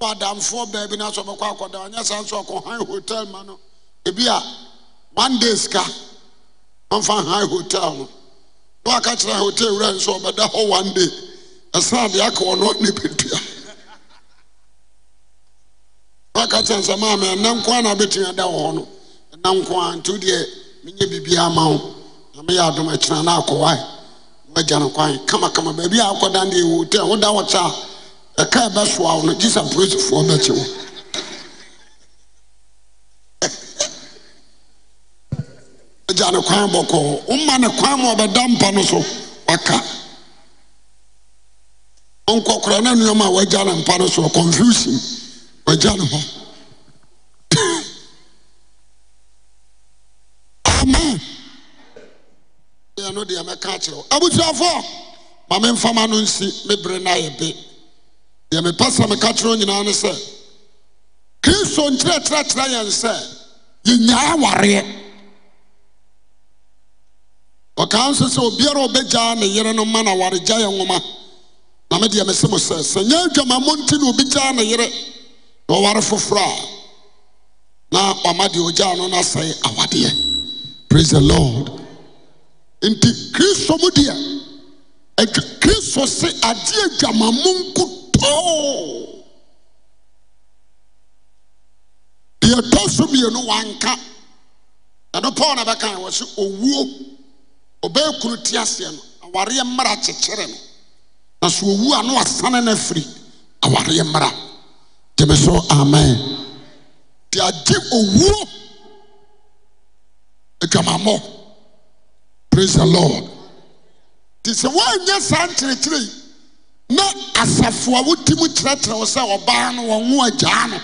wɔ adamfoɔ baabi na sɛ ɔbɛkɔ akɔda ɔnyɛ saa nso hotel ma no ebi a one day sika han hotel no na kyerɛ hotel wura nso ɔbɛda hɔ one day ɛsan ya aka ɔno ne pɛtua na waka kyerɛ nsɛm a mɛ ɛnɛ nko na abɛtumi ada wɔ hɔ no ɛnɛ nko a nti deɛ menyɛ biribiara ma wo na meyɛ adom akyerɛ na akɔwae magya no kwan kamakama baabi a akɔda deɛ hotel woda wɔ kyɛ a ɛka ɛbɛsoa wo no gye sɛ apolisifoɔ no akyi wo agya ne kwan bɔkɔɔ ma ne kwan ma ɔbɛda mpa no so waka ɔnkɔkora na nneɔma a wagya ne mpa no so confusion wagya ne hɔ amen deɛ no deɛ mɛka akyerɛ wo abusuafoɔ ma memfama no nsi me bere no ayɛ be deɛmepa sa me ka kyerɛ nyinaa ne sɛ kristo nkyerɛkyerɛkyerɛ yɛn sɛ yɛnyaa awareɛ ɔkaa nso sɛ obiara a ɔbɛgyaa ne yere no ma na waregyaeɛ nwoma na medeɛ me semo sɛ sɛnyɛ adwama mɔ nti ne obɛgyaa ne yere na ɔware foforɔ a na wama deɛ ɔgyaa no no asɛe awadeɛ prais he lord enti kristo mu deɛ kristo se adeɛ adwama mo nko Oh! deɛdɔ somie no wanka nɛne paul na bɛka wɔ sɛ ɔwuo ɔbɛɛkuru teaseɛ no aware mmra kyekyerɛ no na so ɔwu a na wasane no afiri awareɛ mmara de mi so ama de agye owuo adwamammɔ praise he lord di sɛ woanyɛ sa nkyerɛkyirei na asafo a wotim kyerɛkyerɛ wo sɛ ɔbaa no wɔwo agyaa no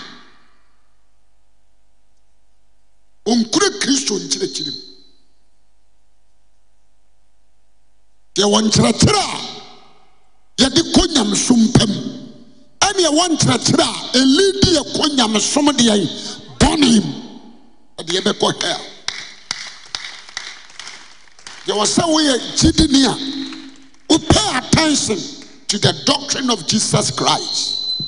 ɔnkura kristo nkyerɛkyirim deɛ yɛwɔ nkyerɛkyerɛ a yɛde kɔ nyamesom pam ɛne ɛwɔ nkyerɛkyerɛ a ɛli de kɔ nyamesom deɛ bɔne mu ɛde yɛbɛkɔ hell yɛwɔ sɛ woyɛ gyidini a wopɛ attention to the doctrine of Jesus Christ.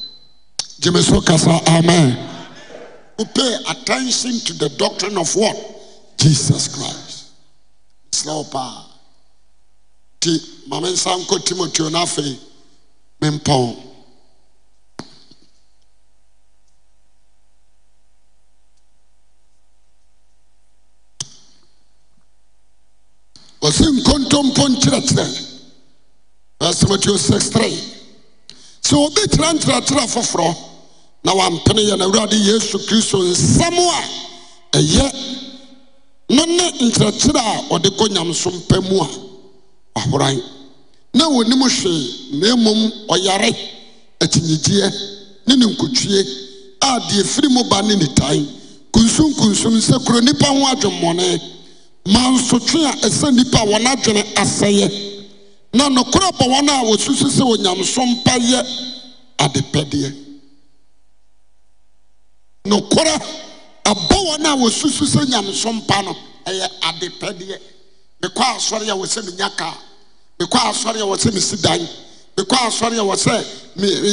Jemeso Kasa, Amen. Who pay attention to the doctrine of what? Jesus Christ. Slow power. Ti, mamen sanko Timothy onafe, mempon. Wɔsi nkontompo nkyerɛkyerɛ. verse Matthew 6 3 sɛ obi kyerɛ nkyerɛkyerɛ foforɔ na wampene yɛ n'awurade yesu kristo nsɛm a ɛyɛ no ne nkyerɛkyerɛ a ɔde kɔ nyamso mpa mu a wahoran na wɔnim hwee na mmom ɔyare akyinnyegyeɛ ne ne nkotwie a deɛ firi mu ba ne nitae kunsunkunsum sɛ kuro nnipa ho adwemmɔne mansotwe a ɛsɛ nnipa wɔn adwene asɛeɛ na nokorɛ bɔ wɔn a wɔsusu sɛ ɔnyamso mpa yɛ ade pɛdeɛ nokorɛ ɔbɔ wɔn a wɔsusu sɛ nyamso mpa no ɛyɛ adepɛdeɛ mekɔ asɔre a wɔ sɛ menya kaa mekɔ asɔre ɛ wɔ sɛ mesidan mekɔɛ asɔre ɛ wɔ sɛ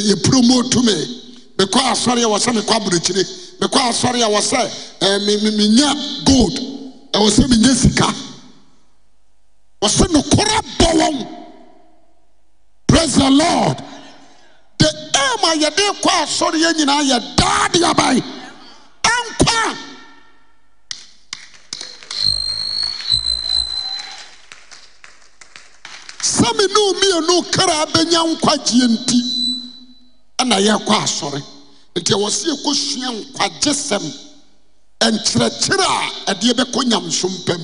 yɛpuromɔotumee mekɔ asɔre ɛ wɔ sɛ mekwabonɔkyire mekɔ asɔre ɛ wɔ sɛ menya goad ɛwɔ sɛ menya sika ɔ sɛ nokorɛ bɔ wɔn de ma yɛde kɔ asɔre yɛ nyinaa yɛdaa deɛbae nkwa sɛme ne omieno okara bɛnya nkwa gyeɛ nti na yɛrkɔ asɔre nti ɛwɔ sɛ yɛkɔsua nkwagye sɛm ɛnkyerɛkyerɛ a ɛdeɛ bɛkɔnyam sompam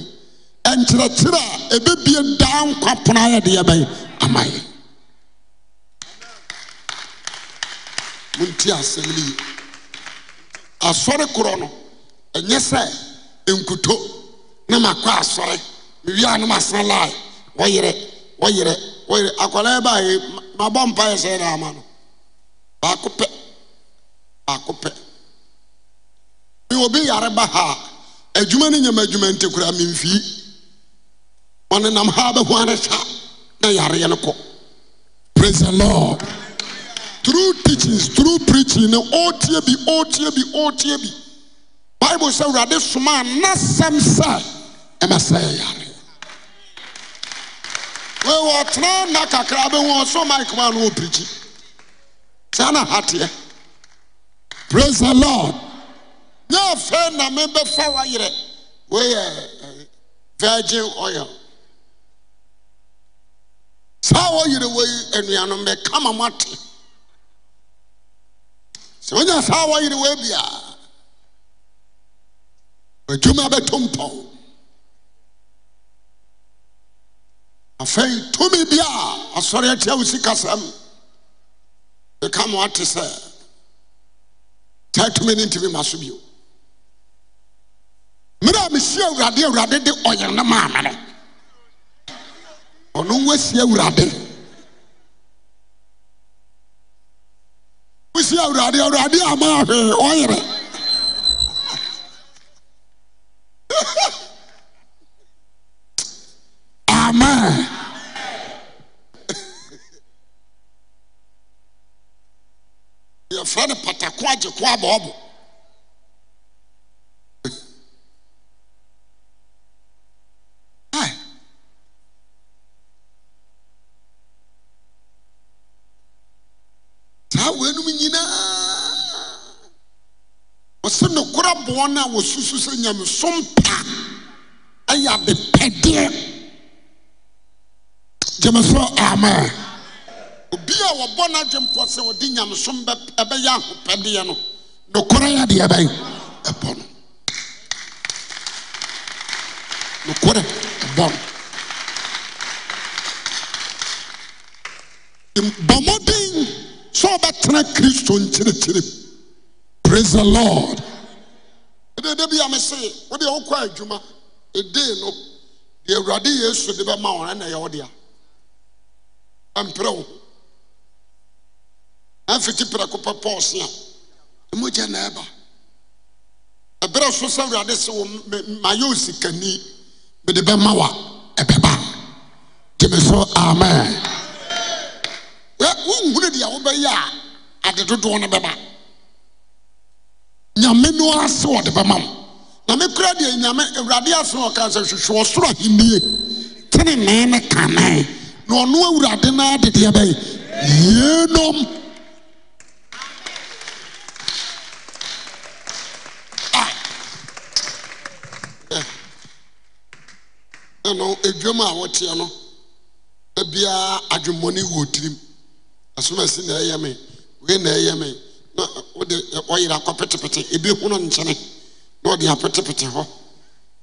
ɛnkyerɛkyerɛ a ɛbɛbie daa nkwa ponaa yɛdeɛ bɛɛ amayɛ monte asɛm no yi asɔre korɔ no ɛnyɛ sɛ nkuto ne makɔ asɔre mewia ne masena lae wɔyerɛ wɔyerɛ wɔyerɛ akwadaa ma mabɔ mpa yɛ sɛ ɛda ama no baako pɛ baako pɛ mi obi yare ba ha adwuma ne nyɛma adwuma nti kura memfii ɔnenam ha bɛho arehyɛ na yareɛ no kɔ praise the lord through teachings through preaching na ɔretie bi ɔretie bi ɔretie bi bible sɛ awurade soma a n'asɛm sɛ ɛmɛ sɛ ɛyare wɔwɔ tena nna kakra bɛ sọ so mike man wɔ pirikyi saa na hateɛ praise the lord nyɛ afɛ na me bɛfa wayerɛ wɔyɛ eh, virgin oil saa wɔyerɛ wɔyi anuanom bɛkama mo ate. sɛ onya saa wɔyere waa bia adwuma bɛtom pa wo afɛi tomi bi a asɔre ati awosikasɛm eka mo ate sɛ tɛe tomi no ntimi ma so bio merɛ a mesia awurade awurade de ɔyɛn ne maameno ɔno wasie awurade siaranrani ama oyere ama ɔfane patakoadze kuabob wɔn a wɔsusu sɛ nyamesom pa yɛdepɛdeɛ gyeme sɛ amaa obia wɔbɔ noaye mpɔ sɛ wɔde nyamsom bɛyɛ ahopɛdeɛ no nokorɛ yɛdeɛ bɛybɔ okɛ bɔ ba mɔden sɛ wobɛtena kristo nkyerekyere prais the lord dɛda bia me see wode wokɔa adwuma ɛdei no deɛ awurade yesu de bɛma wo aɛnɛ yɛwodea ɛmprɛ wo naafitiprɛkopɛ pɔɔse a mɛgya na ɛba ɛberɛ so sɛ awurade sɛ mayɛ osikani mede bɛma wa ɛbɛba gem so amen wonhuno dea wobɛyɛ a ade dodoɔ no bɛba nyame no ase wɔde bɛma mo na mekura deɛ nyame awurade ase na ɔka sɛ hwehwɛ ɔsoro ahenie tene nee ne kanee na ɔno awurade ah. no adedeɛ bɛyɛ yenom ɛno adwam a woteɛ no ebia biara adwemmɔne wɔ tirim asomasi na ɛyɛ me wei na ɛyɛ me nwode ɔyerɛ kɔ petepete ebi hono nkyene na ɔdena petepete hɔ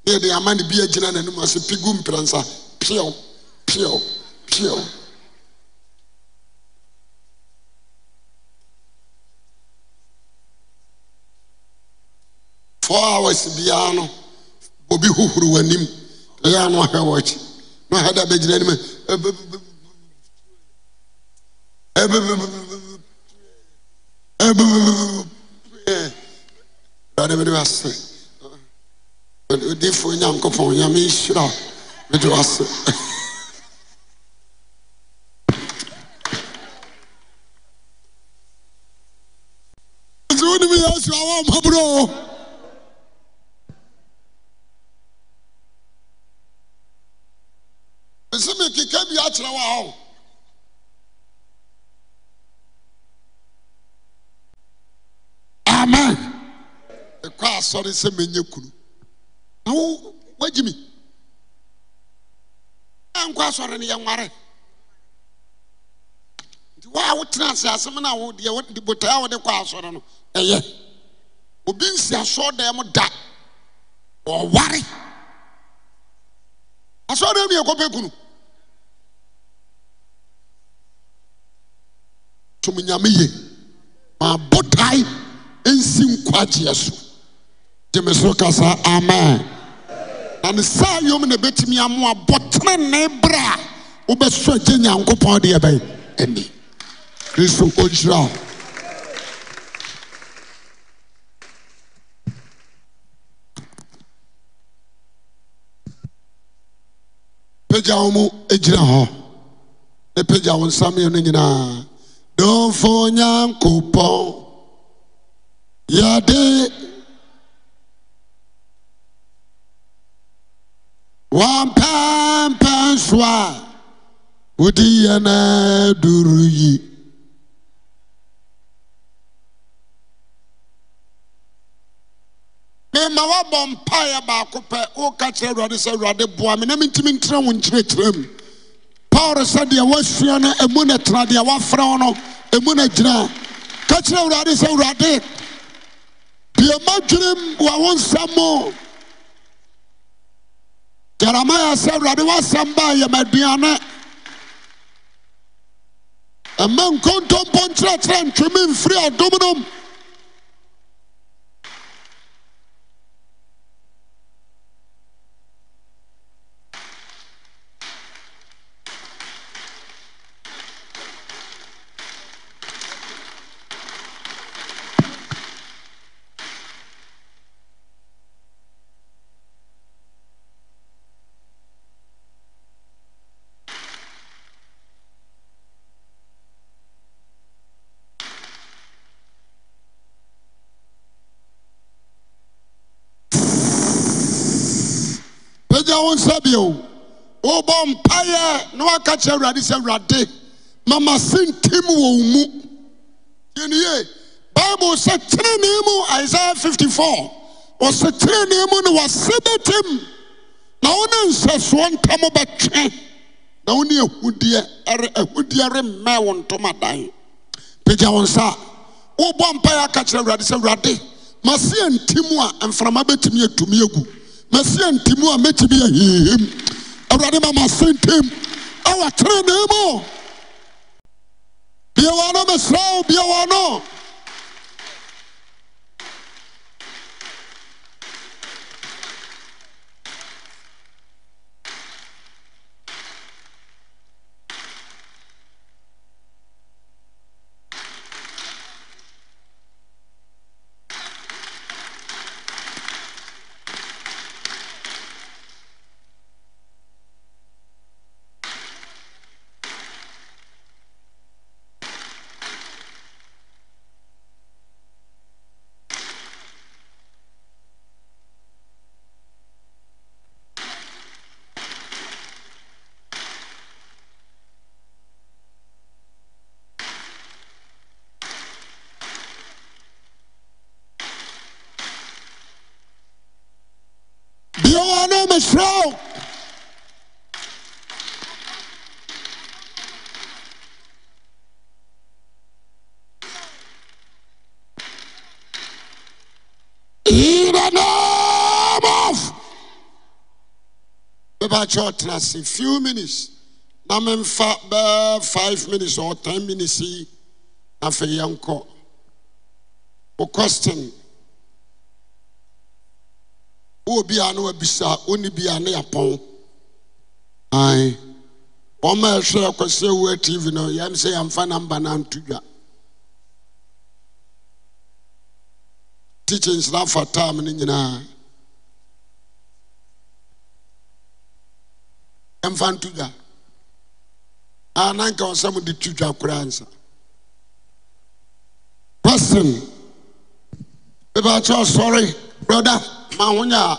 ne ɔde ama ne bi agyina nanim a sɛ pi gu mprɛnsa piw piw piw f a wasɛbiaa no bobi hohoro w'anim ɛyɛa na ɔha wɔkyi na ɔha da a bɛgyina anim a b e meease difo nya nkopɔn yamesra medewaseneyaw smekekɛbiatrɛwoo amen ɛkɔ asɔre sɛ menya kunu na wo woagyi mi ɛnkɔ e, asɔre no nware. nti wo a wotena ase asɛm no a wo deɛ de botae a wode kɔ asɔre no ɛyɛ obi nsi asɔre ya mu da ɔware asɔre dan mu yɛ kɔpɛ kunu tom nyame ye ma botae ɛnsi nkwa gyeɛ so de me so kasa amen na ne saa yom ne bɛtumi amoa bɔtemanne berɛ a wobɛsɔ gye nyankopɔn deɛ bɛ ɛni kristo ɔyira pagya wo mu agyira hɔ ne pagya wo nsameɛ no nyinaa dfo nyankopɔn yɛde wɔn so a wodi yɛ na duru yi mema wɔabɔ mpaeɛ baako pɛ woka kyerɛ awurade sɛ awurade boa me na mentimi ntena wo nkyerɛkyerɛ mu paul sɛ woasua no ɛmu na tena deɛ woafrɛ wo no ɛmu na gyinaa ka kyerɛ awurade deɛ madwenem wɔ wo nsɛm mu jeremia sɛ awurade woasɛm baa yɛ m'aduane ɛma nkontompo nkyerɛkyerɛ ntwemi mfiri adom nom nsa bio wobɔ mpa eɛ ne woaka kyerɛ awurade sɛ awurade mamase ntim wɔn mu ɛine bible sɛkyerene mu isaia 54 ɔ sɛkyerene mu ne wse bɛtem na wo ne nsɛsoɔ ntamɔ bɛtweɛ na wonehudiɛ remmɛ wo ntomadan pagya wo sa a worebɔ mpaeɛ aka kyerɛ awurade sɛ wurade mase antimu a mframa bɛtim yɛ tumi agu mɛsia nti mo a mɛtimi ahiehem awrade ma maasɛntem ɛwakyerɛnne mɔ biawa no mɛsrɛ o biawa no akyɛrɛ ɔtena ase fw minutes na memfa bɛɛ fiv minutes ɔɔ t0n minutsi naafei yɛnkɔ wo kɔson wowɔ bia no wabisa wonni bia ne yapɔn ɔmaɛhwɛ ɔkɔseɛ wua tv no yɛme sɛ yɛmfa namba no anto dwa teachins na afatame no nyinaa ɛmfa nto dwa a ah, na nka ɔsɛm de tu dwa koraa nsa person bɛbɛakyɛ ɔsɔre brother ma ho nyɛ a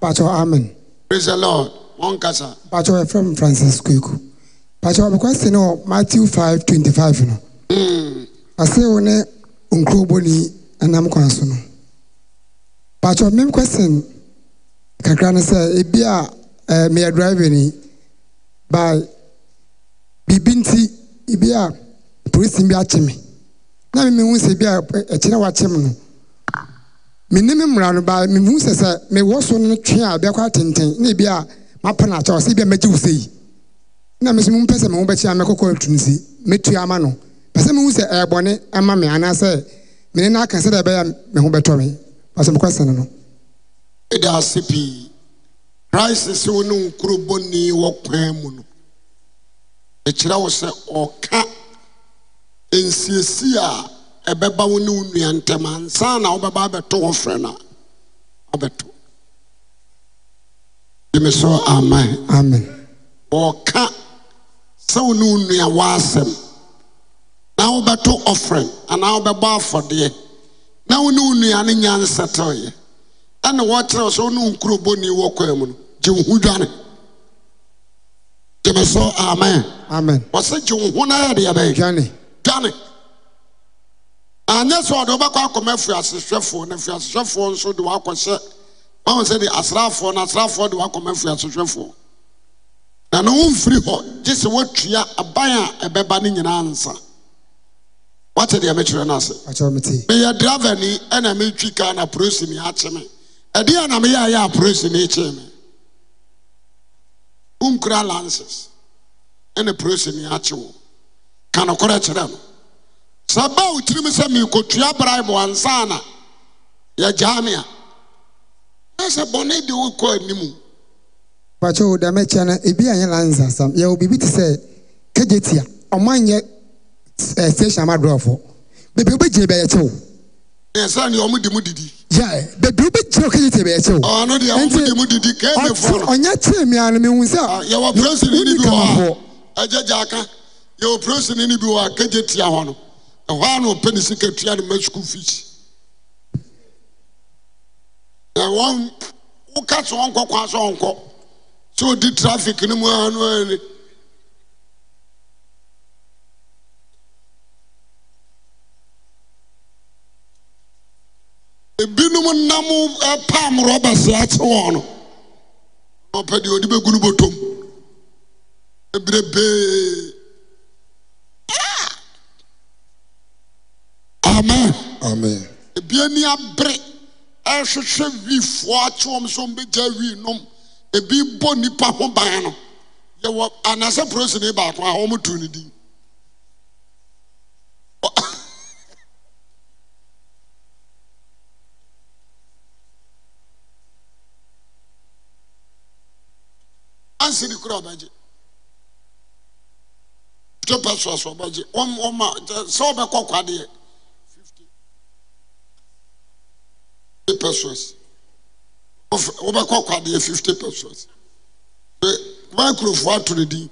bakyɛ amen praise the lord wɔnkasa bakyɛ ɛfrɛ m francis kuiku bakyɛ ɔbɛkwasi ne wɔ matthew 5 25 no ɔse hmm. wo ne nkurobɔni nam kwan so no bakyɛ mem question kakra no sɛ ebi a eh, meyɛ driveni by biribi nti ibi a polisi bi akye me na mi hu sɛ bi a ɛkyerɛ wakye me no mene me mmara no baa mehu sɛ sɛ mewɔ so no twe a bɛkɔ atenten na ebi a mapa no akyɛ ɔsɛ bi a mɛgye wo sɛyi na me so mu mpɛ sɛ mewo bɛkyia mɛkɔkɔ atu no si mɛtua ama no pɛ sɛ mehu sɛ ɛyɛbɔne ama me anaasɛ mene na aka sɛ dɛ ɛbɛyɛ me ho bɛtɔ me ɔsɛ mekɔ sene no ɛda ase pii christ sɛ wo ne nkuro bɔne wɔ kwan mu no ɛkyerɛ wo sɛ ɔka nsiesie a ɛbɛba wo ne wo nnua ntam ansa na wobɛba abɛto hɔ frɛ no a abɛto gyeme so amen amen ɔka sɛ wo ne wo nnua w'asɛm na wobɛto ɔfrɛ anaa wobɛbɔ afɔdeɛ na wo ne wo nnua ne nya ne wɔkyerɛ sɛnekoɔniɔɔa mu no gye w ho wane gyeme so amen ɔ sɛ gye w ho noyɛdeɛɛ dwane yɛ sɛde ɔɛɔaɔmfashwɛfoɔnfsfoɔde aɔhɛ sɛdeɔɔdfsfoɔnanomfiri hɔ gye sɛ wata aɛane nyinaansa woakɛdeɛ mekyerɛ no asɛmeyɛ dravani nametwi ka na prosimeɛakyeme ɛdeɛ a na meyɛ ayɛ aporɛsi no kyee me wonkura lances ɛne porɛsini akye wo ka nokorɛ kyerɛ no sɛ ba wo tirim sɛ meekɔtua braibo ansa na yɛgyaa me a na sɛ bɔne de wokɔ animu pakyɛ wo da mɛkyɛ no ebi anyɛ lansasam yɛwɔ biribi te sɛ kegyeti eh, a ɔmanyɛ station amadorɔfoɔ bebi wobɛgyina bɛyɛkye wo yɛsɛ ne ɔmo di mu didi. ya beebi obi gyina o kejì tẹ̀lé ɛkyɛw. ɔno deɛ ɔmo di mu didi kéèmé fɔlɔ. ɔnyɛ tiẹ̀ mi àná mi hun sá. yɛwɔ pírɛsìnì ni bi wɔ a ɛgyɛgye aka yɛwɔ pírɛsìnì ni bi wɔ a kejì tia hɔ no ɛhɔ ano pɛ ne sika tia ne mɛ sukuu fees. na wɔn woka so wɔn kɔ kwan so wɔn kɔ so di traffic ni mu ano ɛni. ebinom nam pamrɔba seake wɔn no nɔpɛdeɛ ɔne bɛgu no botom ɛbirɛ bee amn ebiani abere hwehwɛ wifoɔ akyewɔm sombɛgya winom ebi bɔ nnipa ho baa no yɛwɔ anaasɛ prosino baako womɔto no din sɛdi kura ɔbɛgye pess ɔbɛgye sɛ wɔbɛkɔ kwadeɛ 50 pess wobɛkɔ kwadeɛ 50 pess ma kurɔfoɔ atorɔdin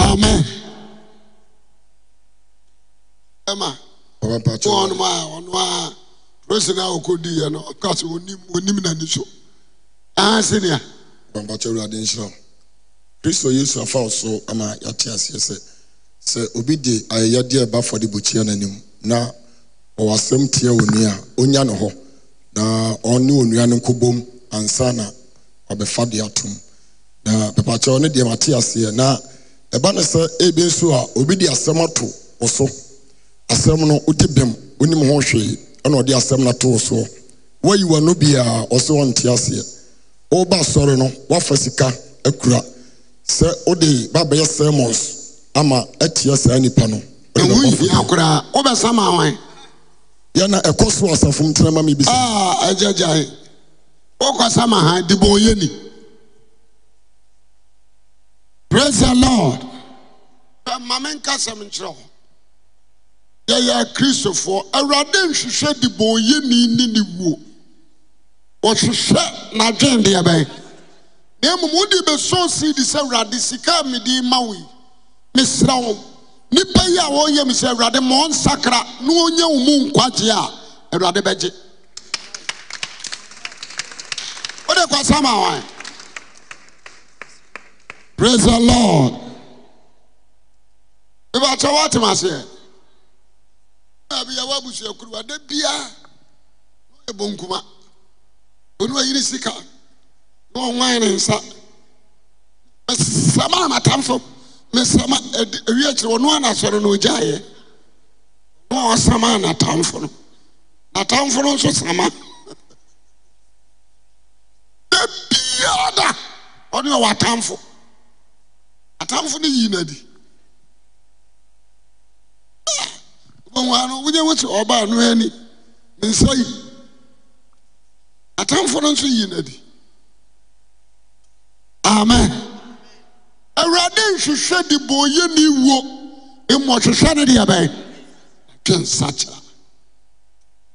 aɔnɔn prison ahụ kɔdi yɛ no ɔka sɛ ɔnim n'ani so aasenia bambakyɛ awurade nhyira kristo yesu afa wo ama yɛate aseɛ sɛ sɛ obi n'anim na a ɔnya e ne na ɔne wɔ nua no ansa na ɔbɛfa de atom na papakyɛw ne na ɛba ne sɛ ebi nso a obi de asɛm ato hwee ɛna ɔde asɛm no too soɔ woayiwa no biaa ɔsɛ wɔnte aseɛ woba sɔre no woafa sika akura sɛ wode babɛyɛ sermons ama atia saa nnipa no wohia koraa wobɛsa ma wan yɛna ɛkɔ so asafo m tenama bi sɛ ma ha praise the lord yɛyɛ akristofoɔ awurade nhwehwɛ debɔnyɛni ne ne wuo wɔhwehwɛ n'adwene deɛ bɛyɛ na mmom wode bɛsɔn siidi sɛ awurade sika a mede ma wo yi mesrɛ wo nnipa yi a wɔyɛ me sɛ awurade ma ɔnsakra na ɔnyɛ wo mu nkwagye a awurade bɛgye wode ma praise the lord aseɛ bia waabusuakurua da biaa yɛ bɔnkuma ɔno a yine sika ne ɔwane ne nsa mɛsama a natamfo mɛsaa awiakyirɛ wɔno anasɔro no ɔgyaeɛ ɔnoa ɔsama a natamfo no natamfo no nso sama da biara da ɔne ɔ wɔ atamfo atamfo ne yi na di wa no wonyɛmu te ɔbaa noani ne nsa yi atamfo no nso yii no di amen awurade nhwehwɛ deboyɛ ne wuo mɔhwehwɛ ne deɛ bɛɛ atwɛnsa kyerɛ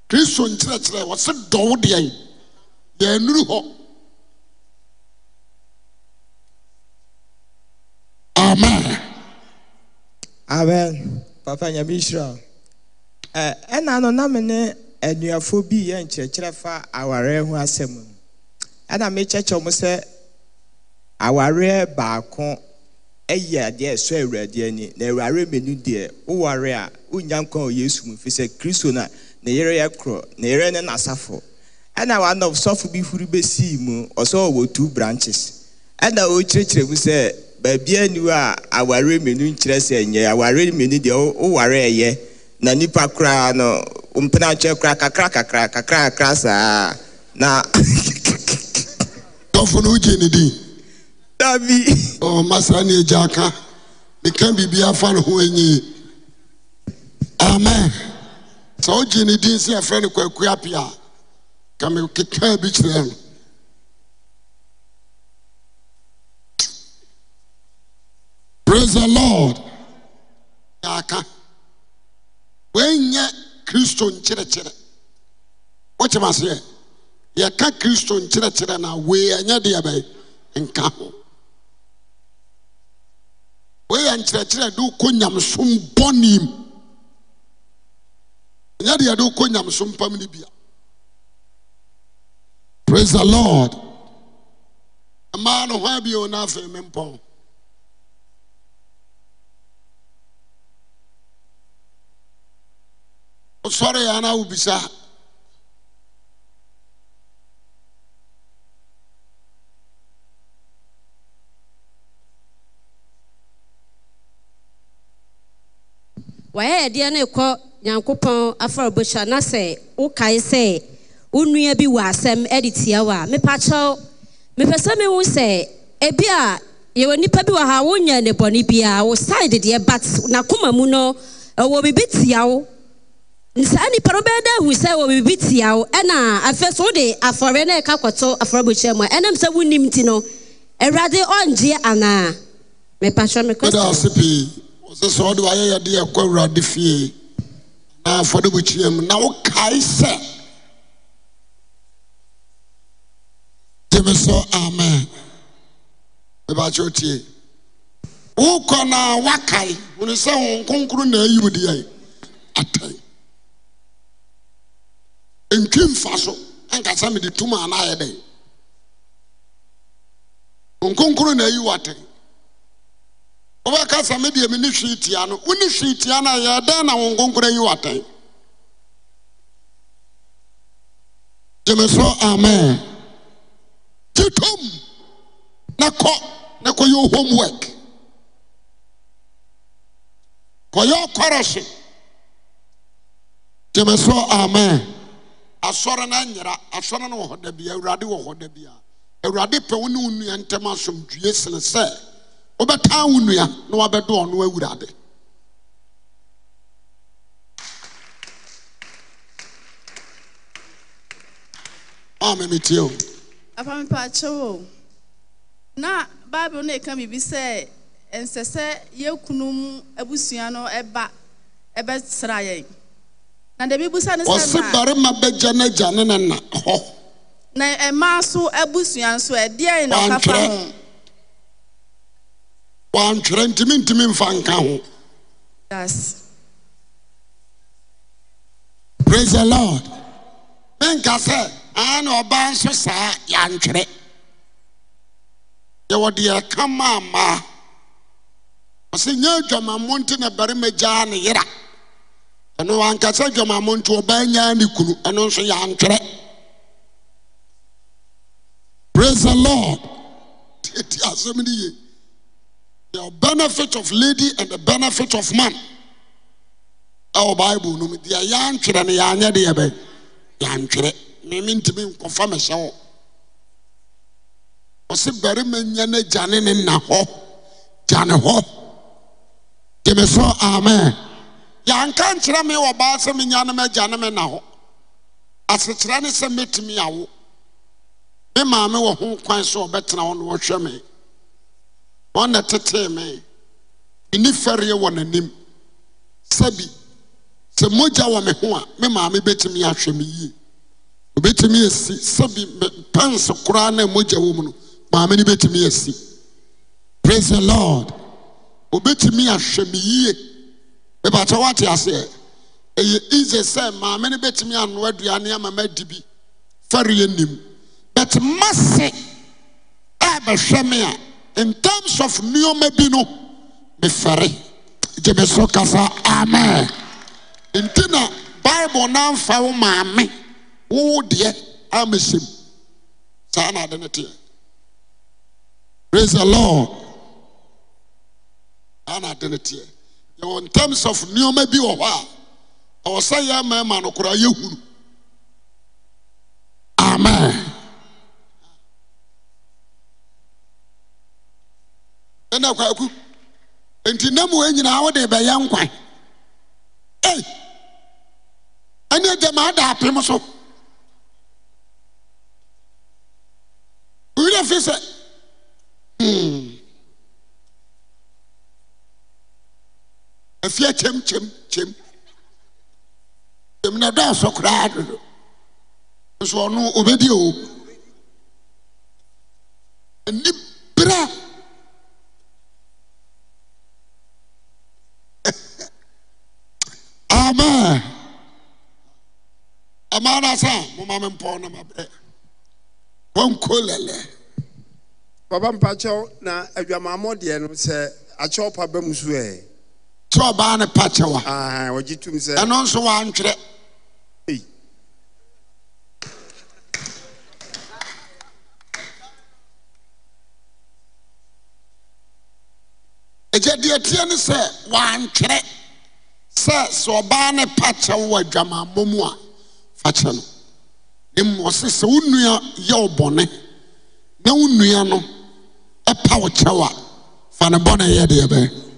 kristo nkyerɛkyerɛ wɔse dɔ wo deɛne yɛ anuru hɔ aman amen pafa nyame hyira o ɛna no na me ne bi yɛ nkyerɛkyerɛ fa awareɛ ho asɛm no ɛna mekyɛkyɛ sɛ awareɛ baako ɛyɛ adeɛ ɛsɔ awurade ani na awurade mmienu deɛ woware a wonya nkwa wɔ yesu mu firi sɛ kristo na ne yere yɛ korɔ ne yere ne n'asafo ɛna sɔfo bi huri bɛsii mu two branches ɛna ɔrekyerɛkyerɛ mu sɛ baabi aniwa a awareɛ mmienu nkyerɛ sɛ ɛyɛ. na nipa koraa no umpena che kra kakra kakra kakra kakra saa na. tɔfo no wogye ne din. dabi. o masa ne jaka aka kan bi bia ne ho enyi amen sɛ wogye ne din sɛ yɛfrɛ no kwaku apia kame kekaa bi chire no. praise the lord. yɛ aka. Wee wɔanyɛ kristo nkyerɛkyerɛ wokyem aseɛ yɛka kristo nkyerɛkyerɛ na wei ɛnyɛ deɛ bɛyɛ nka ho woyɛ nkyerɛkyerɛ de wokɔ nyamsom bɔnem ɛnyɛ deɛ de wokɔ nyamsom pam no bia praise the lord mmaa no ho abio no afei me mpɔn ɔsɔre yɛ anaa wobisa wayɛ yɛdeɛ no ɛkɔ nyankopɔn afɔrebɔhyɛ na sɛ wokae sɛ wo nnua bi wɔ asɛm de tia wo a mepakyɛw mepɛ sɛ mehu sɛ ebi a yɛwɔ nnipa bi wɔ ha wonya ne bɔne biara wo side deɛ but n'akoma mu no ɛwɔ biribi tia wo saa nipa no bɛyɛ dɛ hu sɛ wɔ tia ɛna afɛ so afɔre na ɛka kɔtɔ mu a ɛnam sɛ wonim nti no awurade ɔngye anaa mepatwɛ mekɔda ase pii ɔsɛ sɛ wode wayɛyɛde yɛkɔ awurade fie na afɔrebɔkyerɛ mu na wokae sɛ gyeme so amen wokɔ na wakae wone sɛ na deɛ atae ntwi mfa so ankasa mede tom ana ayɛ dɛn nkonkoro na ayi wate wobɛka sa medeɛ me ne hwee tia no wone hwee tia no ayɛ dɛn na wo nkonkoro ayi wate gyeme so amen gye tom na kɔ na kɔyɛ homework kɔyɛ ɔkɔrɔ so gyeme so amen asɔre na anyera asɔre na wɔ hɔ da bia awurade wɔ hɔ da bia awurade pɛ wo ne wo nnua ntam asomdwue sene sɛ wobɛtaa wo nnua na wabɛdɔ ɔno awurade ame metie o papa mepaakyɛ o na bible no ɛka biribi sɛ ɛnsɛ sɛ yɛkunum abusua no ɛba ɛbɛsra yɛn ɔ sɛ barima bɛgya n'agya ne ne na hɔwantwerɛ eh, eh, ntimintimi mfa nka ho pras e lord menka sɛ aane ɔba nso saa yɛantwerɛ yɛwɔde yɛka maamaa ɔ sɛ nyɛ adwama monte ne barima gyaa ne yera ɔno aankasa dwama mɔnto ɔbaa nyaa ne kunu ɔno nso yɛantwerɛ prase lord ddi asɛm ne yɛ de benefit of lady and the benefit of man ɛwɔ bible nom deɛ yɛantwerɛ ne yɛanyɛ de yɛ bɛ yɛantwerɛ mementiminkɔfa mɛhyɛ wɔ ɔ sɛ barima nyɛ na gyane ne na hɔ gyane hɔ de me sɛ ama yɛnka nkyerɛ mewɔ baa sɛ menya no magya ne me na hɔ asekyerɛ ne sɛ mɛtumi a wo me maa me wɔ ho kwan sɛ ɔbɛtena hono ɔhwɛ me ɔnɛ tetee me menni faree wɔ n'anim sɛ bi sɛ mogya wɔ me ho a me maame bɛtumi ahwɛ me yie obɛtumi asi sɛbi pɛnse koraa na mmogya wɔ mu no maa me no bɛtumi asi prais e lord ɔbɛtumi ahwɛ me yie bɛbɛakɛ woate aseɛ ɛyɛ ese sɛ maame no bɛtumi anoa duane ama maadi bi fareɛ nim but mase a bɛhwɛ me a in terms of nneɔma bi no mefɛre gyeme so kasa amen nti na bible na amfa wo maame woo deɛ amɛhɛm saa naade ne teɛ rasela aa naade ne teɛ yɛwɔ in of nneɔma bi wɔ hɔ a ɛwɔ sɛ yɛ mmarima no koraa yɛhunu amen ɛna kwaku nti na mu nyinaa wode bɛyɛ nkwan ei ɛne agya ada apem so fi sɛ hmm, afia kyɛmkyɛm kyɛm mine da ɔsɔkoraa d nso ɔno obɛdi o niberɛ ma ɔma nasɛ moma mempɔw na maberɛ wonko lɛlɛ baba mpa kyɛw na adwamaamɔdeɛ no sɛ akyɛw pa ba musuɛ ɛaɛwɛno owanwerɛ agya de atiɛ ne sɛ wantwerɛ sɛ sɛ ɔbaa ne pa kyɛw aadwama mɔmu a fa kyɛ no ne mmɔse sɛ wo nnua yɛwo bɔne na wo nnua no ɛpa wo kyɛw a fa no bɔne ɛyɛ deɛ bɛɛ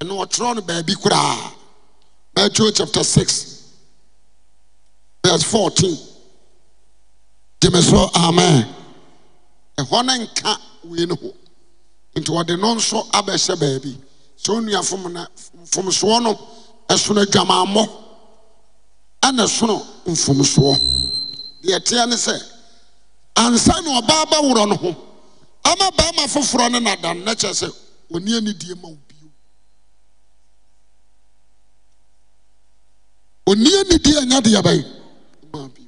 ɛna ɔtwerɛ no baabi koraa Matthew chapter six verse fourteen. gyeme so amen ɛhɔ ne nka wei ne ho nti wɔde no nso abɛhyɛ baabi sɛ onua mfomsoɔ no ɛsono adwamammɔ ɛna sono mfomsoɔ deɛ ɛteɛ ne sɛ ansa na ɔbaa bɛworɔ no ho ama barima foforɔ ne nadan na kyerɛ sɛ ɔnia ne die ma wo ɔnnia nidi anya deɛ bɛyɛ maa bio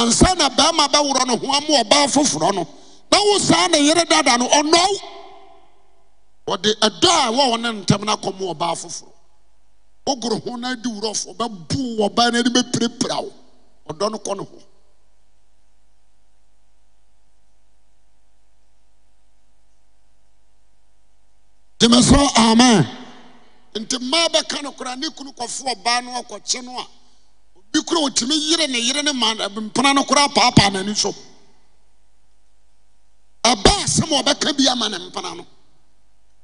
ansa na barima bɛworɔ no ho amu ɔbaa foforɔ no na wo saa na yere dada no ɔnɔw ɔde ɛdɔ a wɔwɔ ne ntɛm no akɔma ɔbaa foforɔ wogoro ho no adi worɔfo ɔbɛbu ɔbaa no ani bɛpirapira wo ɔdɔ no kɔ ne ho gyeme sɛ amen nti maa bɛka no koraa ne kunu kɔfo ɔbaa no akɔkye no a bi koro a wɔtumi yere ne yere ne mampena no koraa paapaa nani so abaa sɛm ɔbɛka bi ama ne mpena no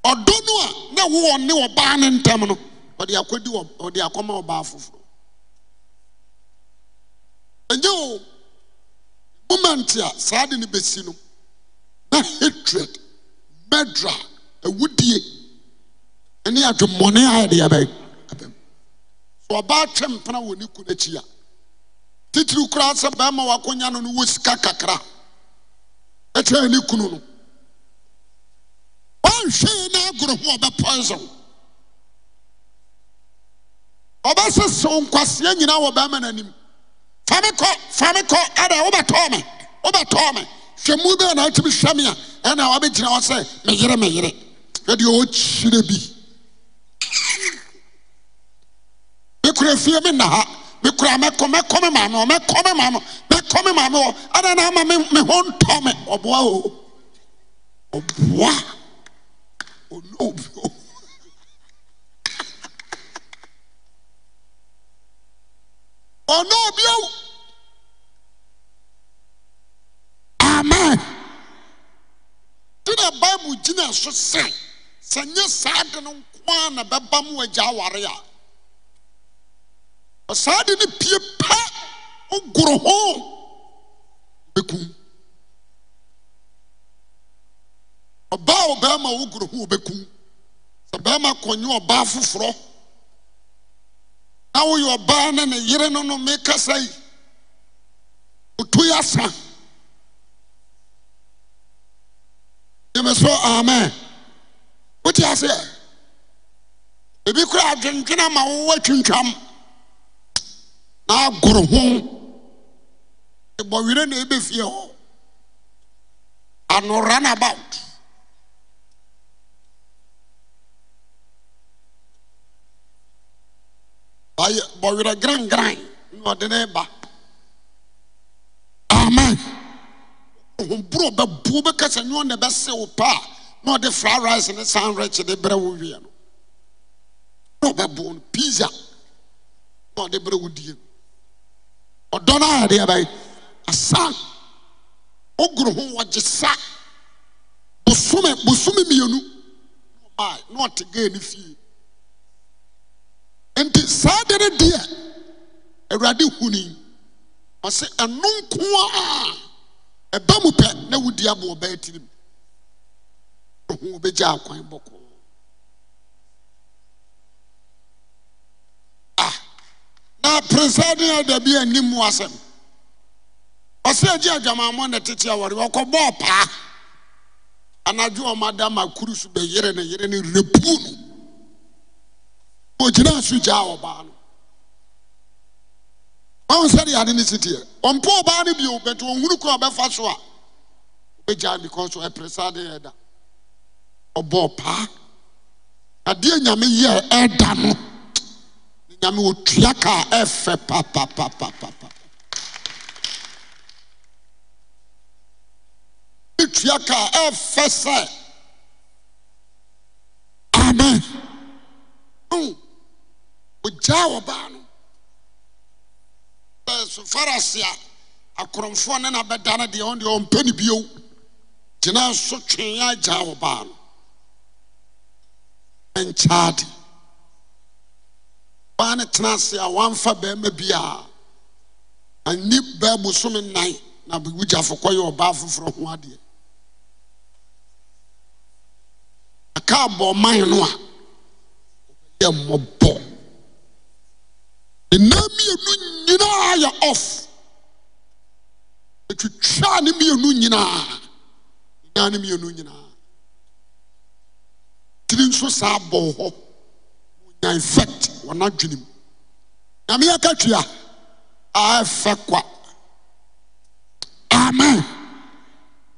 ɔdɔ no a ne wowɔ ne ɔbaa ne ntam no deiɔde akɔma ɔbaa foforɔ ɛyɛ wo boma nti a saa de no bɛsi no na hadred madra awudie ɛni adwe mɔne ayɛde bɛam sɛ ɔbaatwe mpena wɔ ne ku n akyi a titiri koraa sɛ baima woakonya no no wɔsika kakra ɛkyɛani kunu no wanhwɛ ine agorɔ ho ɔbɛpuesen ɔbɛsesew nkwaseɛ nyina wɔ baima noanim fmekfame kɔ adɛ wobɛtɔɔ m wobɛtɔɔ me hwɛ mu be anawakyibi hwɛ me a ɛne wabɛgyina ɔ sɛ meyere meyere hwɛdeɛ ɔkyirɛ bi kra fie m na ha mɛaɛkɔe ɛɛkɔme mam hɔ ada na ma me hɔ ntɔ me ɔboa o oan ɔnobio ama de na bible gyina so sɛn sɛ nyɛ saa de no nkoaa na bɛba m aagya aware a ɔsaa de ne pie pɛ wogoro ho bɛkum ɔbaa wo bɛrima wo goro ho wobɛkum sɛ bɛrima kɔnye ɔbaa foforɔ na woyɛ ɔbaa ne ne yere no no mekasa yi otu yɛ asa yɛmɛ amen wote aseɛ ebi kora adwendwene ma wowɔ twintwam. n'agoro ho ebɔwere na ebe fie hɔ ano run about ayɛ bɔwere grangran na ɔde ne ba amen ohunburo bɛ buo bɛ kasa nyɛ ɔna bɛ se o paa na ɔde fry rice ne san rɛkyi de brɛ wo wie no na ɔbɛ buo no pizza na ɔde brɛ wo die no. ɔdɔ no ayɛdeɛ bɛyɛ asa wogoro ho wɔgye sa bosome bosome mmienu na ɔte gaa ne fie nti saa de no deɛ awurade huni ɔsɛ ɛno nko a ɛba mu pɛ na wodi aboɔ bɛyɛ tirim ho wobɛgya akwan bɔkɔ na presiding elder bi anim mu asɛm ɔsɛ agye adwamammɔ ne tete awɔre ɔkɔbɔɔ paa anadwo ɔmada ma kuru so bɛyere ne yere ne repu oh, no ɔgyinaa so gyaa ɔbaa no ɔhu sɛdeɛ ade ne siteɛ ɔmpo ɔbaa no bio ɔhunu ɔbɛfa so a elder ɔbɔɔ paa adeɛ nyame yɛ ɛda no nyamewɔtua ka a ɛfɛ pɛtua ka a ɛfɛ sɛ mɛ ɔgyaa wɔ baa no ɛso farise a akorɔmfoɔ ne na bɛda no deɛ ɔ deɛ ɔmpɛ ne bi gyina nso twea gyaa wɔbaa no ɛnkyaa de ɔbaa no tena ase a wamfa bɛrima bi a ani baa bosom nnan na wogyafo kɔyɛ ɔbaa foforɔ ho adeɛ aka abɔ ɔman no a ɔbɛyɛ mmɔbɔ nna mmienu nyinaa yɛ off ɛtwitwaa ne mmienu nyinaa nyinaa ne mmienu nyinaa tiri nso saa bɔ hɔ nya infect wɔnadwenem na meyɛka twi a aɛfɛ kwa amen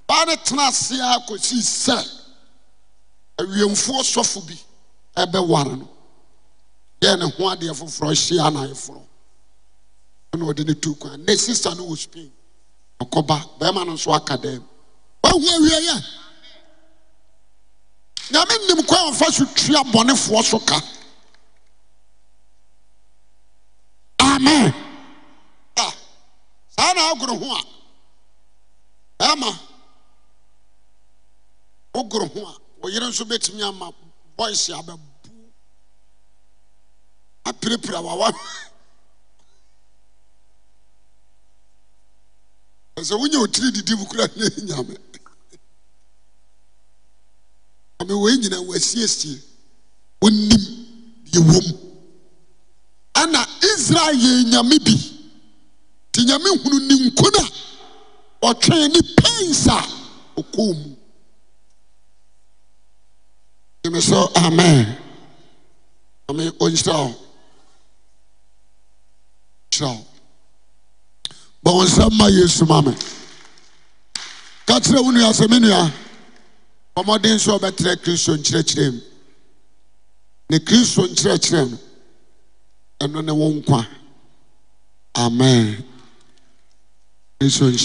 baa ne tena ase a kɔsii sɛ awiemfoɔ sɔfo bi ɛbɛware no yɛ ne ho adeɛ foforɔ hyia anayɛforɔ na ɔde ne tu kwan ne sista no wɔ spain ɔkɔba bɛrima no nso aka dan mu wahu awie yɛ nyame nim kwan ɔmfa so tua bɔnefoɔ so ka amen ah, saa na agoro ho a bɛrima wogoro ho a wo yere nso bɛtumi ama boys abɛbu apirapira wawa ɛsɛ wonya otiri didi wo kura ne nyame ame wei nyina wɔasiesie wonim deɛ wɔ mu ɛna israel yɛ nyame bi nti nyame hunu ne nkun a ɔtwɛn ne pains a ɔkɔɔ mu ime sɛ amen ame ɔnhyira wo nhyira wo bɔ wo nsɛm ma yesu ma me ka kyerɛ wo nua sɛ me nua ɔmmɔden sɛ ɔbɛtrɛ kristo nkyerɛkyerɛ mu ne kristo nkyerɛkyerɛ ɛno ne wo nkwa ames